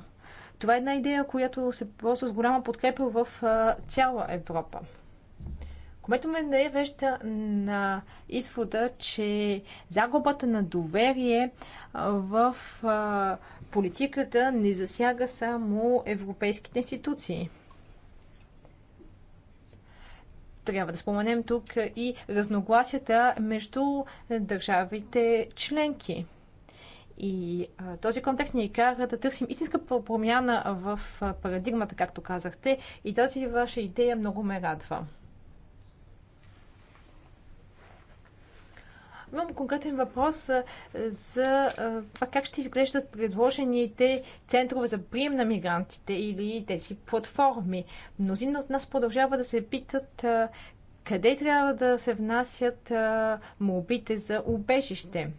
Това е една идея, която се ползва с голяма подкрепа в цяла Европа. Което ме навежда е на извода, че загубата на доверие в политиката не засяга само европейските институции. Трябва да споменем тук и разногласията между държавите членки. И а, този контекст ни кара да търсим истинска промяна в парадигмата, както казахте, и тази ваша идея много ме радва. Имам конкретен въпрос за това как ще изглеждат предложените центрове за прием на мигрантите или тези платформи. Мнозина от нас продължава да се питат къде трябва да се внасят молбите за убежище.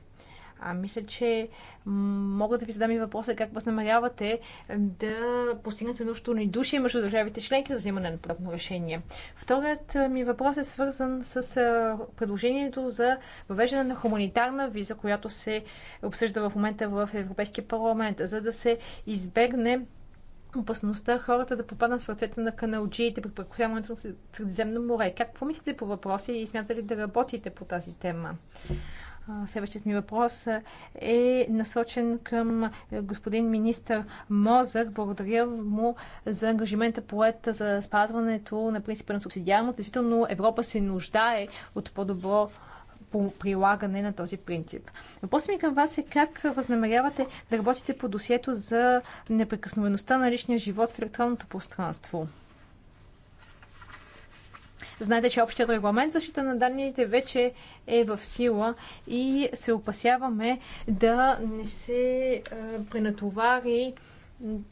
А мисля, че Мога да ви задам и въпроса как възнамерявате да постигнете нужното ни души между държавите членки за вземане на подобно решение. Вторият ми въпрос е свързан с предложението за въвеждане на хуманитарна виза, която се обсъжда в момента в Европейския парламент, за да се избегне опасността хората да попаднат в ръцете на каналджиите при прекусяването на Средиземно море. Какво мислите по въпроса и смятате ли да работите по тази тема? Следващият ми въпрос е насочен към е, господин министър Мозък. Благодаря му за ангажимента поет за спазването на принципа на субсидиарност. Действително Европа се нуждае от по-добро по прилагане на този принцип. Въпросът ми към вас е как възнамерявате да работите по досието за непрекъсновеността на личния живот в електронното пространство? Знаете, че общият регламент защита на данните вече е в сила и се опасяваме да не се пренатовари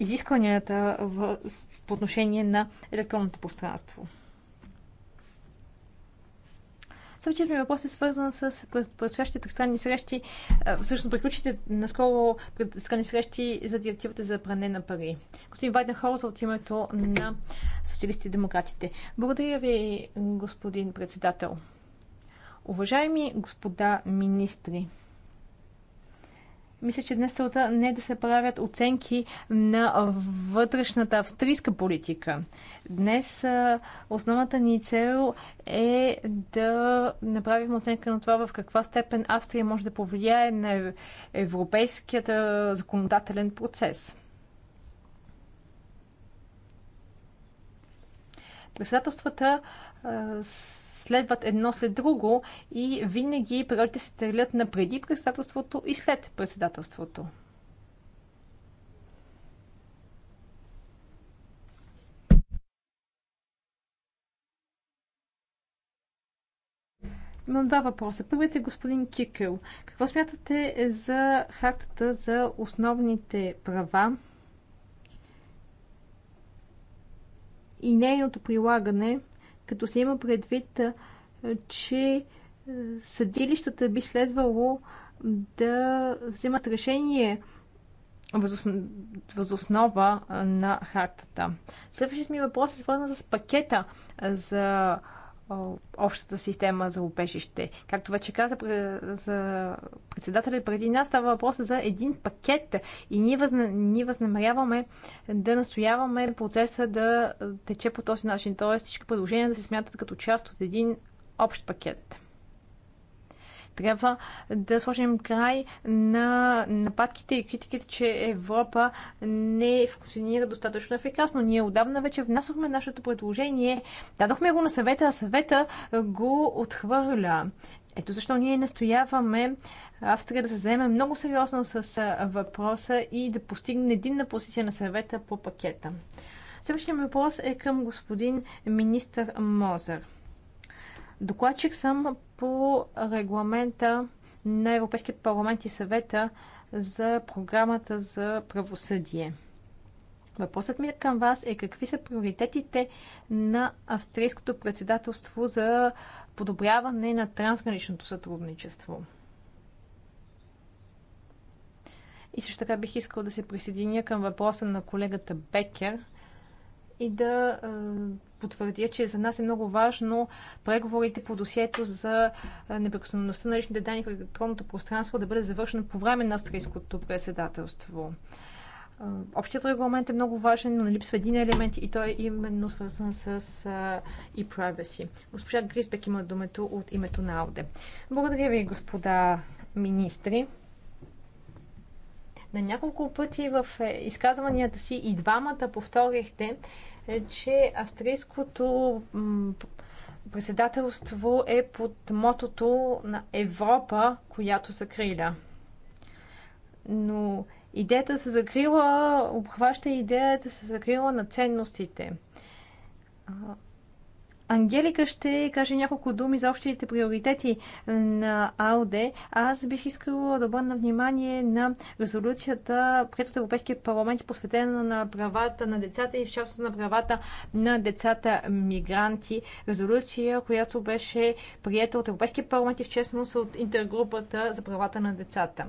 изискванията в, по отношение на електронното пространство. Следващият ми въпрос е свързан с предстоящите тристранни срещи. Всъщност приключите наскоро тристранни срещи за директивата за пране на пари. Господин Вайден Хорза от името на социалистите и демократите. Благодаря ви, господин председател. Уважаеми господа министри, мисля, че днес целта не е да се правят оценки на вътрешната австрийска политика. Днес основната ни цел е да направим оценка на това в каква степен Австрия може да повлияе на европейският законодателен процес. Председателствата следват едно след друго и винаги природите се търлят на преди председателството и след председателството. Имам два въпроса. Първият е господин Кикъл. Какво смятате за хартата за основните права и нейното прилагане като се има предвид, че съдилищата би следвало да вземат решение възоснова на хартата. Следващият ми въпрос е свързан с пакета за общата система за обежище. Както вече каза за председателя преди нас, става въпрос за един пакет и ние, възна, ние възнамеряваме да настояваме процеса да тече по този начин, т.е. всички предложения да се смятат като част от един общ пакет. Трябва да сложим край на нападките и критиките, че Европа не функционира достатъчно ефикасно. Ние отдавна вече внасохме нашето предложение, дадохме го на съвета, а съвета го отхвърля. Ето защо ние настояваме Австрия да се заеме много сериозно с въпроса и да постигне единна позиция на съвета по пакета. Следващия въпрос е към господин министър Мозър. Докладчик съм по регламента на Европейския парламент и съвета за програмата за правосъдие. Въпросът ми към вас е какви са приоритетите на австрийското председателство за подобряване на трансграничното сътрудничество? И също така бих искал да се присъединя към въпроса на колегата Бекер и да потвърдя, че за нас е много важно преговорите по досието за неприкосновеността на личните данни в електронното пространство да бъде завършено по време на австрийското председателство. Общият регламент е много важен, но не липсва един елемент и той е именно свързан с e-privacy. Госпожа Грисбек има думето от името на АУДЕ. Благодаря ви, господа министри. На няколко пъти в е, изказванията си и двамата повторихте, е, че австрийското председателство е под мотото на Европа, която закриля. Но идеята се закрила, обхваща идеята се закрила на ценностите. Ангелика ще каже няколко думи за общите приоритети на АОД. Аз бих искала да обърна внимание на резолюцията пред от Европейския парламент, посветена на правата на децата и в частност на правата на децата мигранти. Резолюция, която беше приета от Европейския парламент и в частност от интергрупата за правата на децата.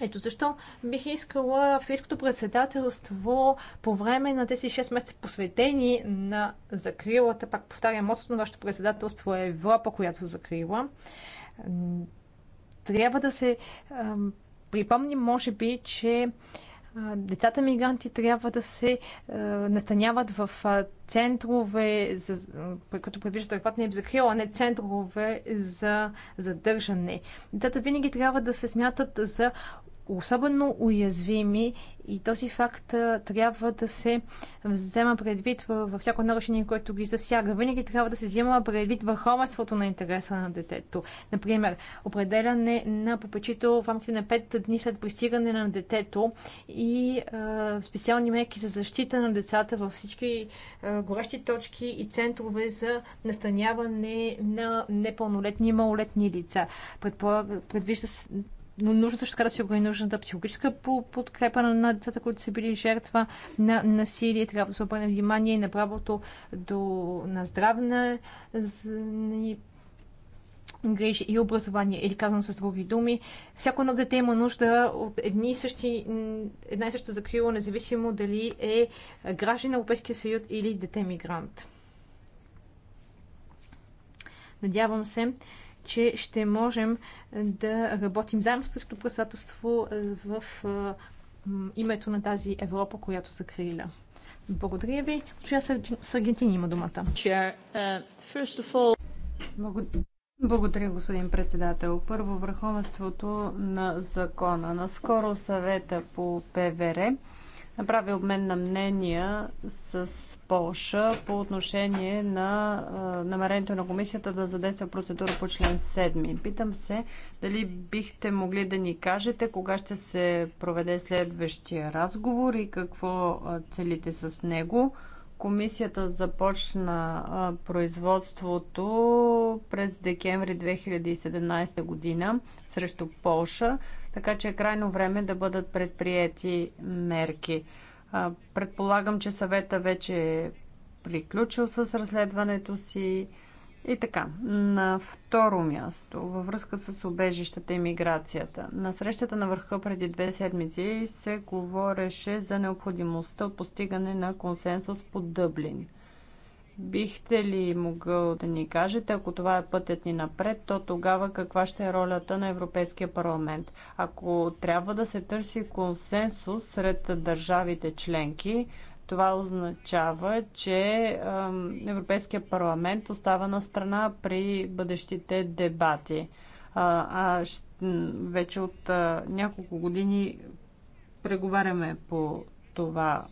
Ето защо бих искала австрийското председателство по време на тези 6 месеца посветени на закрилата, пак повтарям, мотото на вашето председателство е Европа, която закрила. Трябва да се припомним, може би, че децата мигранти трябва да се е, настаняват в центрове, за, като предвиждат адекватна им закрила, а не центрове за задържане. Децата винаги трябва да се смятат за особено уязвими и този факт трябва да се взема предвид във всяко едно решение, което ги засяга. Винаги трябва да се взема предвид върховенството на интереса на детето. Например, определяне на попечител в рамките на 5 дни след пристигане на детето и е, специални мерки за защита на децата във всички е, горещи точки и центрове за настаняване на непълнолетни и малолетни лица. Предпо... предвижда но нужно също така да се ограни нужната психологическа подкрепа на децата, които са били жертва на насилие. Трябва да се обърне внимание и на правото до, на здравна грижи и образование. Или казвам с други думи, всяко едно дете има нужда от едни и същи, една и съща закрила, независимо дали е граждан на Европейския съюз или дете-мигрант. Надявам се, че ще можем да работим заедно с председателство в името на тази Европа, която закриля. Благодаря ви. Чуя с Аргентини има думата. Uh, Благодаря, господин председател. Първо, върховенството на закона. Наскоро съвета по ПВР направи обмен на мнения с Полша по отношение на намерението на комисията да задейства процедура по член 7. Питам се дали бихте могли да ни кажете кога ще се проведе следващия разговор и какво целите с него. Комисията започна производството през декември 2017 година срещу Полша, така че е крайно време да бъдат предприяти мерки. предполагам, че съвета вече е приключил с разследването си. И така, на второ място, във връзка с убежищата и миграцията. На срещата на върха преди две седмици се говореше за необходимостта от постигане на консенсус по Дъблин. Бихте ли могъл да ни кажете, ако това е пътят ни напред, то тогава каква ще е ролята на Европейския парламент? Ако трябва да се търси консенсус сред държавите членки, това означава, че Европейския парламент остава на страна при бъдещите дебати. А вече от няколко години преговаряме по, това,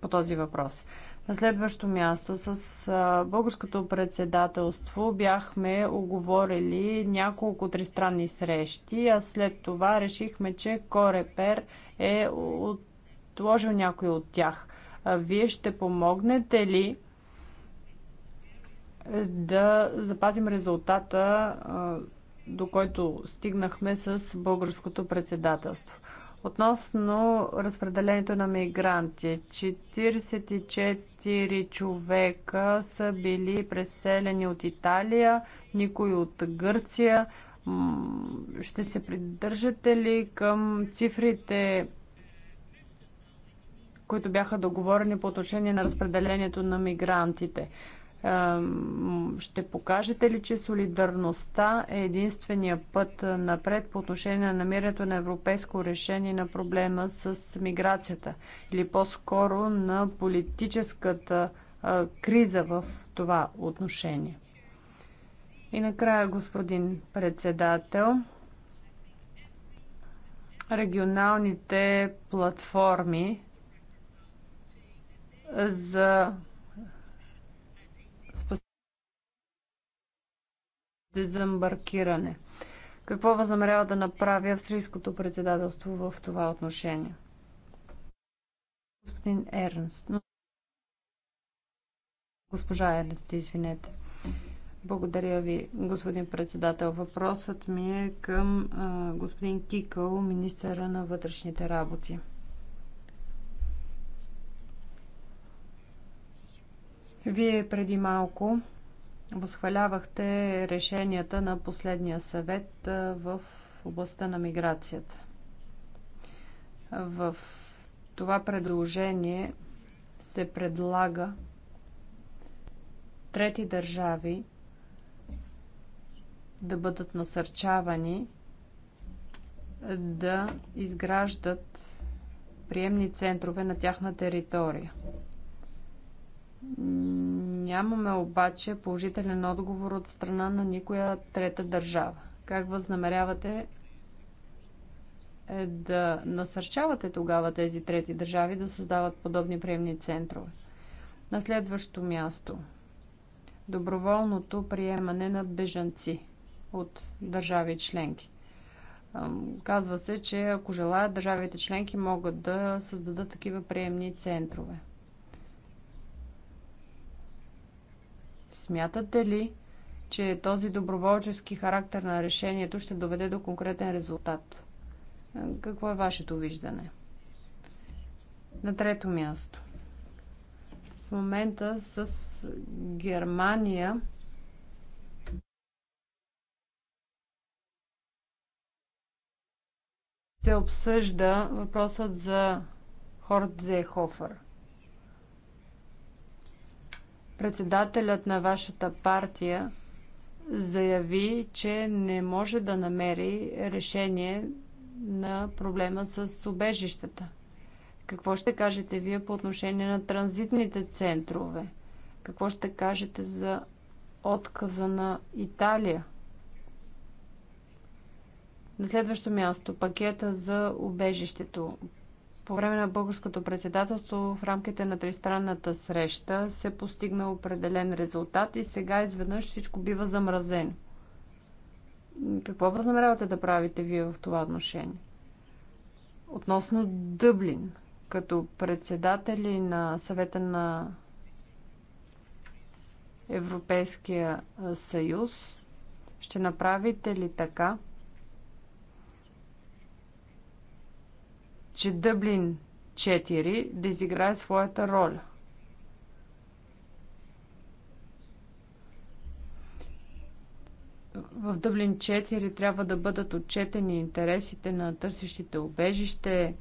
по този въпрос. На следващо място с българското председателство бяхме оговорили няколко тристранни срещи, а след това решихме, че Корепер е отложил някой от тях. Вие ще помогнете ли е, да запазим резултата, до който стигнахме с българското председателство? Относно разпределението на мигранти, 44 човека са били преселени от Италия, никой от Гърция. Ще се придържате ли към цифрите които бяха договорени по отношение на разпределението на мигрантите. Ще покажете ли, че солидарността е единствения път напред по отношение на намирането на европейско решение на проблема с миграцията или по-скоро на политическата криза в това отношение? И накрая, господин председател, регионалните платформи за дезамбаркиране. Какво възнамерява да направи австрийското председателство в това отношение? Господин Ернст. Госпожа Ернст, извинете. Благодаря ви, господин председател. Въпросът ми е към а, господин Кикъл, министъра на вътрешните работи. Вие преди малко възхвалявахте решенията на последния съвет в областта на миграцията. В това предложение се предлага трети държави да бъдат насърчавани да изграждат приемни центрове на тяхна територия. Нямаме обаче положителен отговор от страна на никоя трета държава. Как възнамерявате е да насърчавате тогава тези трети държави да създават подобни приемни центрове? На следващо място доброволното приемане на бежанци от държави членки. Казва се, че ако желаят, държавите членки могат да създадат такива приемни центрове. Смятате ли, че този доброволчески характер на решението ще доведе до конкретен резултат? Какво е вашето виждане? На трето място. В момента с Германия се обсъжда въпросът за Хорт Зехофър. Председателят на вашата партия заяви, че не може да намери решение на проблема с убежищата. Какво ще кажете вие по отношение на транзитните центрове? Какво ще кажете за отказа на Италия? На следващо място пакета за убежището. По време на българското председателство в рамките на тристранната среща се постигна определен резултат и сега изведнъж всичко бива замразено. Какво възнамерявате да правите вие в това отношение? Относно Дъблин, като председатели на съвета на Европейския съюз, ще направите ли така, че Дъблин 4 да изиграе своята роля. В Дъблин 4 трябва да бъдат отчетени интересите на търсещите обежище,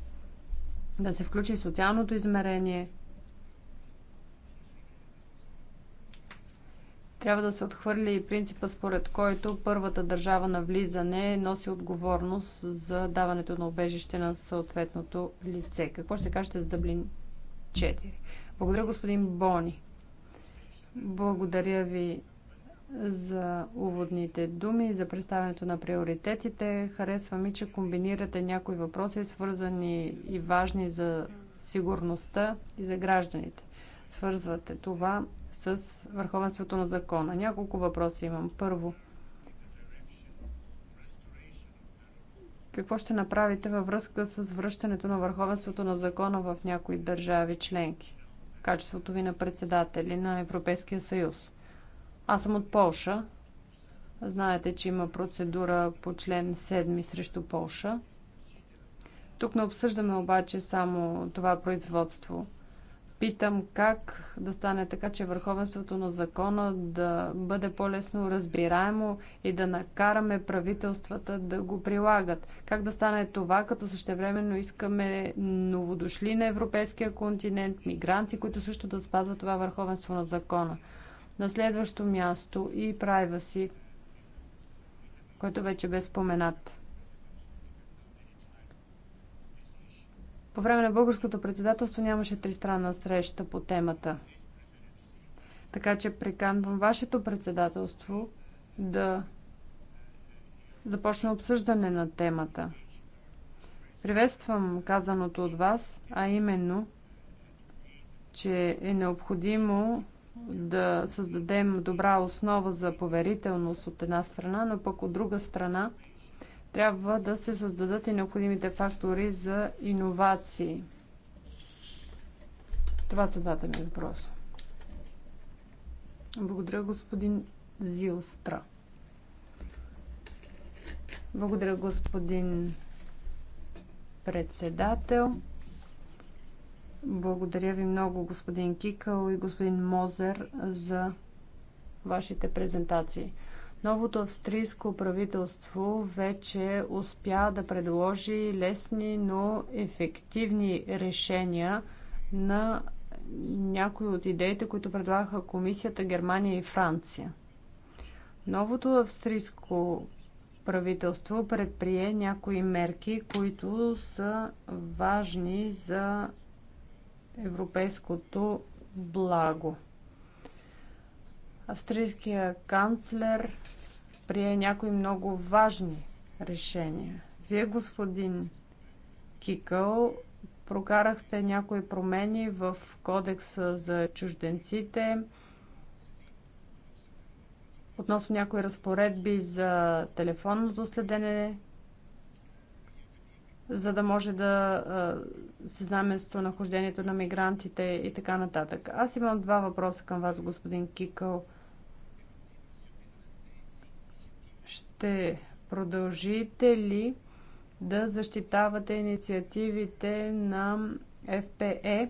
да се включи социалното измерение – Трябва да се отхвърли и принципа, според който първата държава на влизане носи отговорност за даването на обежище на съответното лице. Какво ще кажете с Дъблин 4? Благодаря, господин Бони. Благодаря ви за уводните думи, за представянето на приоритетите. Харесва ми, че комбинирате някои въпроси, свързани и важни за сигурността и за гражданите. Свързвате това с върховенството на закона. Няколко въпроса имам. Първо, какво ще направите във връзка с връщането на върховенството на закона в някои държави членки? в Качеството ви на председатели на Европейския съюз. Аз съм от Полша. Знаете, че има процедура по член 7 срещу Полша. Тук не обсъждаме обаче само това производство – питам как да стане така, че върховенството на закона да бъде по-лесно разбираемо и да накараме правителствата да го прилагат. Как да стане това, като същевременно искаме новодошли на европейския континент, мигранти, които също да спазват това върховенство на закона. На следващо място и прайва си, който вече бе споменат. По време на българското председателство нямаше тристранна среща по темата. Така че приканвам вашето председателство да започне обсъждане на темата. Приветствам казаното от вас, а именно, че е необходимо да създадем добра основа за поверителност от една страна, но пък от друга страна – трябва да се създадат и необходимите фактори за иновации. Това са двата ми въпроса. Благодаря, господин Зилстра. Благодаря, господин председател. Благодаря ви много, господин Кикъл и господин Мозер, за вашите презентации. Новото австрийско правителство вече успя да предложи лесни, но ефективни решения на някои от идеите, които предлагаха Комисията Германия и Франция. Новото австрийско правителство предприе някои мерки, които са важни за европейското благо австрийския канцлер прие някои много важни решения. Вие, господин Кикъл, прокарахте някои промени в кодекса за чужденците относно някои разпоредби за телефонното следене за да може да се знае местонахождението на мигрантите и така нататък. Аз имам два въпроса към вас, господин Кикъл. Ще продължите ли да защитавате инициативите на ФПЕ e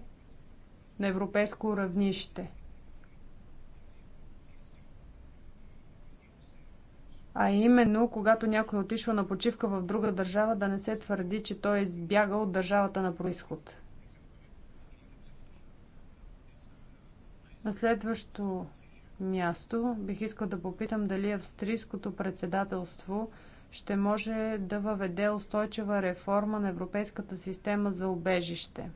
на европейско равнище? А именно, когато някой е отишъл на почивка в друга държава, да не се твърди, че той е избягал от държавата на происход. На следващо място бих искал да попитам дали австрийското председателство ще може да въведе устойчива реформа на европейската система за убежище.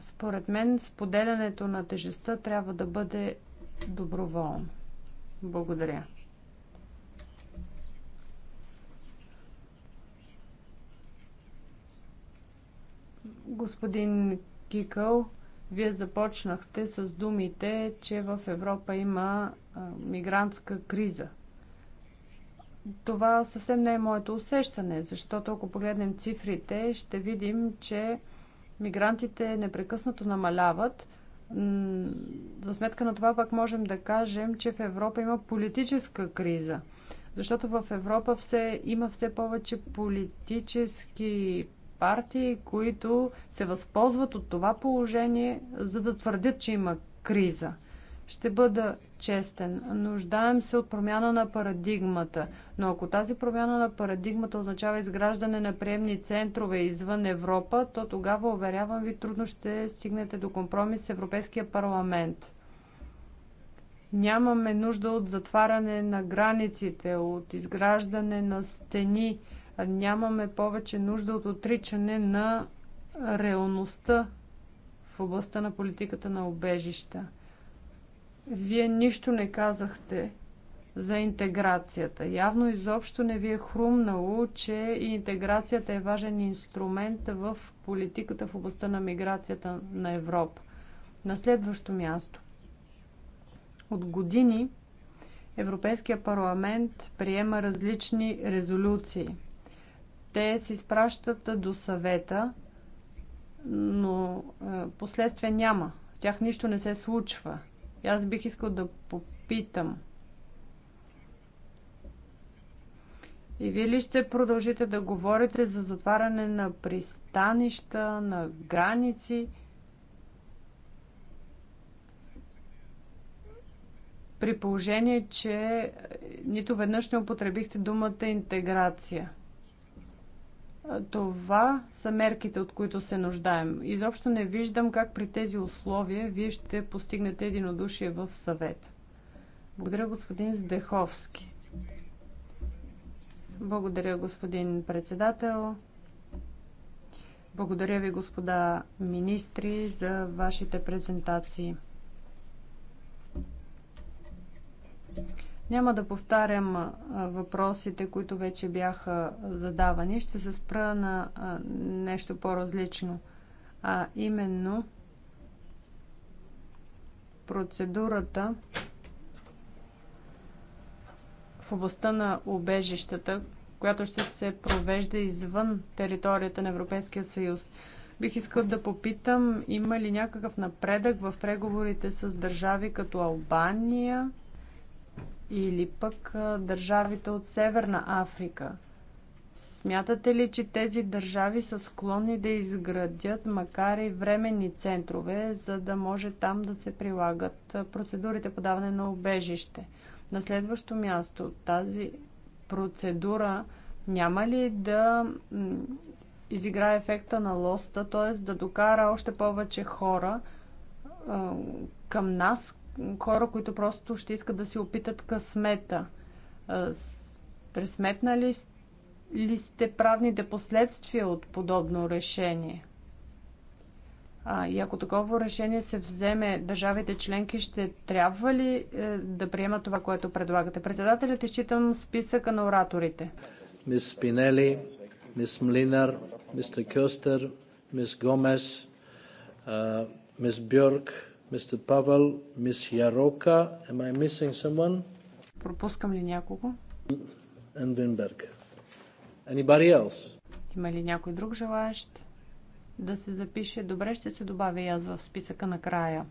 Според мен, споделянето на тежестта трябва да бъде доброволно. Благодаря. Господин Кикъл, вие започнахте с думите, че в Европа има мигрантска криза. Това съвсем не е моето усещане, защото ако погледнем цифрите, ще видим, че мигрантите непрекъснато намаляват – за сметка на това пак можем да кажем, че в Европа има политическа криза. Защото в Европа все, има все повече политически партии, които се възползват от това положение, за да твърдят, че има криза. Ще бъда честен. Нуждаем се от промяна на парадигмата. Но ако тази промяна на парадигмата означава изграждане на приемни центрове извън Европа, то тогава, уверявам ви, трудно ще стигнете до компромис с Европейския парламент. Нямаме нужда от затваряне на границите, от изграждане на стени. Нямаме повече нужда от отричане на реалността в областта на политиката на убежища. Вие нищо не казахте за интеграцията. Явно изобщо не ви е хрумнало, че интеграцията е важен инструмент в политиката в областта на миграцията на Европа. На следващо място. От години Европейския парламент приема различни резолюции. Те се изпращат до съвета, но е, последствия няма. С тях нищо не се случва. И аз бих искал да попитам. И вие ли ще продължите да говорите за затваряне на пристанища, на граници? При положение, че нито веднъж не употребихте думата интеграция. Това са мерките, от които се нуждаем. Изобщо не виждам как при тези условия вие ще постигнете единодушие в съвет. Благодаря, господин Здеховски. Благодаря, господин председател. Благодаря ви, господа министри, за вашите презентации. Няма да повтарям въпросите, които вече бяха задавани. Ще се спра на нещо по-различно. А именно процедурата в областта на убежищата, която ще се провежда извън територията на Европейския съюз. Бих искал да попитам, има ли някакъв напредък в преговорите с държави като Албания, или пък държавите от Северна Африка. Смятате ли, че тези държави са склонни да изградят, макар и временни центрове, за да може там да се прилагат процедурите по даване на убежище? На следващо място, тази процедура няма ли да изиграе ефекта на лоста, т.е. да докара още повече хора към нас, хора, които просто ще искат да си опитат късмета. Пресметнали ли сте правните последствия от подобно решение? А, и ако такова решение се вземе, държавите членки ще трябва ли е, да приемат това, което предлагате? Председателят изчитам списъка на ораторите. Мис Спинели, мис Млинар, мистер Кюстер, мис Гомес, мис Бьорк, Ярока. Am I missing someone? Пропускам ли някого? And Anybody else? Има ли някой друг желаящ да се запише? Добре, ще се добавя и аз в списъка на края.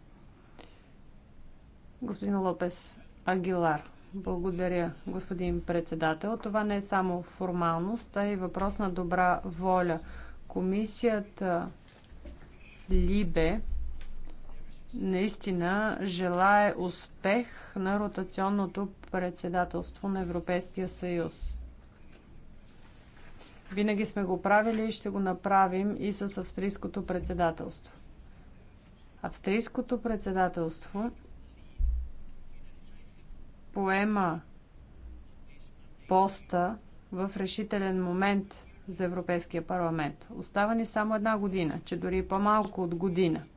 Господин Лопес Агилар. Благодаря, господин председател. Това не е само формалност, а и въпрос на добра воля. Комисията Либе наистина желая успех на ротационното председателство на Европейския съюз. Винаги сме го правили и ще го направим и с австрийското председателство. Австрийското председателство поема поста в решителен момент за Европейския парламент. Остава ни само една година, че дори по-малко от година –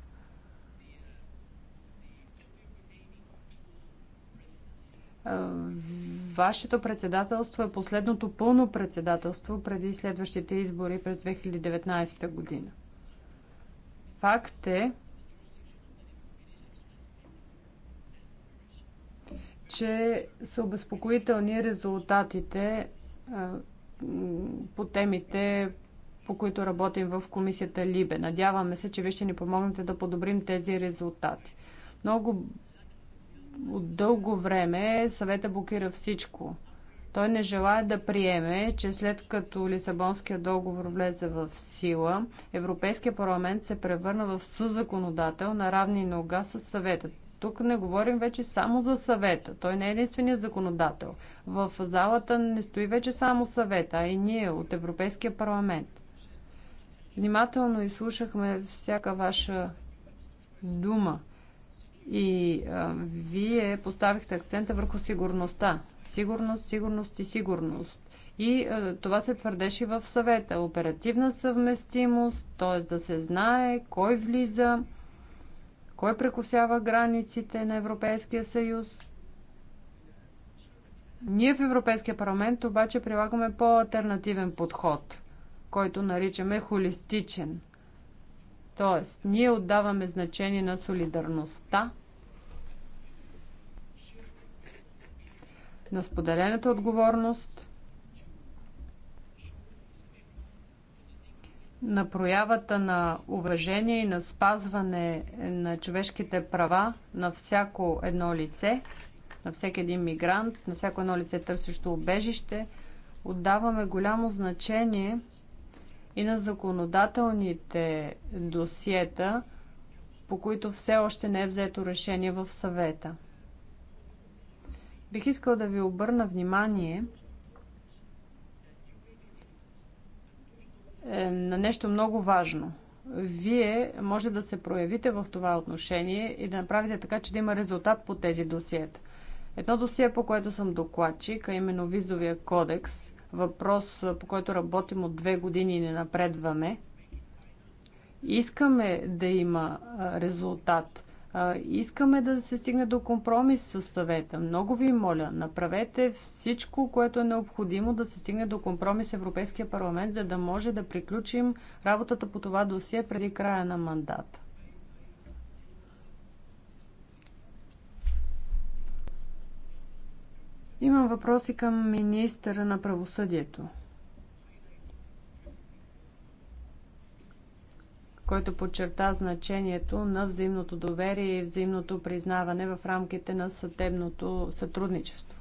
Е, вашето председателство е последното пълно председателство преди следващите избори през 2019 година. Факт е, че са обезпокоителни резултатите е, по темите, по които работим в комисията Либе. Надяваме се, че вие ще ни помогнете да подобрим тези резултати. Много от дълго време съвета блокира всичко. Той не желая да приеме, че след като Лисабонския договор влезе в сила, Европейския парламент се превърна в съзаконодател на равни нога с съвета. Тук не говорим вече само за съвета. Той не е единственият законодател. В залата не стои вече само съвета, а и ние от Европейския парламент. Внимателно изслушахме всяка ваша дума. И а, вие поставихте акцента върху сигурността. Сигурност, сигурност и сигурност. И а, това се твърдеше в съвета. Оперативна съвместимост, т.е. да се знае кой влиза, кой прекусява границите на Европейския съюз. Ние в Европейския парламент обаче прилагаме по-алтернативен подход, който наричаме холистичен – Тоест, ние отдаваме значение на солидарността, на споделената отговорност, на проявата на уважение и на спазване на човешките права на всяко едно лице, на всеки един мигрант, на всяко едно лице търсещо убежище, отдаваме голямо значение – и на законодателните досиета, по които все още не е взето решение в съвета. Бих искал да ви обърна внимание е, на нещо много важно. Вие може да се проявите в това отношение и да направите така, че да има резултат по тези досиета. Едно досие, по което съм докладчик, а именно визовия кодекс – въпрос, по който работим от две години и не напредваме. Искаме да има резултат. Искаме да се стигне до компромис с съвета. Много ви моля, направете всичко, което е необходимо да се стигне до компромис с Европейския парламент, за да може да приключим работата по това досие преди края на мандата. Имам въпроси към министъра на правосъдието, който подчерта значението на взаимното доверие и взаимното признаване в рамките на съдебното сътрудничество.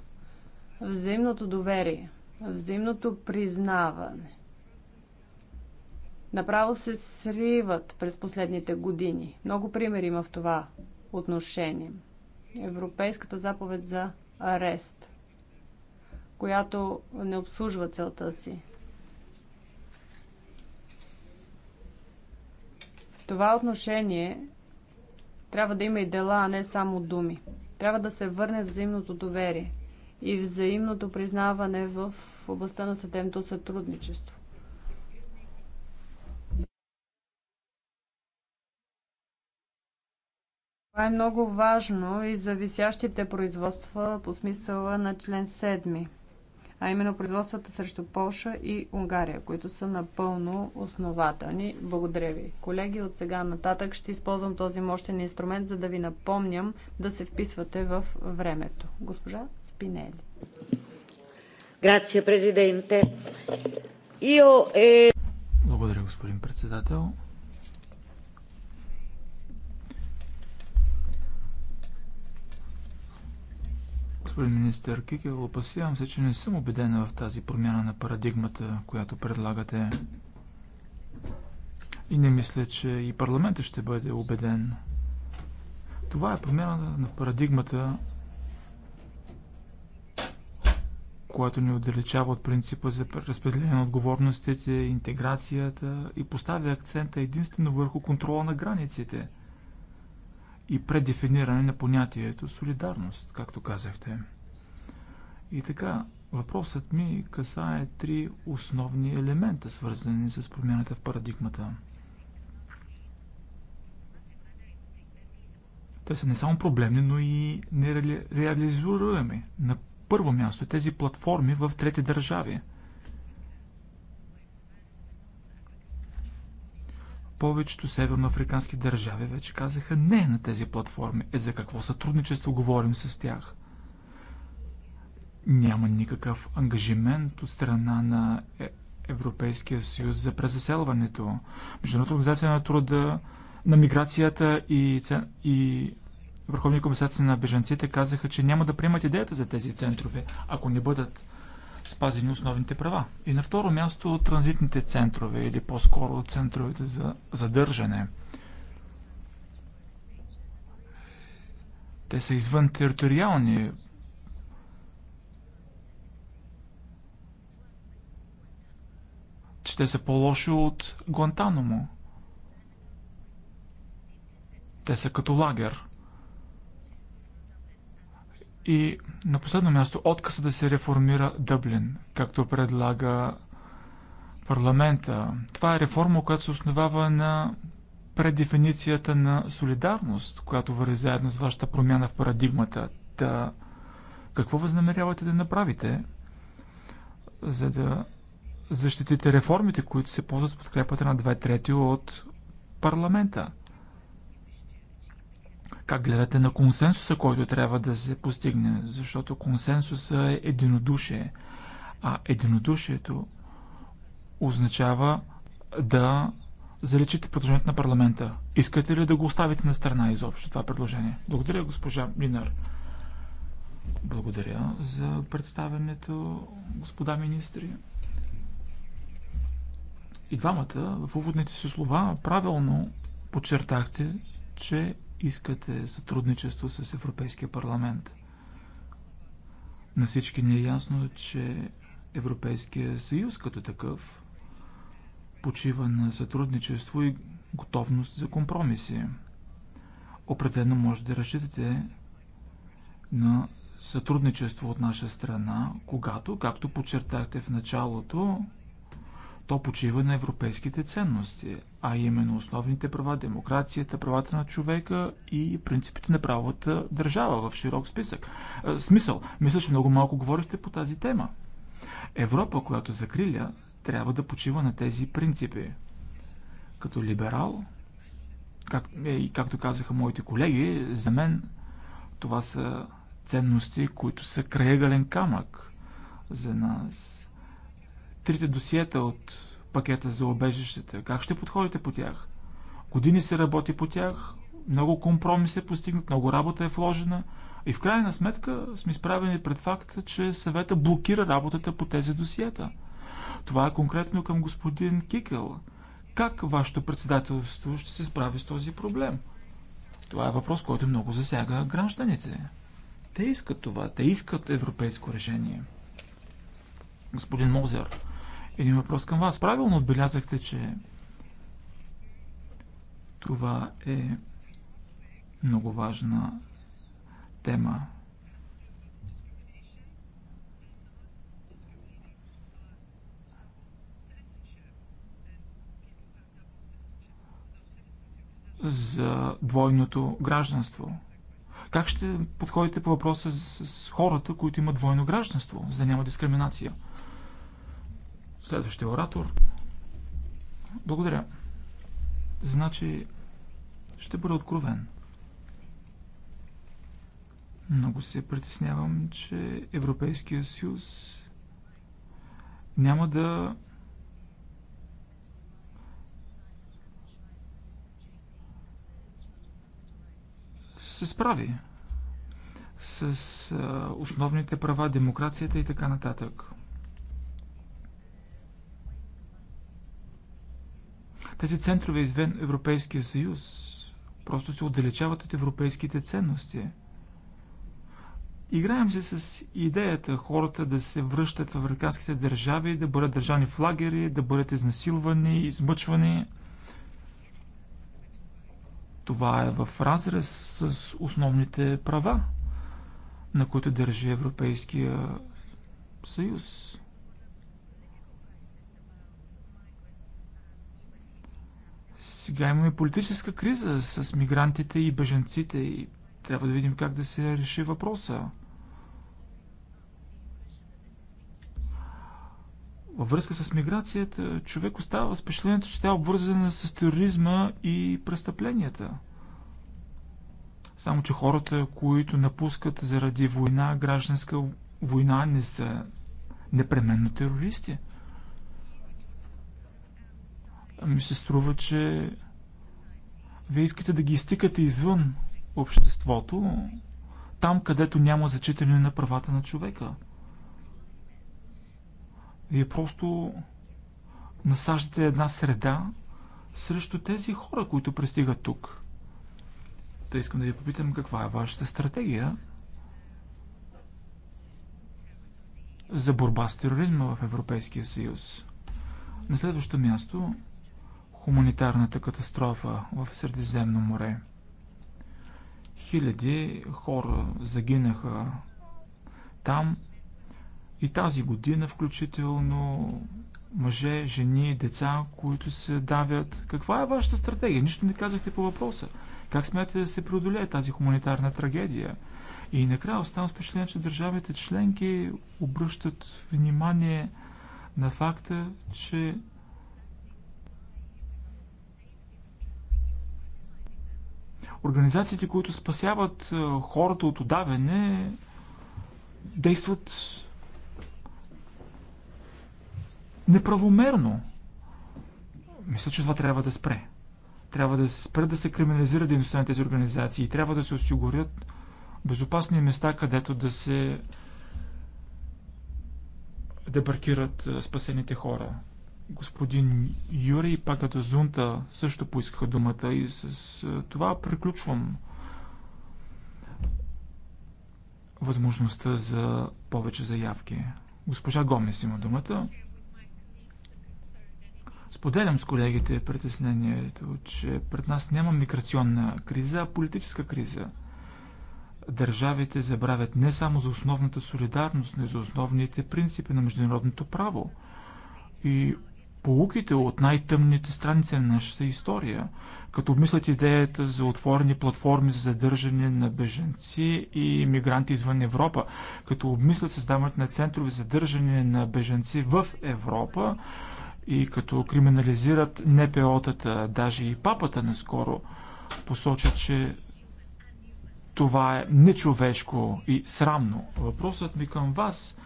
Взаимното доверие, взаимното признаване направо се сриват през последните години. Много примери има в това отношение. Европейската заповед за арест – която не обслужва целта си. В това отношение трябва да има и дела, а не само думи. Трябва да се върне взаимното доверие и взаимното признаване в областта на съдебното сътрудничество. Това е много важно и за висящите производства по смисъла на член 7 а именно производствата срещу Полша и Унгария, които са напълно основателни. Благодаря ви. Колеги, от сега нататък ще използвам този мощен инструмент, за да ви напомням да се вписвате в времето. Госпожа Спинели. Грация, президенте. Е- Благодаря, господин председател. господин министър Кикел. Опасявам се, че не съм убедена в тази промяна на парадигмата, която предлагате. И не мисля, че и парламентът ще бъде убеден. Това е промяна на парадигмата, която ни отдалечава от принципа за разпределение на отговорностите, интеграцията и поставя акцента единствено върху контрола на границите – и предефиниране на понятието солидарност, както казахте. И така, въпросът ми касае три основни елемента, свързани с промяната в парадигмата. Те са не само проблемни, но и нереализуеми. На първо място тези платформи в трети държави – повечето северноафрикански държави вече казаха не на тези платформи. Е за какво сътрудничество говорим с тях? Няма никакъв ангажимент от страна на е, Европейския съюз за презаселването. Международната организация на труда, на миграцията и, цен... и Върховния комисар на бежанците казаха, че няма да приемат идеята за тези центрове, ако не бъдат спазени основните права. И на второ място транзитните центрове или по-скоро центровете за задържане. Те са извън териториални че те са по-лоши от Гуантанамо. Те са като лагер. И на последно място, отказа да се реформира Дъблин, както предлага парламента. Това е реформа, която се основава на предефиницията на солидарност, която върви заедно с вашата промяна в парадигмата. Та, какво възнамерявате да направите, за да защитите реформите, които се ползват с подкрепата на две трети от парламента? Как гледате на консенсуса, който трябва да се постигне? Защото консенсуса е единодушие. А единодушието означава да заличите предложението на парламента. Искате ли да го оставите на страна изобщо това предложение? Благодаря, госпожа Минар. Благодаря за представенето, господа министри. И двамата в уводните си слова правилно подчертахте, че искате сътрудничество с Европейския парламент. На всички ни е ясно, че Европейския съюз като такъв почива на сътрудничество и готовност за компромиси. Определено може да разчитате на сътрудничество от наша страна, когато, както подчертахте в началото, то почива на европейските ценности, а именно основните права, демокрацията, правата на човека и принципите на правовата държава в широк списък. смисъл, мисля, че много малко говорихте по тази тема. Европа, която закриля, трябва да почива на тези принципи. Като либерал, как, е, и както казаха моите колеги, за мен това са ценности, които са краягален камък за нас трите досиета от пакета за обежищата? Как ще подходите по тях? Години се работи по тях, много компромис е постигнат, много работа е вложена и в крайна сметка сме изправени пред факта, че съвета блокира работата по тези досиета. Това е конкретно към господин Кикел. Как вашето председателство ще се справи с този проблем? Това е въпрос, който много засяга гражданите. Те искат това. Те искат европейско решение. Господин Мозер, един въпрос към вас. Правилно отбелязахте, че това е много важна тема. за двойното гражданство. Как ще подходите по въпроса с, с хората, които имат двойно гражданство, за да няма дискриминация? Следващия оратор. Благодаря. Значи, ще бъда откровен. Много се притеснявам, че Европейския съюз няма да се справи с основните права, демокрацията и така нататък. Тези центрове извън Европейския съюз просто се отдалечават от европейските ценности. Играем се с идеята хората да се връщат в африканските държави, да бъдат държани в лагери, да бъдат изнасилвани, измъчвани. Това е в разрез с основните права, на които държи Европейския съюз. Сега имаме политическа криза с мигрантите и беженците и трябва да видим как да се реши въпроса. Във връзка с миграцията, човек остава с впечатлението, че тя е обвързана с тероризма и престъпленията. Само, че хората, които напускат заради война, гражданска война, не са непременно терористи ми се струва, че вие искате да ги изтикате извън обществото, там където няма зачитане на правата на човека. Вие просто насаждате една среда срещу тези хора, които пристигат тук. Та искам да ви попитам каква е вашата стратегия за борба с тероризма в Европейския съюз. На следващо място хуманитарната катастрофа в Средиземно море. Хиляди хора загинаха там и тази година включително мъже, жени, деца, които се давят. Каква е вашата стратегия? Нищо не казахте по въпроса. Как смятате да се преодолее тази хуманитарна трагедия? И накрая оставам с впечатление, че държавите членки обръщат внимание на факта, че Организациите, които спасяват е, хората от отдаване, действат неправомерно. Мисля, че това трябва да спре. Трябва да спре да се криминализира дейността на тези организации. Трябва да се осигурят безопасни места, където да се дебаркират е, спасените хора господин Юри и като Зунта също поискаха думата и с е, това приключвам възможността за повече заявки. Госпожа Гомес има думата. Споделям с колегите притеснението, че пред нас няма миграционна криза, а политическа криза. Държавите забравят не само за основната солидарност, но и за основните принципи на международното право и полуките от най-тъмните страници на нашата история, като обмислят идеята за отворени платформи за задържане на беженци и мигранти извън Европа, като обмислят създаването на центрове за задържане на беженци в Европа и като криминализират НПО-тата, даже и папата наскоро посочат, че това е нечовешко и срамно. Въпросът ми към вас,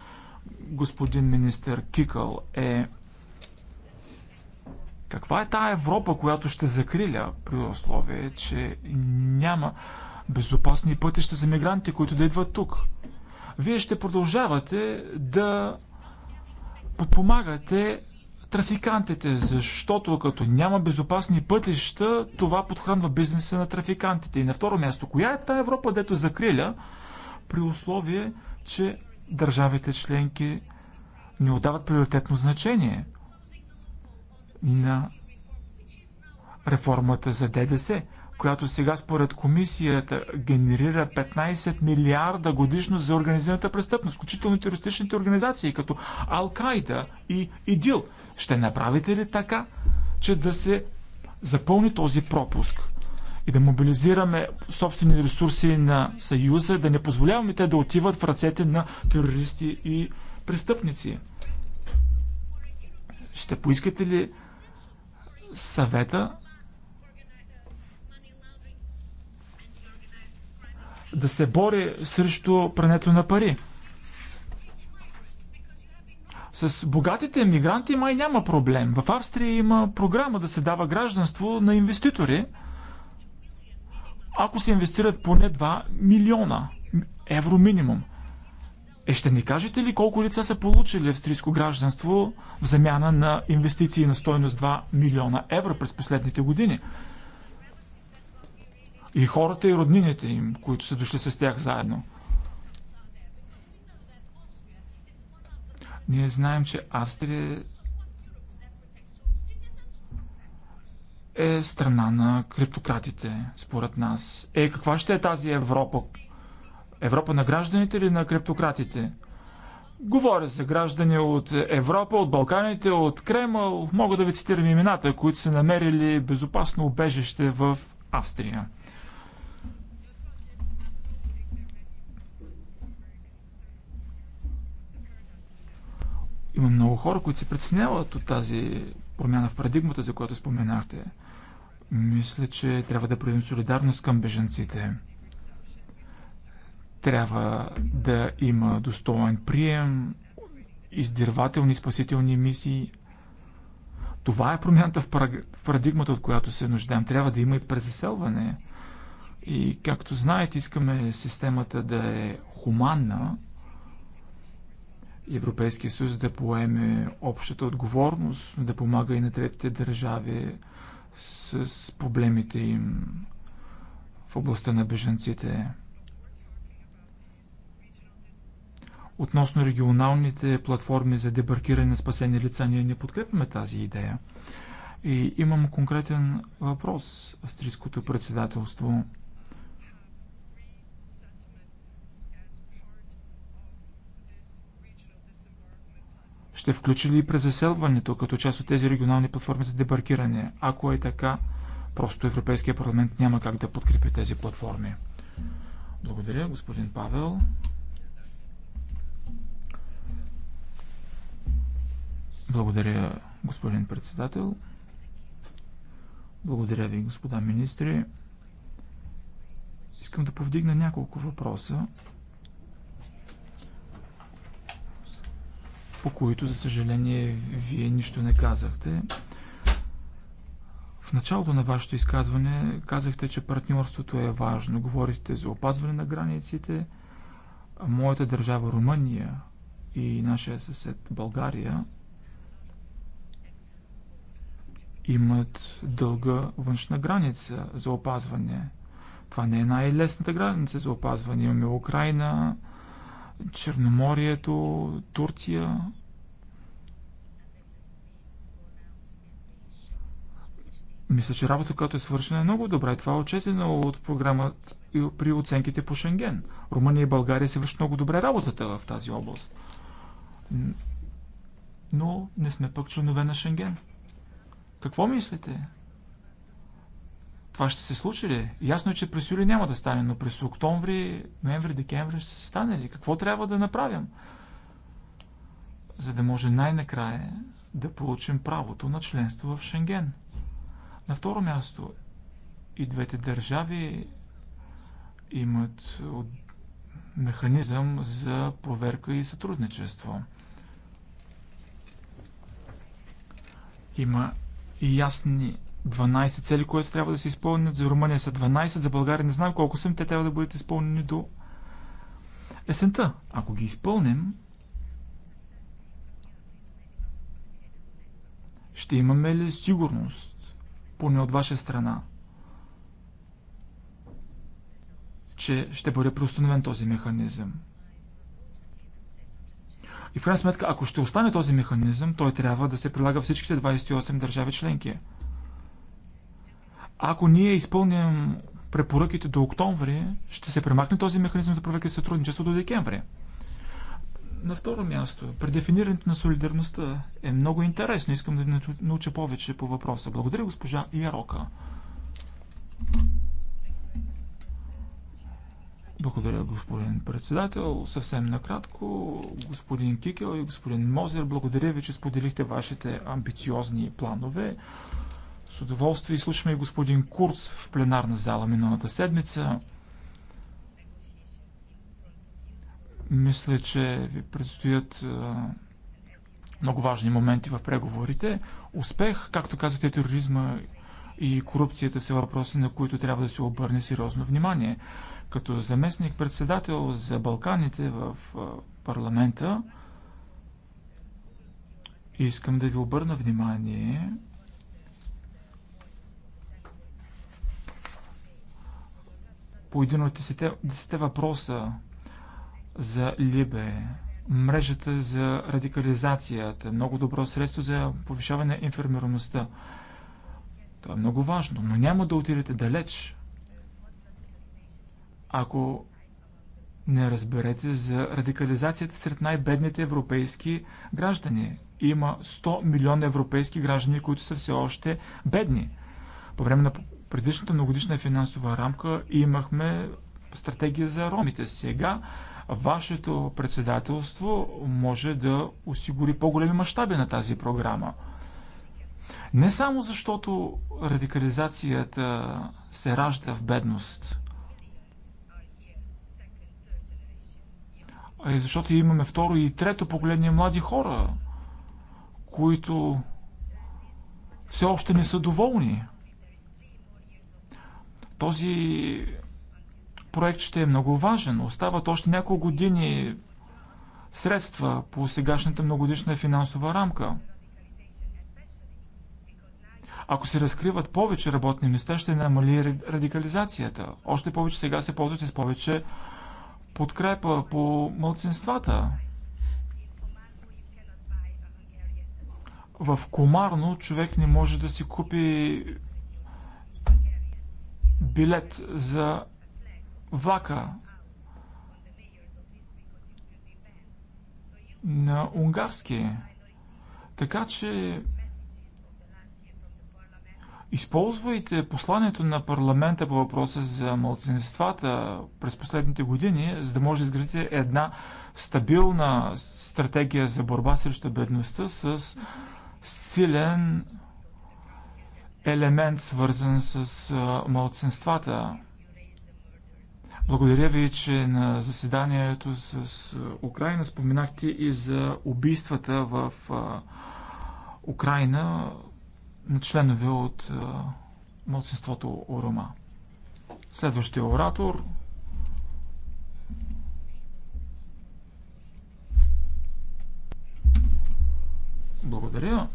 господин министър Кикъл, е каква е тая Европа, която ще закриля при условие, че няма безопасни пътища за мигранти, които да идват тук? Вие ще продължавате да подпомагате трафикантите, защото като няма безопасни пътища, това подхранва бизнеса на трафикантите. И на второ място, коя е тая Европа, дето закриля при условие, че държавите членки не отдават приоритетно значение – на реформата за ДДС, която сега според комисията генерира 15 милиарда годишно за организираната престъпност, включително терористичните организации, като Ал-Кайда и ИДИЛ. Ще направите ли така, че да се запълни този пропуск и да мобилизираме собствени ресурси на Съюза, да не позволяваме те да отиват в ръцете на терористи и престъпници? Ще поискате ли съвета да се бори срещу прането на пари. С богатите мигранти май няма проблем. В Австрия има програма да се дава гражданство на инвеститори, ако се инвестират поне 2 милиона евро минимум. Е, ще ни кажете ли колко лица са получили австрийско гражданство в замяна на инвестиции на стойност 2 милиона евро през последните години? И хората и роднините им, които са дошли с тях заедно. Ние знаем, че Австрия е страна на криптократите, според нас. Е, каква ще е тази Европа, Европа на гражданите или на криптократите? Говоря за граждани от Европа, от Балканите, от Кремъл. Мога да ви цитирам имената, които са намерили безопасно убежище в Австрия. Има много хора, които се притесняват от тази промяна в парадигмата, за която споменахте. Мисля, че трябва да проявим солидарност към беженците. Трябва да има достоен прием, издирвателни спасителни мисии. Това е промяната в парадигмата, от която се нуждаем. Трябва да има и презаселване. И както знаете, искаме системата да е хуманна, Европейския съюз да поеме общата отговорност, да помага и на третите държави с проблемите им в областта на бежанците. Относно регионалните платформи за дебаркиране на спасени лица, ние не подкрепяме тази идея. И имам конкретен въпрос австрийското председателство. Ще включи ли презаселването като част от тези регионални платформи за дебаркиране? Ако е така, просто Европейския парламент няма как да подкрепи тези платформи. Благодаря, господин Павел. Благодаря, господин председател. Благодаря ви, господа министри. Искам да повдигна няколко въпроса, по които, за съжаление, вие нищо не казахте. В началото на вашето изказване казахте, че партньорството е важно. Говорихте за опазване на границите. Моята държава Румъния и нашия съсед България – имат дълга външна граница за опазване. Това не е най-лесната граница за опазване. Имаме Украина, Черноморието, Турция. Мисля, че работа, която е свършена е много добра и това е отчетено от програмата при оценките по Шенген. Румъния и България се вършат много добре работата в тази област. Но не сме пък членове на Шенген. Какво мислите? Това ще се случи ли? Ясно е, че през юли няма да стане, но през октомври, ноември, декември ще се стане ли? Какво трябва да направим? За да може най-накрая да получим правото на членство в Шенген. На второ място, и двете държави имат механизъм за проверка и сътрудничество. Има и ясни 12 цели, които трябва да се изпълнят. За Румъния са 12, за България не знам колко съм. Те трябва да бъдат изпълнени до есента. Ако ги изпълним, ще имаме ли сигурност, поне от ваша страна, че ще бъде преустановен този механизъм? И в крайна сметка, ако ще остане този механизъм, той трябва да се прилага всичките 28 държави членки. Ако ние изпълним препоръките до октомври, ще се премахне този механизъм за проверка и сътрудничество до декември. На второ място, предефинирането на солидарността е много интересно. Искам да науча повече по въпроса. Благодаря, госпожа Ярока. Благодаря, господин председател. Съвсем накратко, господин Кикел и господин Мозер, благодаря ви, че споделихте вашите амбициозни планове. С удоволствие слушаме и господин Курц в пленарна зала миналата седмица. Мисля, че ви предстоят много важни моменти в преговорите. Успех, както казахте, тероризма и корупцията са въпроси, на които трябва да се обърне сериозно внимание. Като заместник-председател за Балканите в парламента, искам да ви обърна внимание по един от десете, въпроса за Либе, мрежата за радикализацията, много добро средство за повишаване на информираността. Това е много важно, но няма да отидете далеч, ако не разберете за радикализацията сред най-бедните европейски граждани. Има 100 милиона европейски граждани, които са все още бедни. По време на предишната многодишна финансова рамка имахме стратегия за ромите. Сега вашето председателство може да осигури по-големи мащаби на тази програма – не само защото радикализацията се ражда в бедност, а и защото имаме второ и трето поколение млади хора, които все още не са доволни. Този проект ще е много важен. Остават още няколко години средства по сегашната многодишна финансова рамка – ако се разкриват повече работни места, ще намали радикализацията. Още повече сега се ползват с повече подкрепа по мълцинствата. В Комарно човек не може да си купи билет за влака на унгарски. Така че Използвайте посланието на парламента по въпроса за младсинствата през последните години, за да може да изградите една стабилна стратегия за борба срещу бедността с силен елемент, свързан с младсинствата. Благодаря ви, че на заседанието с Украина споменахте и за убийствата в Украина на членове от е, младсинството Орома. Следващия оратор Благодаря.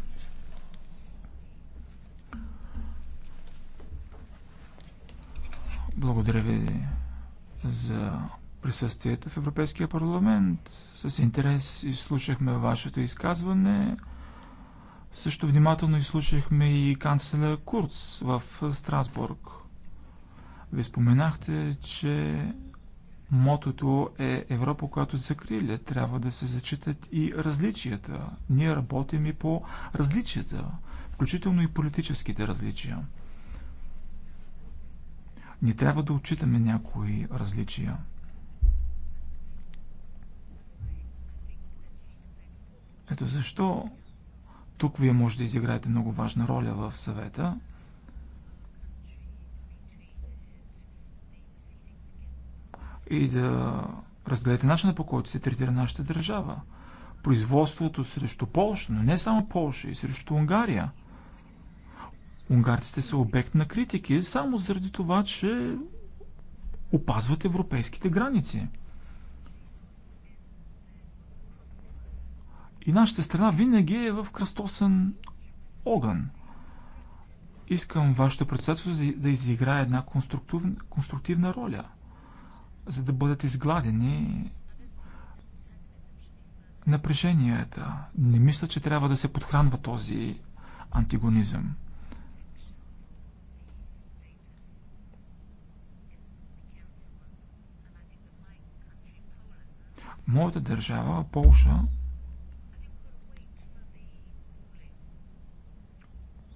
Благодаря ви за присъствието в Европейския парламент. С интерес изслушахме вашето изказване. Също внимателно изслушахме и канцлера Курц в Страсбург. Вие споменахте, че мотото е Европа, която закриля. Трябва да се зачитат и различията. Ние работим и по различията, включително и политическите различия. Не трябва да отчитаме някои различия. Ето защо тук вие може да изиграете много важна роля в съвета. И да разгледате начина по който се третира нашата държава. Производството срещу Полша, но не само Полша, и срещу Унгария. Унгарците са обект на критики само заради това, че опазват европейските граници. И нашата страна винаги е в кръстосен огън. Искам вашето председателство да изиграе една конструктивна, роля, за да бъдат изгладени напреженията. Не мисля, че трябва да се подхранва този антигонизъм. Моята държава, Полша,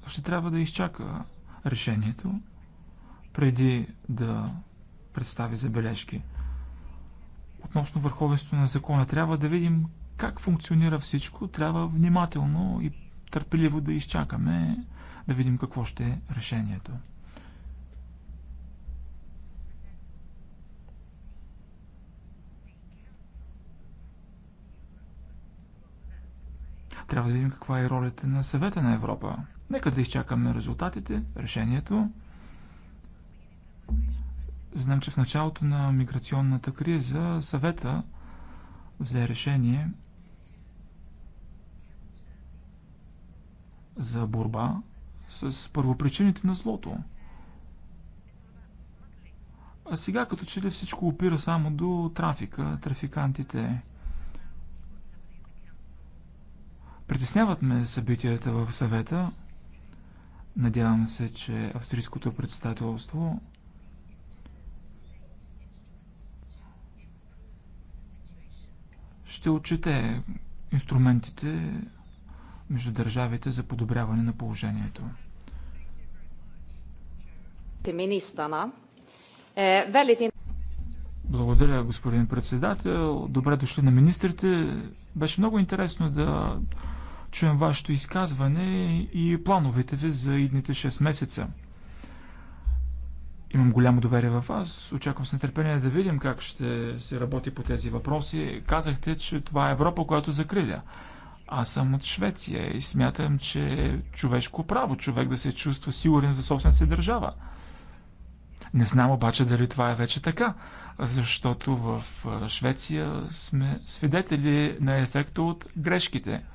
ще трябва да изчака решението преди да представи забележки. Относно върховенството на закона, трябва да видим как функционира всичко. Трябва внимателно и търпеливо да изчакаме да видим какво ще е решението. Трябва да видим каква е ролята на съвета на Европа Нека да изчакаме резултатите, решението. Знам, че в началото на миграционната криза съвета взе решение за борба с първопричините на злото. А сега като че ли всичко опира само до трафика, трафикантите. Притесняват ме събитията в съвета, Надявам се, че австрийското председателство ще отчете инструментите между държавите за подобряване на положението. Е, Благодаря, господин председател. Добре дошли на министрите. Беше много интересно да чуем вашето изказване и плановете ви за идните 6 месеца. Имам голямо доверие във вас. Очаквам с нетърпение да видим как ще се работи по тези въпроси. Казахте, че това е Европа, която закриля. Аз съм от Швеция и смятам, че е човешко право човек да се чувства сигурен за собствената си държава. Не знам обаче дали това е вече така, защото в Швеция сме свидетели на ефекта от грешките –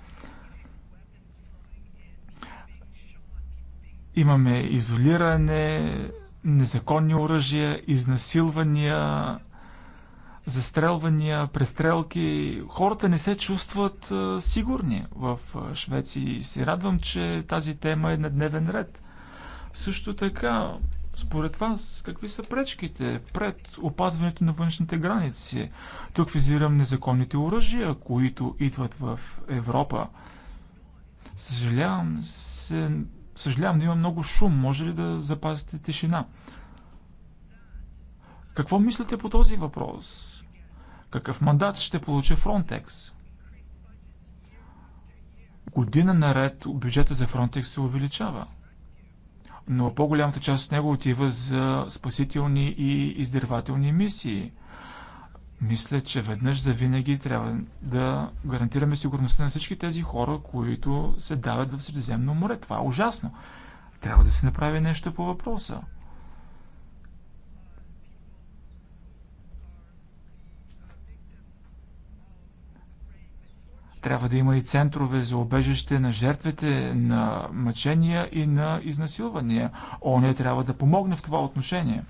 Имаме изолиране, незаконни оръжия, изнасилвания, застрелвания, престрелки. Хората не се чувстват сигурни в Швеция и се радвам, че тази тема е на дневен ред. Също така, според вас, какви са пречките пред опазването на външните граници? Тук визирам незаконните оръжия, които идват в Европа. Съжалявам се, Съжалявам, но има много шум. Може ли да запазите тишина? Какво мислите по този въпрос? Какъв мандат ще получи Фронтекс? Година наред бюджета за Фронтекс се увеличава. Но по-голямата част от него отива за спасителни и издирвателни мисии – мисля, че веднъж за винаги трябва да гарантираме сигурността на всички тези хора, които се давят в Средиземно море. Това е ужасно. Трябва да се направи нещо по въпроса. Трябва да има и центрове за обежище на жертвите на мъчения и на изнасилвания. ОНЕ трябва да помогне в това отношение.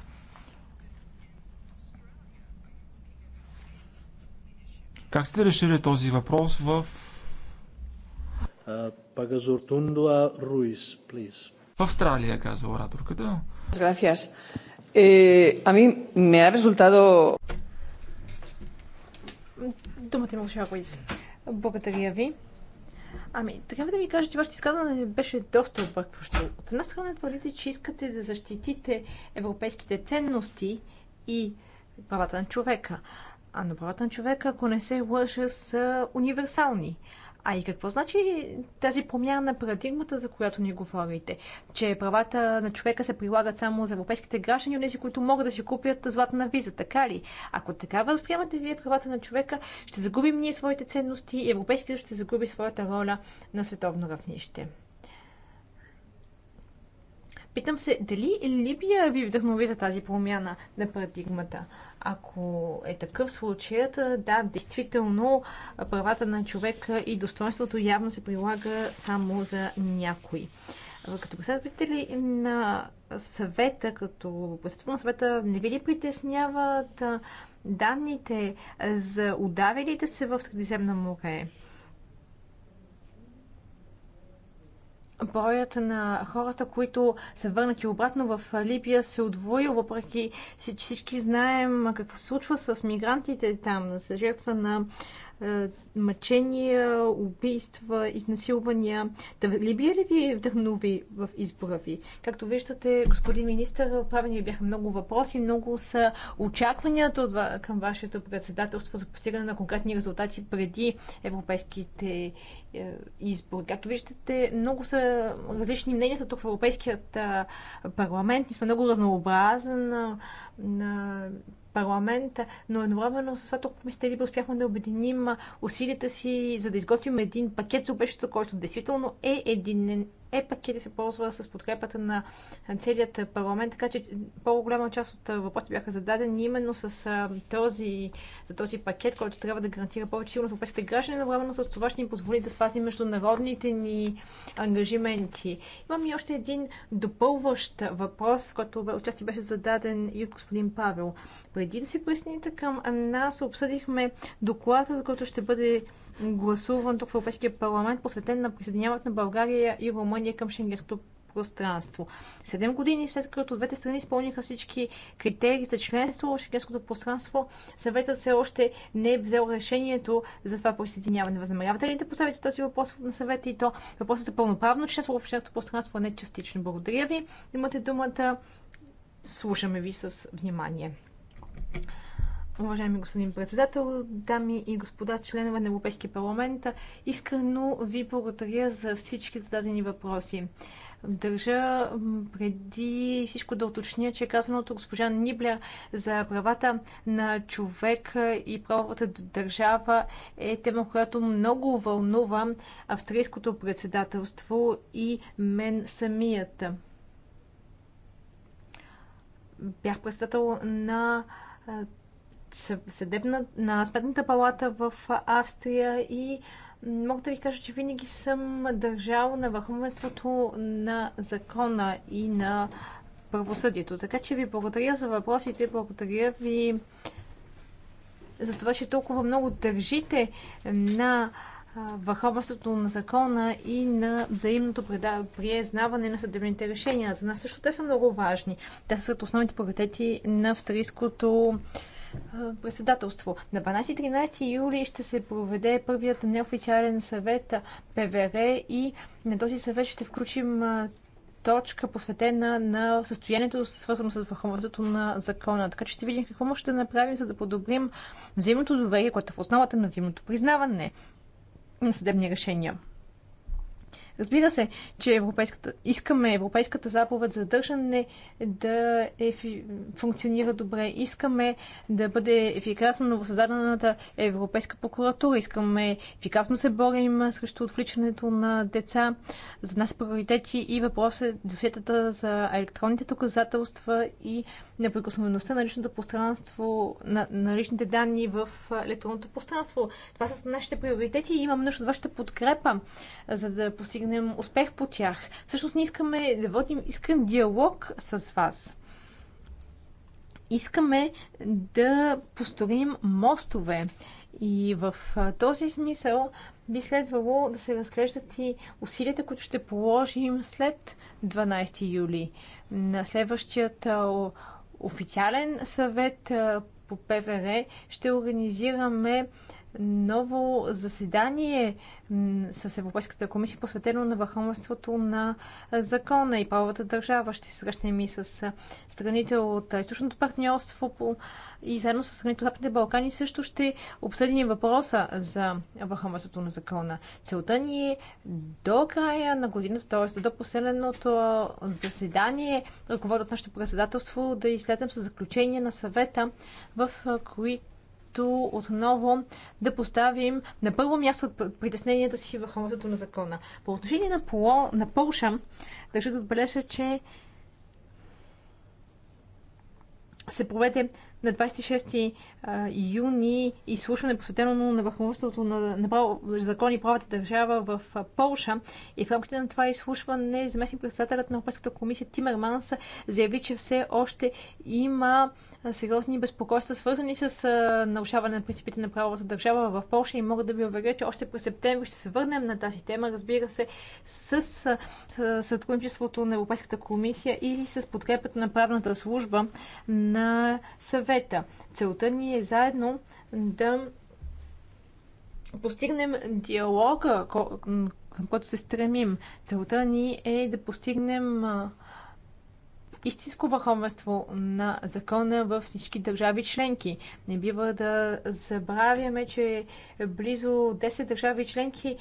Как сте решили този въпрос в... Руис, В Австралия, каза ораторката. Gracias. Eh, a mí me ha resultado... Думата има госпожа Благодаря ви. Ами, трябва да ви кажа, че вашето изказване беше доста объркващо. От една страна твърдите, че искате да защитите европейските ценности и правата на човека. А правата на човека, ако не се лъжа, са универсални. А и какво значи тази промяна на парадигмата, за която ни говорите? Че правата на човека се прилагат само за европейските граждани, тези, които могат да си купят златна виза, така ли? Ако така възприемате вие правата на човека, ще загубим ние своите ценности и европейските ще загуби своята роля на световно равнище. Питам се, дали Либия ви вдъхнови за тази промяна на парадигмата? Ако е такъв случаят, да, действително правата на човека и достоинството явно се прилага само за някои. Като представители на съвета, като представител на съвета, не ви ли притесняват данните за удавилите се в Средиземно море? Броят на хората, които са върнати обратно в Либия, се е удвоил, въпреки всички знаем какво се случва с мигрантите там, са жертва на е, мъчения, убийства, изнасилвания. Либия ли ви вдъхнови в избора ви? Както виждате, господин министър, правени ви бяха много въпроси, много са очакванията от, към вашето председателство за постигане на конкретни резултати преди европейските е, избори. Както виждате, много са различни мненията тук в Европейският е, парламент. Ние сме много разнообразен на парламент, но едновременно с това тук мисля ли успяхме да обединим усилията си, за да изготвим един пакет за обещата, който действително е единен е-пакет се ползва с подкрепата на целият парламент, така че по-голяма част от въпросите бяха зададени именно с този, за този пакет, който трябва да гарантира повече сигурност на европейските граждани, времено с това ще ни позволи да спазим международните ни ангажименти. Имам и още един допълващ въпрос, който отчасти беше зададен и от господин Павел. Преди да се присъедините към нас, обсъдихме доклада, за който ще бъде гласуван тук в Европейския парламент, посветен на присъединяването на България и Румъния към шенгенското пространство. Седем години след като двете страни изпълниха всички критерии за членство в шенгенското пространство, съветът все още не е взел решението за това присъединяване. Възнамерявате ли да поставите този въпрос на съвета и то въпросът за пълноправно членство в шенгенското пространство, а не частично? Благодаря ви. Имате думата. Слушаме ви с внимание. Уважаеми господин председател, дами и господа членове на Европейския парламент, искрено ви благодаря за всички зададени въпроси. Държа преди всичко да уточня, че казаното госпожа Нибля за правата на човек и правовата държава е тема, която много вълнува австрийското председателство и мен самият. Бях председател на съдебна, на Сметната палата в Австрия и мога да ви кажа, че винаги съм държал на върховенството на закона и на правосъдието. Така че ви благодаря за въпросите, благодаря ви за това, че толкова много държите на върховенството на закона и на взаимното признаване на съдебните решения. За нас също те са много важни. Те са основните приоритети на австрийското председателство. На 12-13 юли ще се проведе първият неофициален съвет ПВР и на този съвет ще включим точка, посветена на състоянието, свързано с върховенството на закона. Така че ще видим какво може да направим, за да подобрим взаимното доверие, което е в основата на взаимното признаване на съдебни решения. Разбира се, че европейската, искаме Европейската заповед за държане да е, функционира добре. Искаме да бъде ефикасна новосъздадената Европейска прокуратура. Искаме ефикасно се борим срещу отвличането на деца. За нас приоритети и въпроси досетата за електронните доказателства и неприкосновеността на личното пространство, на, на личните данни в електронното пространство. Това са нашите приоритети и имам нужда от вашата подкрепа, за да постигнем успех по тях. Всъщност ние искаме да водим искрен диалог с вас. Искаме да построим мостове. И в този смисъл би следвало да се разглеждат и усилията, които ще положим след 12 юли. На следващият официален съвет по ПВР ще организираме ново заседание с Европейската комисия, посветено на върховенството на закона и правовата държава. Ще се срещнем и с страните от източното партньорство и заедно с страните от Западните Балкани също ще обсъдим въпроса за върховенството на закона. Целта ни е до края на годината, т.е. до последното заседание, ръководят нашето председателство, да изследвам с заключение на съвета, в, които като отново да поставим на първо място притесненията си върховенството на закона. По отношение на, Поло, на Полша, държа да отбележа, че се проведе на 26 юни изслушване посветено на върховенството на, на закон и правата държава в Полша. И в рамките на това изслушване заместник председателят на Европейската комисия Тимерманс заяви, че все още има сериозни безпокойства, свързани с нарушаване на принципите на правовата държава в Польша и мога да ви уверя, че още през септември ще се върнем на тази тема, разбира се, с, с сътрудничеството на Европейската комисия или с подкрепата на правната служба на съвета. Целта ни е заедно да постигнем диалога, към който се стремим. Целта ни е да постигнем истинско върховенство на закона във всички държави членки. Не бива да забравяме, че близо 10 държави членки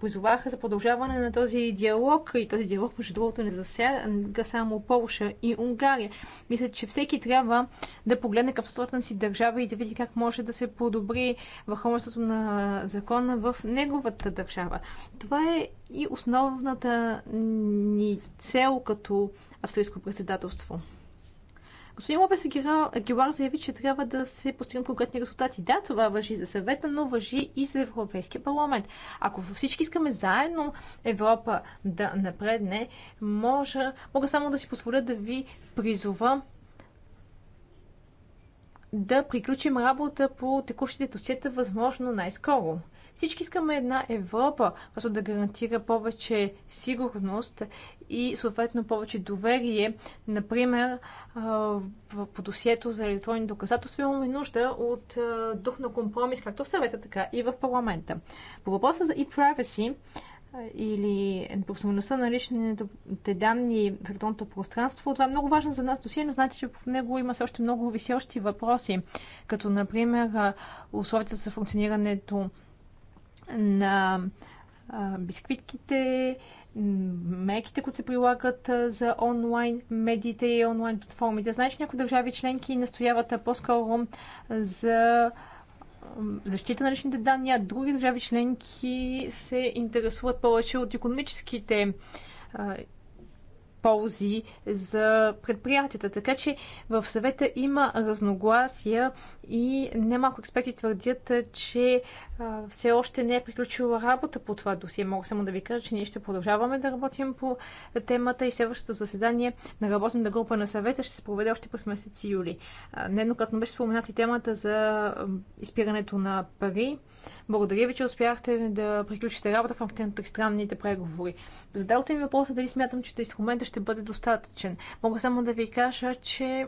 призоваха за продължаване на този диалог и този диалог, между другото, не засяга само Полша и Унгария. Мисля, че всеки трябва да погледне към собствената си държава и да види как може да се подобри върховенството на закона в неговата държава. Това е и основната ни цел като австрийско председателство. Господин Лопес Агилар заяви, че трябва да се постигнат конкретни резултати. Да, това въжи за съвета, но въжи и за Европейския парламент. Ако всички искаме заедно Европа да напредне, може, мога само да си позволя да ви призова да приключим работа по текущите досиета възможно най-скоро. Всички искаме една Европа, която да гарантира повече сигурност и съответно повече доверие. Например, по досието за електронни доказателства имаме нужда от дух на компромис, както в съвета, така и в парламента. По въпроса за e-privacy, или неприкосновеността на личните данни в електронното пространство. Това е много важно за нас досие, но знаете, че в него има все още много висящи въпроси, като например условията за функционирането на бисквитките, меките, които се прилагат за онлайн медиите и онлайн платформите. Знаеш, някои държави членки настояват по-скоро за защита на личните данни, а други държави членки се интересуват повече от економическите ползи за предприятията. Така че в съвета има разногласия и немалко експерти твърдят, че все още не е приключила работа по това досие. Мога само да ви кажа, че ние ще продължаваме да работим по темата и следващото заседание на работната група на съвета ще се проведе още през месец юли. Неднократно беше споменати темата за изпирането на пари. Благодаря ви, че успяхте да приключите работа в рамките на тристранните преговори. Задалте ми въпроса е дали смятам, че инструментът ще бъде достатъчен. Мога само да ви кажа, че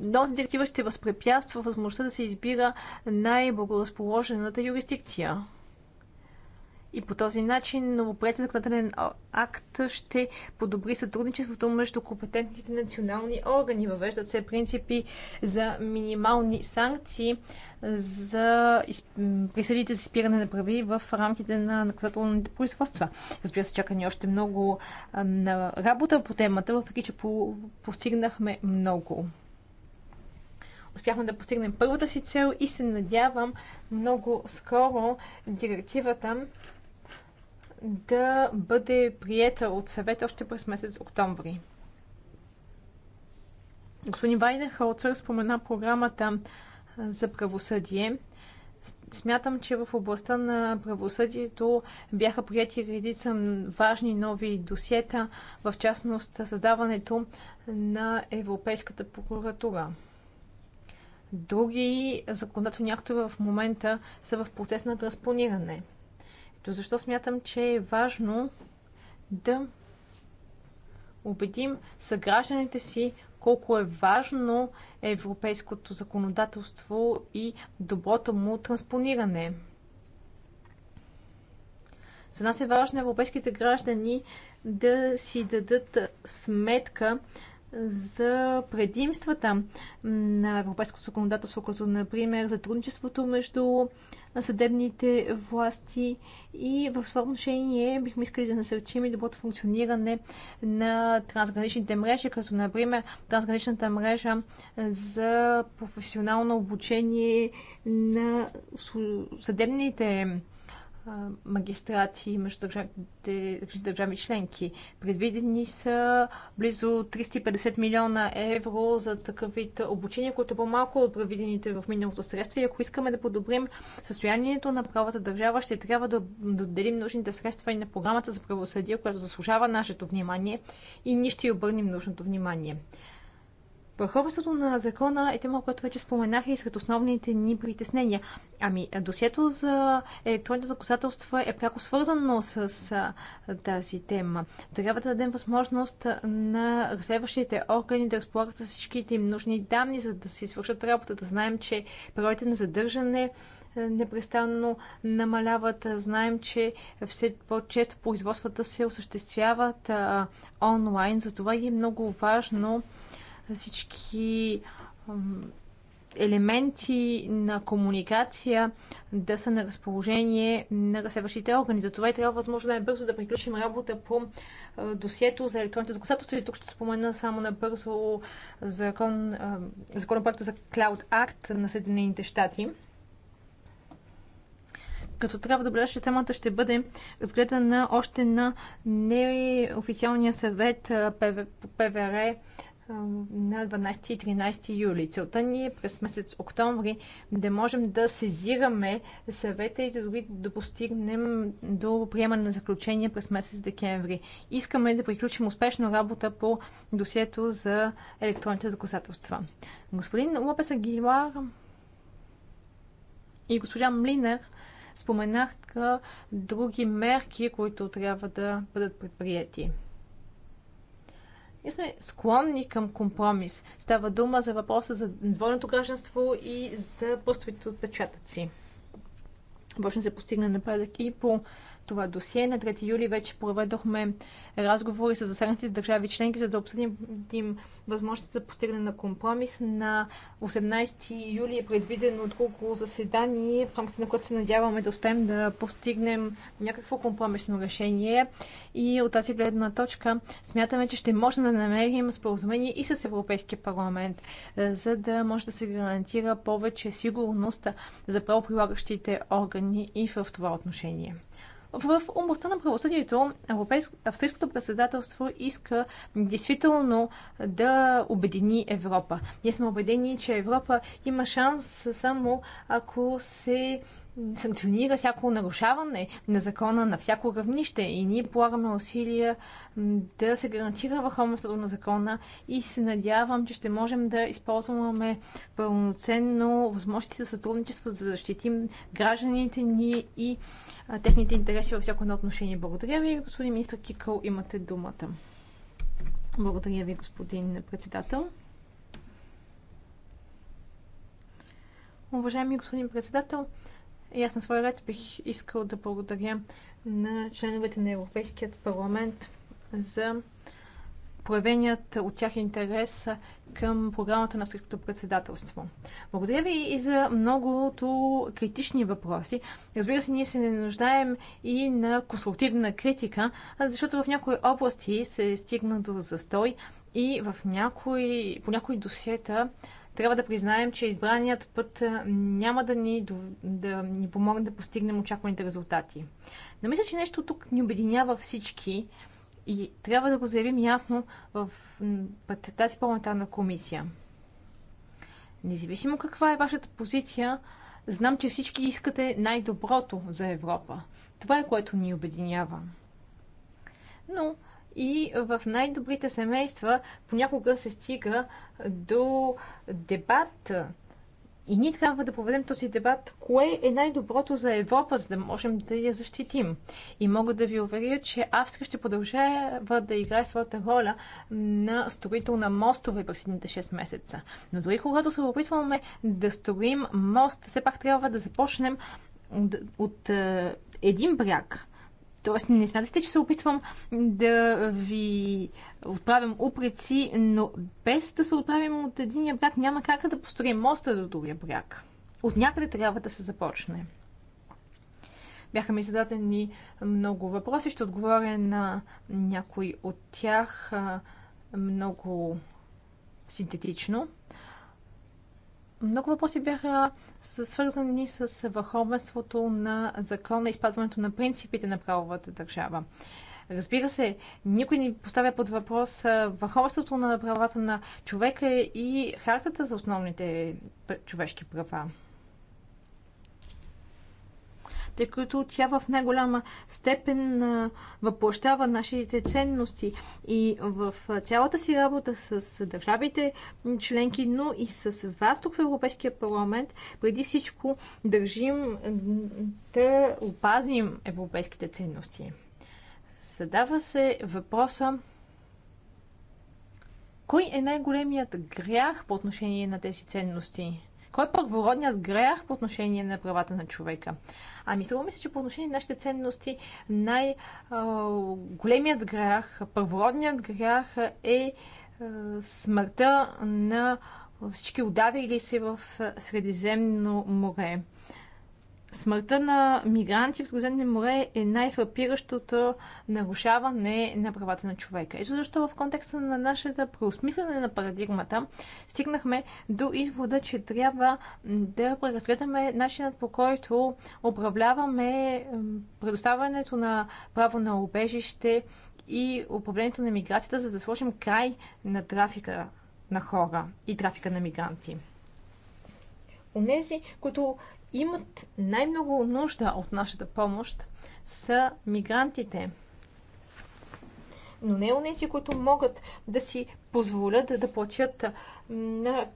новата директива ще възпрепятства възможността да се избира най-благоразположената юрисдикция. И по този начин новоприятен законодателен акт ще подобри сътрудничеството между компетентните национални органи. Въвеждат се принципи за минимални санкции за присъдите за спиране на прави в рамките на наказателните производства. Разбира се, чака ни още много на работа по темата, въпреки че по постигнахме много успяхме да постигнем първата си цел и се надявам много скоро директивата да бъде приета от съвет още през месец октомври. Господин Вайнехолцер спомена програмата за правосъдие. Смятам, че в областта на правосъдието бяха прияти редица важни нови досиета, в частност създаването на Европейската прокуратура. Други законодателни актове в момента са в процес на транспониране. Ето защо смятам, че е важно да убедим съгражданите си колко е важно европейското законодателство и доброто му транспониране. За нас е важно европейските граждани да си дадат сметка за предимствата на европейското законодателство, като например затрудничеството между съдебните власти и в това отношение бихме искали да насърчим и доброто функциониране на трансграничните мрежи, като например трансграничната мрежа за професионално обучение на съдебните магистрати между държави членки. Предвидени са близо 350 милиона евро за такъв вид обучение, което е по-малко от предвидените в миналото средства. И ако искаме да подобрим състоянието на правата държава, ще трябва да доделим нужните средства и на програмата за правосъдие, която заслужава нашето внимание и ние ще й обърнем нужното внимание. Върховенството на закона е тема, която вече споменах и сред основните ни притеснения. Ами, досието за електронните доказателства е пряко свързано с а, тази тема. Трябва да дадем възможност на разследващите органи да разполагат с всичките им нужни данни, за да си свършат работа, да знаем, че правите на задържане непрестанно намаляват. Знаем, че все по-често производствата се осъществяват а, онлайн, затова е много важно всички елементи на комуникация да са на разположение на разследващите органи. Затова и трябва възможно най-бързо да приключим работа по досието за електронните доказателства. И тук ще спомена само набързо закон, законопроекта за Cloud Act на Съединените щати. Като трябва да че темата ще бъде разгледана още на неофициалния съвет ПВР на 12 и 13 юли. Целта ни е през месец октомври да можем да сезираме съвета и да дори да постигнем до приемане на заключение през месец декември. Искаме да приключим успешно работа по досието за електронните доказателства. Господин Лопес Агилуар и госпожа Млинер споменаха други мерки, които трябва да бъдат предприяти ние сме склонни към компромис. Става дума за въпроса за двойното гражданство и за пръстовите отпечатъци. Може да се постигне напредък и по това досие. На 3 юли вече проведохме разговори с засегнатите държави членки, за да обсъдим им възможността за постигане на компромис. На 18 юли е предвидено друго заседание, в рамките на което се надяваме да успеем да постигнем някакво компромисно решение. И от тази гледна точка смятаме, че ще можем да намерим споразумение и с Европейския парламент, е, за да може да се гарантира повече сигурност за правоприлагащите органи и в това отношение. В областта на правосъдието Европейско, австрийското председателство иска действително да обедини Европа. Ние сме убедени, че Европа има шанс само ако се санкционира всяко нарушаване на закона на всяко равнище и ние полагаме усилия да се гарантира върховенството на закона и се надявам, че ще можем да използваме пълноценно възможности за сътрудничество, за да защитим гражданите ни и техните интереси във всяко едно отношение. Благодаря ви, господин министр Кикъл, имате думата. Благодаря ви, господин председател. Уважаеми господин председател, и аз на своя ред бих искал да благодаря на членовете на Европейският парламент за проявеният от тях интерес към програмата на Австрийското председателство. Благодаря ви и за многото критични въпроси. Разбира се, ние се не нуждаем и на консултивна критика, защото в някои области се стигна до застой и в някои, по някои досиета трябва да признаем, че избраният път няма да ни, да ни помогне да постигнем очакваните резултати. Но мисля, че нещо тук ни обединява всички и трябва да го заявим ясно в тази парламентарна комисия. Независимо каква е вашата позиция, знам, че всички искате най-доброто за Европа. Това е което ни обединява. Но и в най-добрите семейства понякога се стига до дебат. И ние трябва да проведем този дебат, кое е най-доброто за Европа, за да можем да я защитим. И мога да ви уверя, че Австрия ще продължава да играе своята роля на строител на мостове през следните 6 месеца. Но дори когато се опитваме да строим мост, все пак трябва да започнем от, от е, един бряг. Тоест, не смятате, че се опитвам да ви отправям упреци, но без да се отправим от единия бряг, няма как да построим моста до другия бряг. От някъде трябва да се започне. Бяха ми зададени много въпроси, ще отговоря на някой от тях много синтетично. Много въпроси бяха свързани с върховенството на закона и спазването на принципите на правовата държава. Разбира се, никой не поставя под въпрос върховенството на правата на човека и хартата за основните човешки права тъй като тя в най-голяма степен въплащава нашите ценности и в цялата си работа с държавите членки, но и с вас тук в Европейския парламент, преди всичко държим да опазим европейските ценности. Съдава се въпроса кой е най-големият грях по отношение на тези ценности? Кой е първородният грех по отношение на правата на човека? Ами, сега ми се, че по отношение на нашите ценности най-големият грях, първородният грях е, е смъртта на всички удавили се в Средиземно море. Смъртта на мигранти в Средиземно море е най-фрапиращото нарушаване на правата на човека. Ето защо в контекста на нашата преосмислене на парадигмата стигнахме до извода, че трябва да преразгледаме начинът по който управляваме предоставянето на право на обежище и управлението на миграцията, за да сложим край на трафика на хора и трафика на мигранти. Онези, които имат най-много нужда от нашата помощ, са мигрантите. Но не тези, е които могат да си позволят да платят на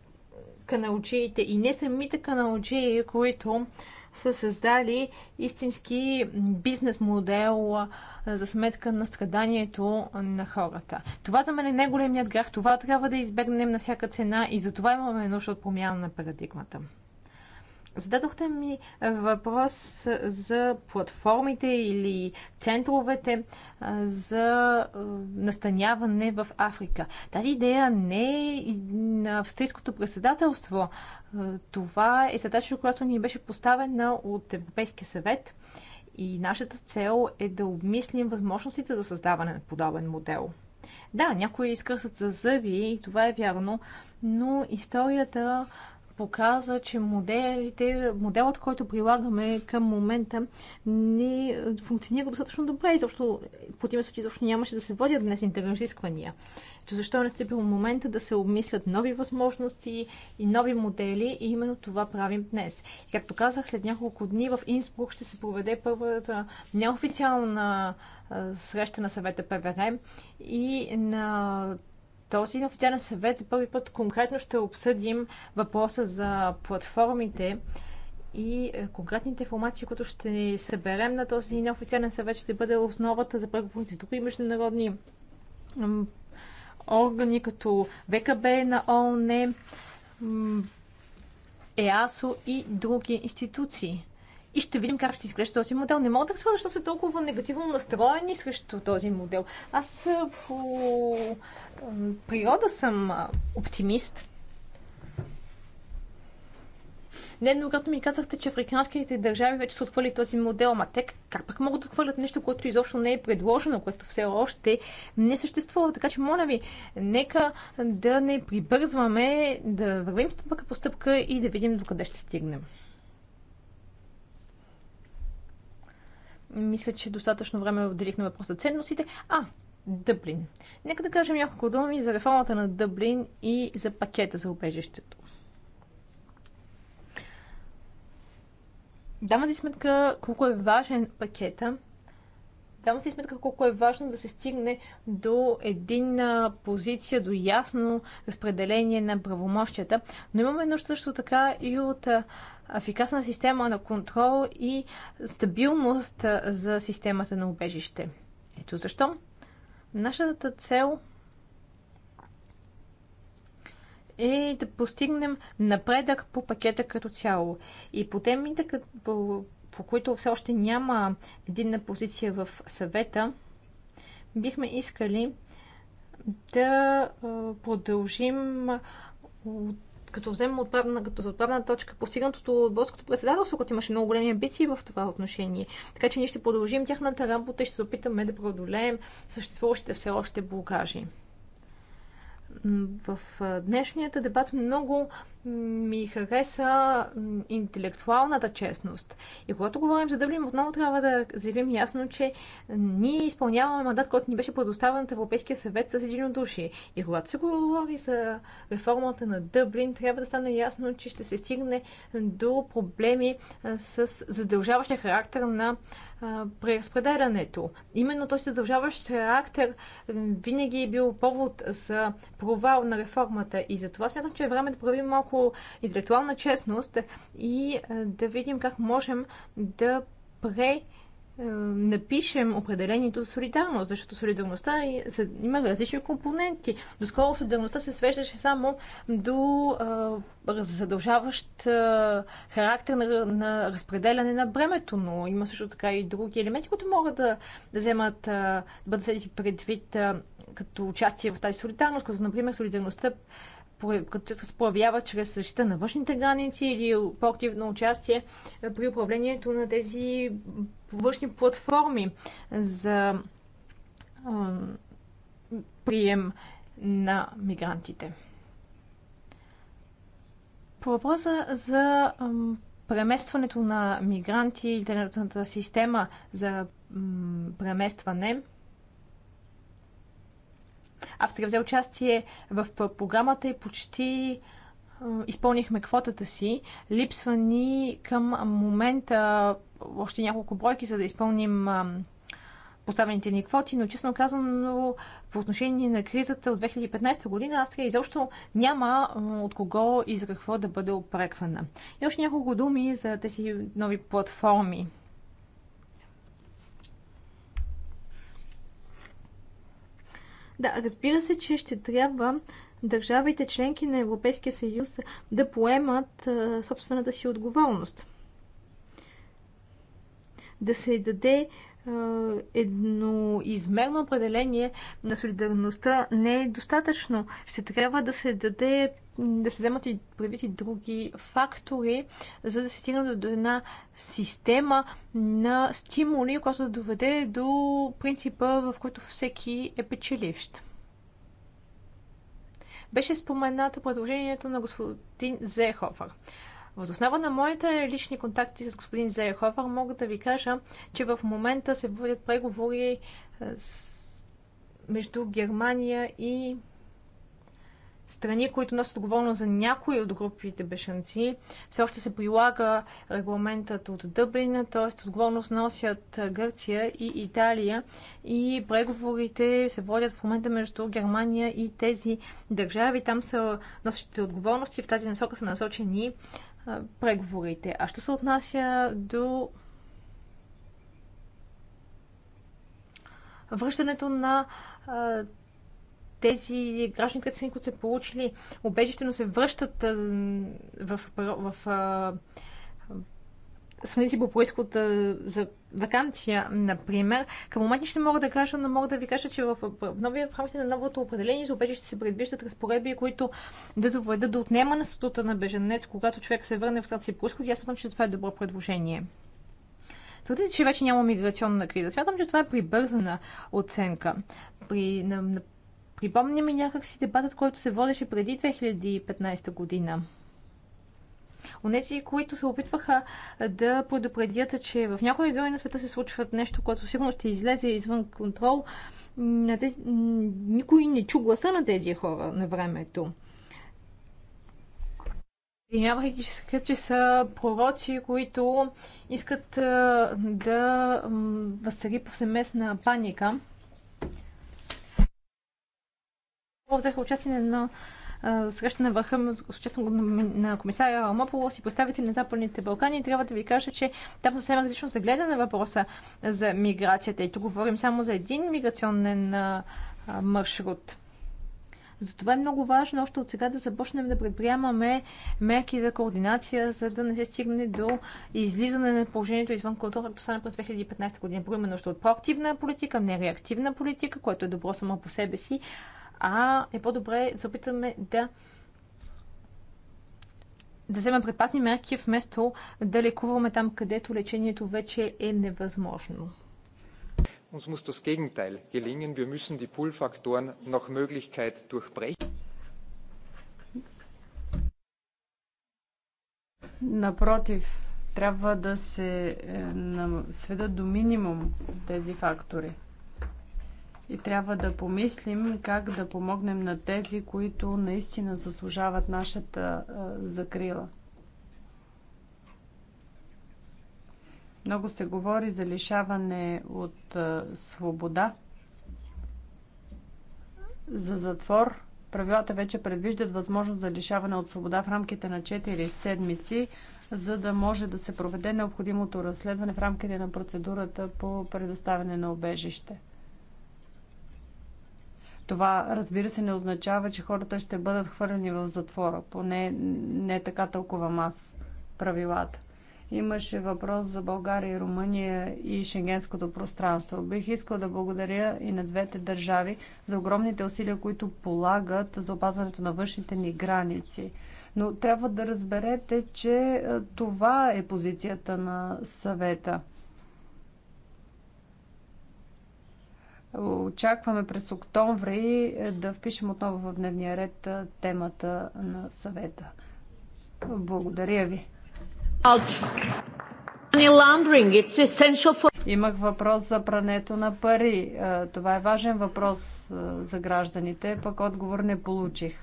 каналджиите и не самите каналджии, които са създали истински бизнес модел за сметка на страданието на хората. Това за мен е най-големият грях. Това трябва да избегнем на всяка цена и за това имаме нужда от промяна на парадигмата. Зададохте ми въпрос за платформите или центровете за настаняване в Африка. Тази идея не е на австрийското председателство. Това е задача, която ни беше поставена от Европейския съвет и нашата цел е да обмислим възможностите за създаване на подобен модел. Да, някои изкърсат за зъби и това е вярно, но историята показа, че моделите, моделът, който прилагаме към момента, не функционира достатъчно добре. И защо, в противен случай, защо нямаше да се водят днес разисквания. То защо е настъпил момента да се обмислят нови възможности и нови модели и именно това правим днес. И както казах, след няколко дни в Инсбрук ще се проведе първата неофициална среща на съвета ПВР и на този неофициален съвет за първи път конкретно ще обсъдим въпроса за платформите и е, конкретните информации, които ще съберем на този неофициален съвет, ще бъде основата за преговорите с други международни органи, като ВКБ на ООН, ЕАСО и други институции и ще видим как ще изглежда този модел. Не мога да разбера защо са толкова негативно настроени срещу този модел. Аз е, по природа съм оптимист. Не, когато ми казахте, че африканските държави вече са отхвърли този модел, ама те как пък могат да отхвърлят нещо, което изобщо не е предложено, което все още не съществува. Така че, моля ви, нека да не прибързваме, да вървим стъпка по стъпка и да видим до къде ще стигнем. Мисля, че достатъчно време отделих на въпроса ценностите. А, Дъблин. Нека да кажем няколко думи за реформата на Дъблин и за пакета за убежището. Дама си сметка колко е важен пакета. Дама си сметка колко е важно да се стигне до единна позиция, до ясно разпределение на правомощията. Но имаме нужда също така и от ефикасна система на контрол и стабилност за системата на убежище. Ето защо нашата цел е да постигнем напредък по пакета като цяло. И по темите, по, по които все още няма единна позиция в съвета, бихме искали да продължим като вземем отправна, като за отправна точка постигнатото от Българското председателство, което имаше много големи амбиции в това отношение. Така че ние ще продължим тяхната работа и ще се опитаме да преодолеем съществуващите все още блокажи. В днешният дебат много ми хареса интелектуалната честност. И когато говорим за Дъблин, отново трябва да заявим ясно, че ние изпълняваме мандат, който ни беше предоставен от Европейския съвет с души. И когато се говори за реформата на Дъблин, трябва да стане ясно, че ще се стигне до проблеми с задължаващия характер на преразпределянето. Именно този задължаващ характер винаги е бил повод за провал на реформата и затова смятам, че е време да правим малко върху интелектуална честност и да видим как можем да пре напишем определението за солидарност, защото солидарността има различни компоненти. Доскоро солидарността се свеждаше само до задължаващ характер на, на разпределяне на бремето, но има също така и други елементи, които могат да, да вземат, да бъдат предвид като участие в тази солидарност, като например солидарността като се проявява чрез защита на външните граници или по-активно участие е, при управлението на тези външни платформи за прием на мигрантите. По въпроса за преместването на мигранти или система за преместване, Австрия взе участие в програмата и почти изпълнихме квотата си. Липсва ни към момента още няколко бройки, за да изпълним поставените ни квоти, но честно казано, по отношение на кризата от 2015 година, Австрия изобщо няма от кого и за какво да бъде опреквана. И още няколко думи за тези нови платформи. Да, разбира се, че ще трябва държавите членки на Европейския съюз да поемат собствената си отговорност. Да се даде едноизмерно определение на солидарността не е достатъчно. Ще трябва да се даде да се вземат и предвид и други фактори, за да се стигне до една система на стимули, която да доведе до принципа, в който всеки е печеливщ. Беше споменато предложението на господин Зехофър. Въз основа на моите лични контакти с господин Зейховър мога да ви кажа, че в момента се водят преговори е, с... между Германия и страни, които носят отговорно за някои от групите бешанци. Все още се прилага регламентът от Дъблина, т.е. отговорност носят Гърция и Италия и преговорите се водят в момента между Германия и тези държави. Там са носите отговорности, в тази насока са насочени преговорите. А що се отнася до връщането на тези граждани, които са получили обежище, но се връщат в, в, в си по происход за вакансия, например. Към момента ще мога да кажа, но мога да ви кажа, че в, новия, в рамките на новото определение за ще се предвиждат разпоредби, които да доведат до отнема на статута на беженец, когато човек се върне в тази происход. И аз смятам, че това е добро предложение. Твърдите, че вече няма миграционна криза. Смятам, че това е прибързана оценка. При, на, на, припомняме някакси дебатът, който се водеше преди 2015 година. Онези, които се опитваха да предупредят, че в някои региони на света се случват нещо, което сигурно ще излезе извън контрол, на тези... никой не чу гласа на тези хора на времето. Приемавайки се, че са пророци, които искат да възцари повсеместна паника. Взеха участие на среща на върха с участието на комисаря Арамополос и представители на Западните Балкани, трябва да ви кажа, че там съвсем различно се гледа на въпроса за миграцията. И тук говорим само за един миграционен маршрут. Затова е много важно още от сега да започнем да предприемаме мерки за координация, за да не се стигне до излизане на положението извън контрол, както стана през 2015 година. е нужда от проактивна политика, не реактивна политика, което е добро само по себе си, а е по-добре да се опитаме да да вземем предпасни мерки, вместо да лекуваме там, където лечението вече е невъзможно. Uns muss das Gegenteil gelingen. Wir müssen die Pull-Faktoren nach Möglichkeit durchbrechen. Напротив, трябва да се е, сведат до минимум тези фактори и трябва да помислим как да помогнем на тези, които наистина заслужават нашата закрила. Много се говори за лишаване от свобода, за затвор. Правилата вече предвиждат възможност за лишаване от свобода в рамките на 4 седмици, за да може да се проведе необходимото разследване в рамките на процедурата по предоставяне на обежище. Това, разбира се, не означава, че хората ще бъдат хвърлени в затвора. Поне не така толкова аз правилата. Имаше въпрос за България, и Румъния и Шенгенското пространство. Бих искал да благодаря и на двете държави за огромните усилия, които полагат за опазването на външните ни граници. Но трябва да разберете, че е, това е позицията на съвета – Очакваме през октомври е, да впишем отново в дневния ред е, темата на съвета. Благодаря ви. Имах въпрос за прането на пари. Е, това е важен въпрос за гражданите, пък отговор не получих.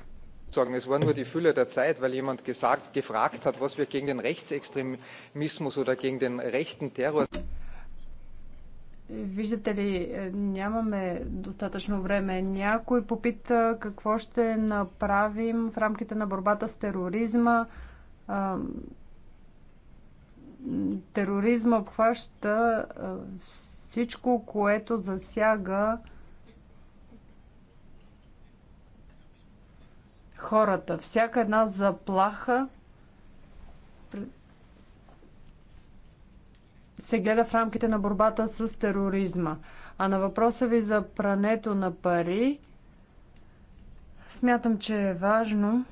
Sagen, es war nur die Fülle der Zeit, weil jemand gesagt, gefragt hat, was wir gegen den Rechtsextremismus oder gegen den rechten Terror. Виждате ли, е, нямаме достатъчно време. Някой попита какво ще направим в рамките на борбата с тероризма. Е, тероризма обхваща е, всичко, което засяга хората. Всяка една заплаха се гледа в рамките на борбата с тероризма. А на въпроса ви за прането на пари, смятам, че е важно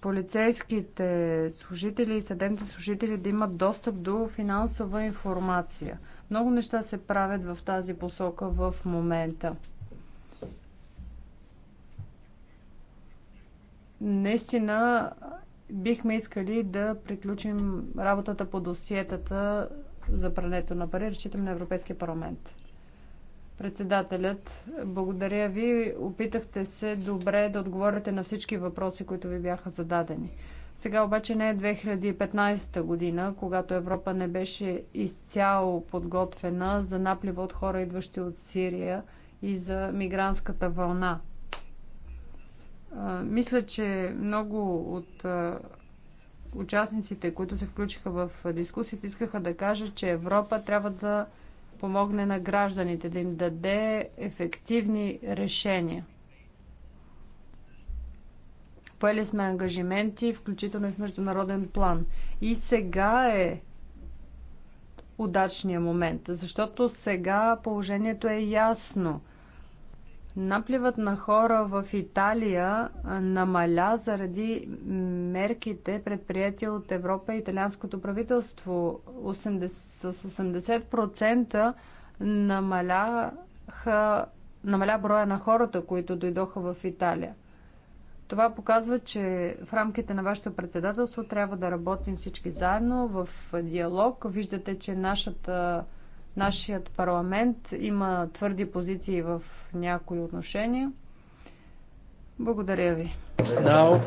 полицейските служители и съдебните служители да имат достъп до финансова информация. Много неща се правят в тази посока в момента. Наистина бихме искали да приключим работата по досиетата за прането на пари. Разчитам на Европейския парламент. Председателят, благодаря ви. Опитахте се добре да отговорите на всички въпроси, които ви бяха зададени. Сега обаче не е 2015 година, когато Европа не беше изцяло подготвена за наплива от хора, идващи от Сирия и за мигрантската вълна. Мисля, че много от участниците, които се включиха в дискусията, искаха да кажат, че Европа трябва да помогне на гражданите, да им даде ефективни решения. Поели сме ангажименти, включително и в международен план. И сега е удачният момент, защото сега положението е ясно – Напливът на хора в Италия намаля заради мерките предприяти от Европа и италианското правителство. 80, с 80% намаляха, намаля броя на хората, които дойдоха в Италия. Това показва, че в рамките на вашето председателство трябва да работим всички заедно в диалог. Виждате, че нашата Нашият парламент има твърди позиции в някои отношения. Благодаря ви. Now,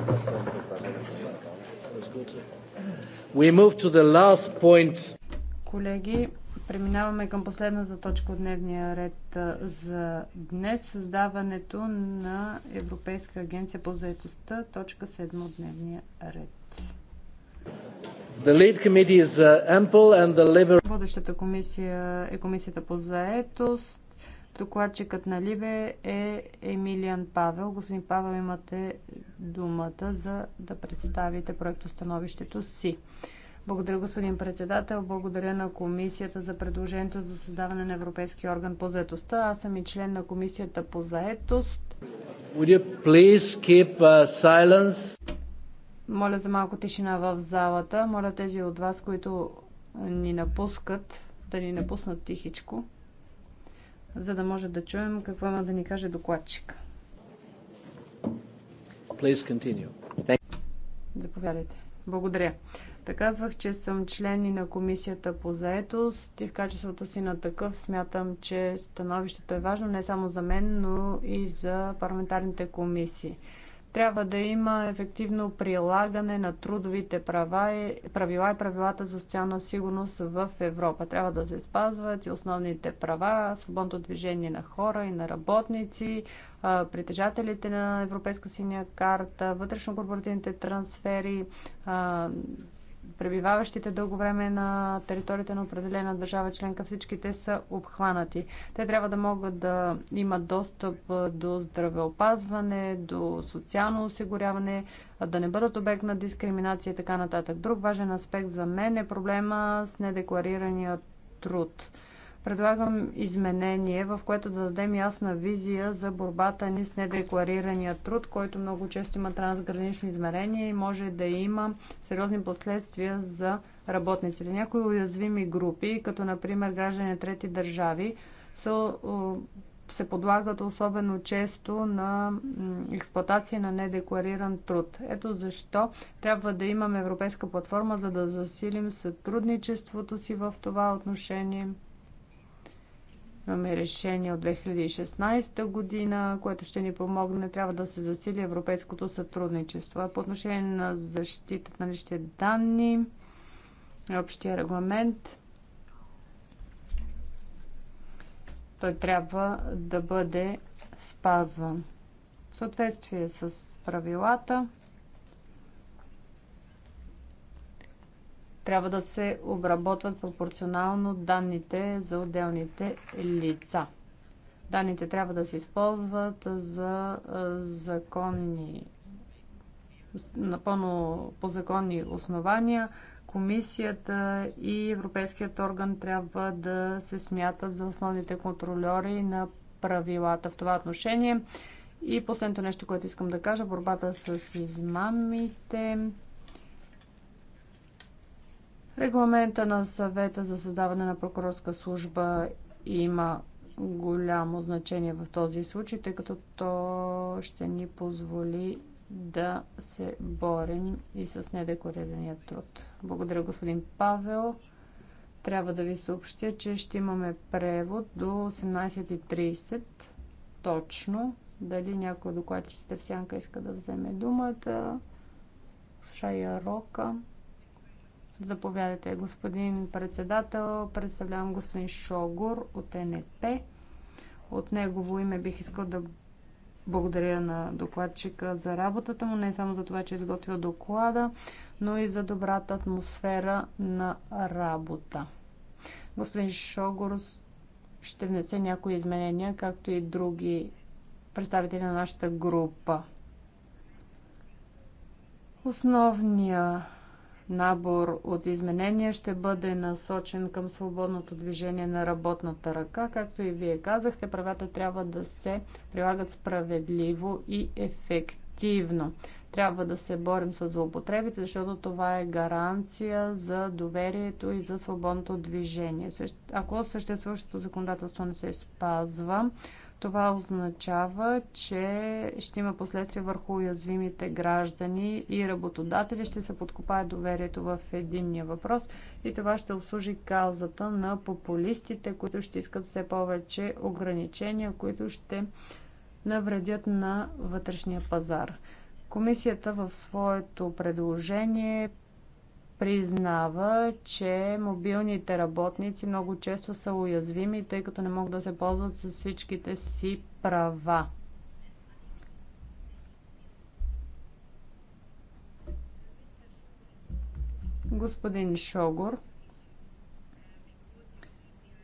we move to the last point. Колеги, преминаваме към последната точка от дневния ред за днес. Създаването на Европейска агенция по заедостта, точка 7 от дневния ред. Uh, Водещата комисия е комисията по заетост. Докладчикът на Либе е Емилиан Павел. Господин Павел, имате думата за да представите проектостановището си. Благодаря, господин председател. Благодаря на комисията за предложението за създаване на Европейски орган по заетостта. Аз съм и член на комисията по заетост. Would you please keep uh, silence? Моля за малко тишина в залата. Моля тези от вас, които ни напускат, да ни напуснат тихичко, за да може да чуем какво има да ни каже докладчик. Заповядайте. Благодаря. Така казвах, че съм член и на комисията по заетост и в качеството си на такъв смятам, че становището е важно не само за мен, но и за парламентарните комисии. Трябва да има ефективно прилагане на трудовите права правила и правилата за социална сигурност в Европа. Трябва да се спазват и основните права, свободното движение на хора и на работници, притежателите на Европейска синя карта, вътрешно-корпоративните трансфери, пребиваващите дълго време на територията на определена държава членка, всички те са обхванати. Те трябва да могат да имат достъп до здравеопазване, до социално осигуряване, да не бъдат обект на дискриминация и така нататък. Друг важен аспект за мен е проблема с недекларирания труд. Предлагам изменение, в което да дадем ясна визия за борбата ни с недекларирания труд, който много често има трансгранично измерение и може да има сериозни последствия за работниците. Някои уязвими групи, като например граждани на трети държави, са, се подлагат особено често на експлоатация на недеклариран труд. Ето защо трябва да имаме европейска платформа, за да засилим сътрудничеството си в това отношение. Имаме решение от 2016 година, което ще ни помогне. Трябва да се засили европейското сътрудничество. По отношение на защитата на личните данни, общия регламент, той трябва да бъде спазван. В съответствие с правилата, трябва да се обработват пропорционално данните за отделните лица. Данните трябва да се използват за законни, напълно по законни основания. Комисията и Европейският орган трябва да се смятат за основните контролери на правилата в това отношение. И последното нещо, което искам да кажа, борбата с измамите Регламента на съвета за създаване на прокурорска служба има голямо значение в този случай, тъй като то ще ни позволи да се борим и с недекорирания труд. Благодаря, господин Павел. Трябва да ви съобщя, че ще имаме превод до 18.30 точно. Дали някой докладчиците в сянка иска да вземе думата? Слушай, Рока. Заповядайте, господин председател. Представлявам господин Шогор от НП. От негово име бих искал да благодаря на докладчика за работата му, не само за това, че е изготвил доклада, но и за добрата атмосфера на работа. Господин Шогор ще внесе някои изменения, както и други представители на нашата група. Основният набор от изменения ще бъде насочен към свободното движение на работната ръка. Както и вие казахте, правата трябва да се прилагат справедливо и ефективно. Трябва да се борим с злоупотребите, защото това е гаранция за доверието и за свободното движение. Ако съществуващото законодателство не се спазва, това означава, че ще има последствия върху уязвимите граждани и работодатели, ще се подкопае доверието в единния въпрос и това ще обслужи каузата на популистите, които ще искат все повече ограничения, които ще навредят на вътрешния пазар. Комисията в своето предложение признава, че мобилните работници много често са уязвими, тъй като не могат да се ползват с всичките си права. Господин Шогор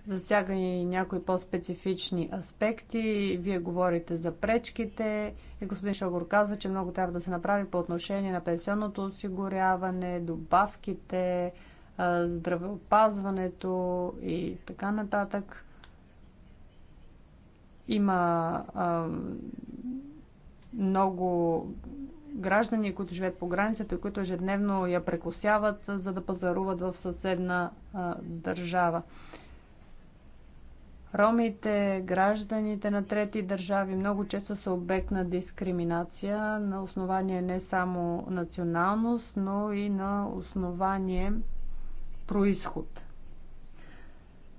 засяга и някои по-специфични аспекти. Вие говорите за пречките и господин Шогор казва, че много трябва да се направи по отношение на пенсионното осигуряване, добавките, здравеопазването и така нататък. Има а, много граждани, които живеят по границата и които ежедневно я прекусяват, за да пазаруват в съседна а, държава. Ромите, гражданите на трети държави много често са обект на дискриминация на основание не само националност, но и на основание происход.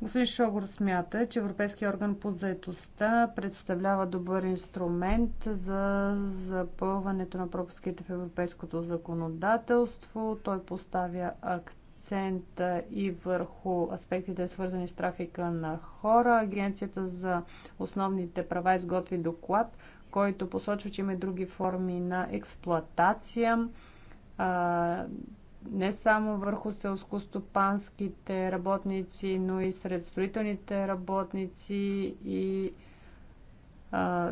Господин Шогор смята, че Европейския орган по заетостта представлява добър инструмент за запълването на пропуските в европейското законодателство. Той поставя акт акцента и върху аспектите, свързани с трафика на хора. Агенцията за основните права изготви доклад, който посочва, че има и други форми на експлоатация. не само върху селско-стопанските работници, но и сред строителните работници и а,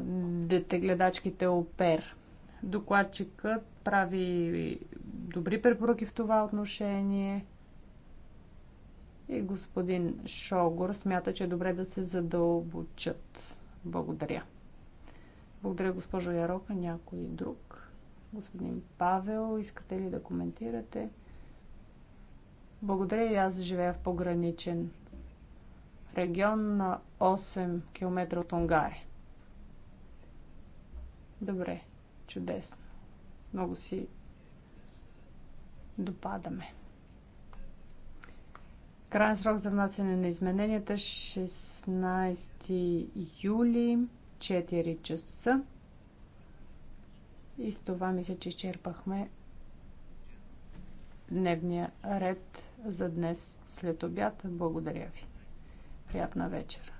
детегледачките опер. Докладчикът прави добри препоръки в това отношение. И господин Шогор смята, че е добре да се задълбочат. Благодаря. Благодаря, госпожо Ярока. Някой друг? Господин Павел, искате ли да коментирате? Благодаря и аз живея в пограничен регион на 8 км от Унгария. Добре, чудесно. Много си допадаме. Крайен срок за внасяне на измененията 16 е юли 4 часа. И с това мисля, че изчерпахме дневния ред за днес след обяд. Благодаря ви. Приятна вечер.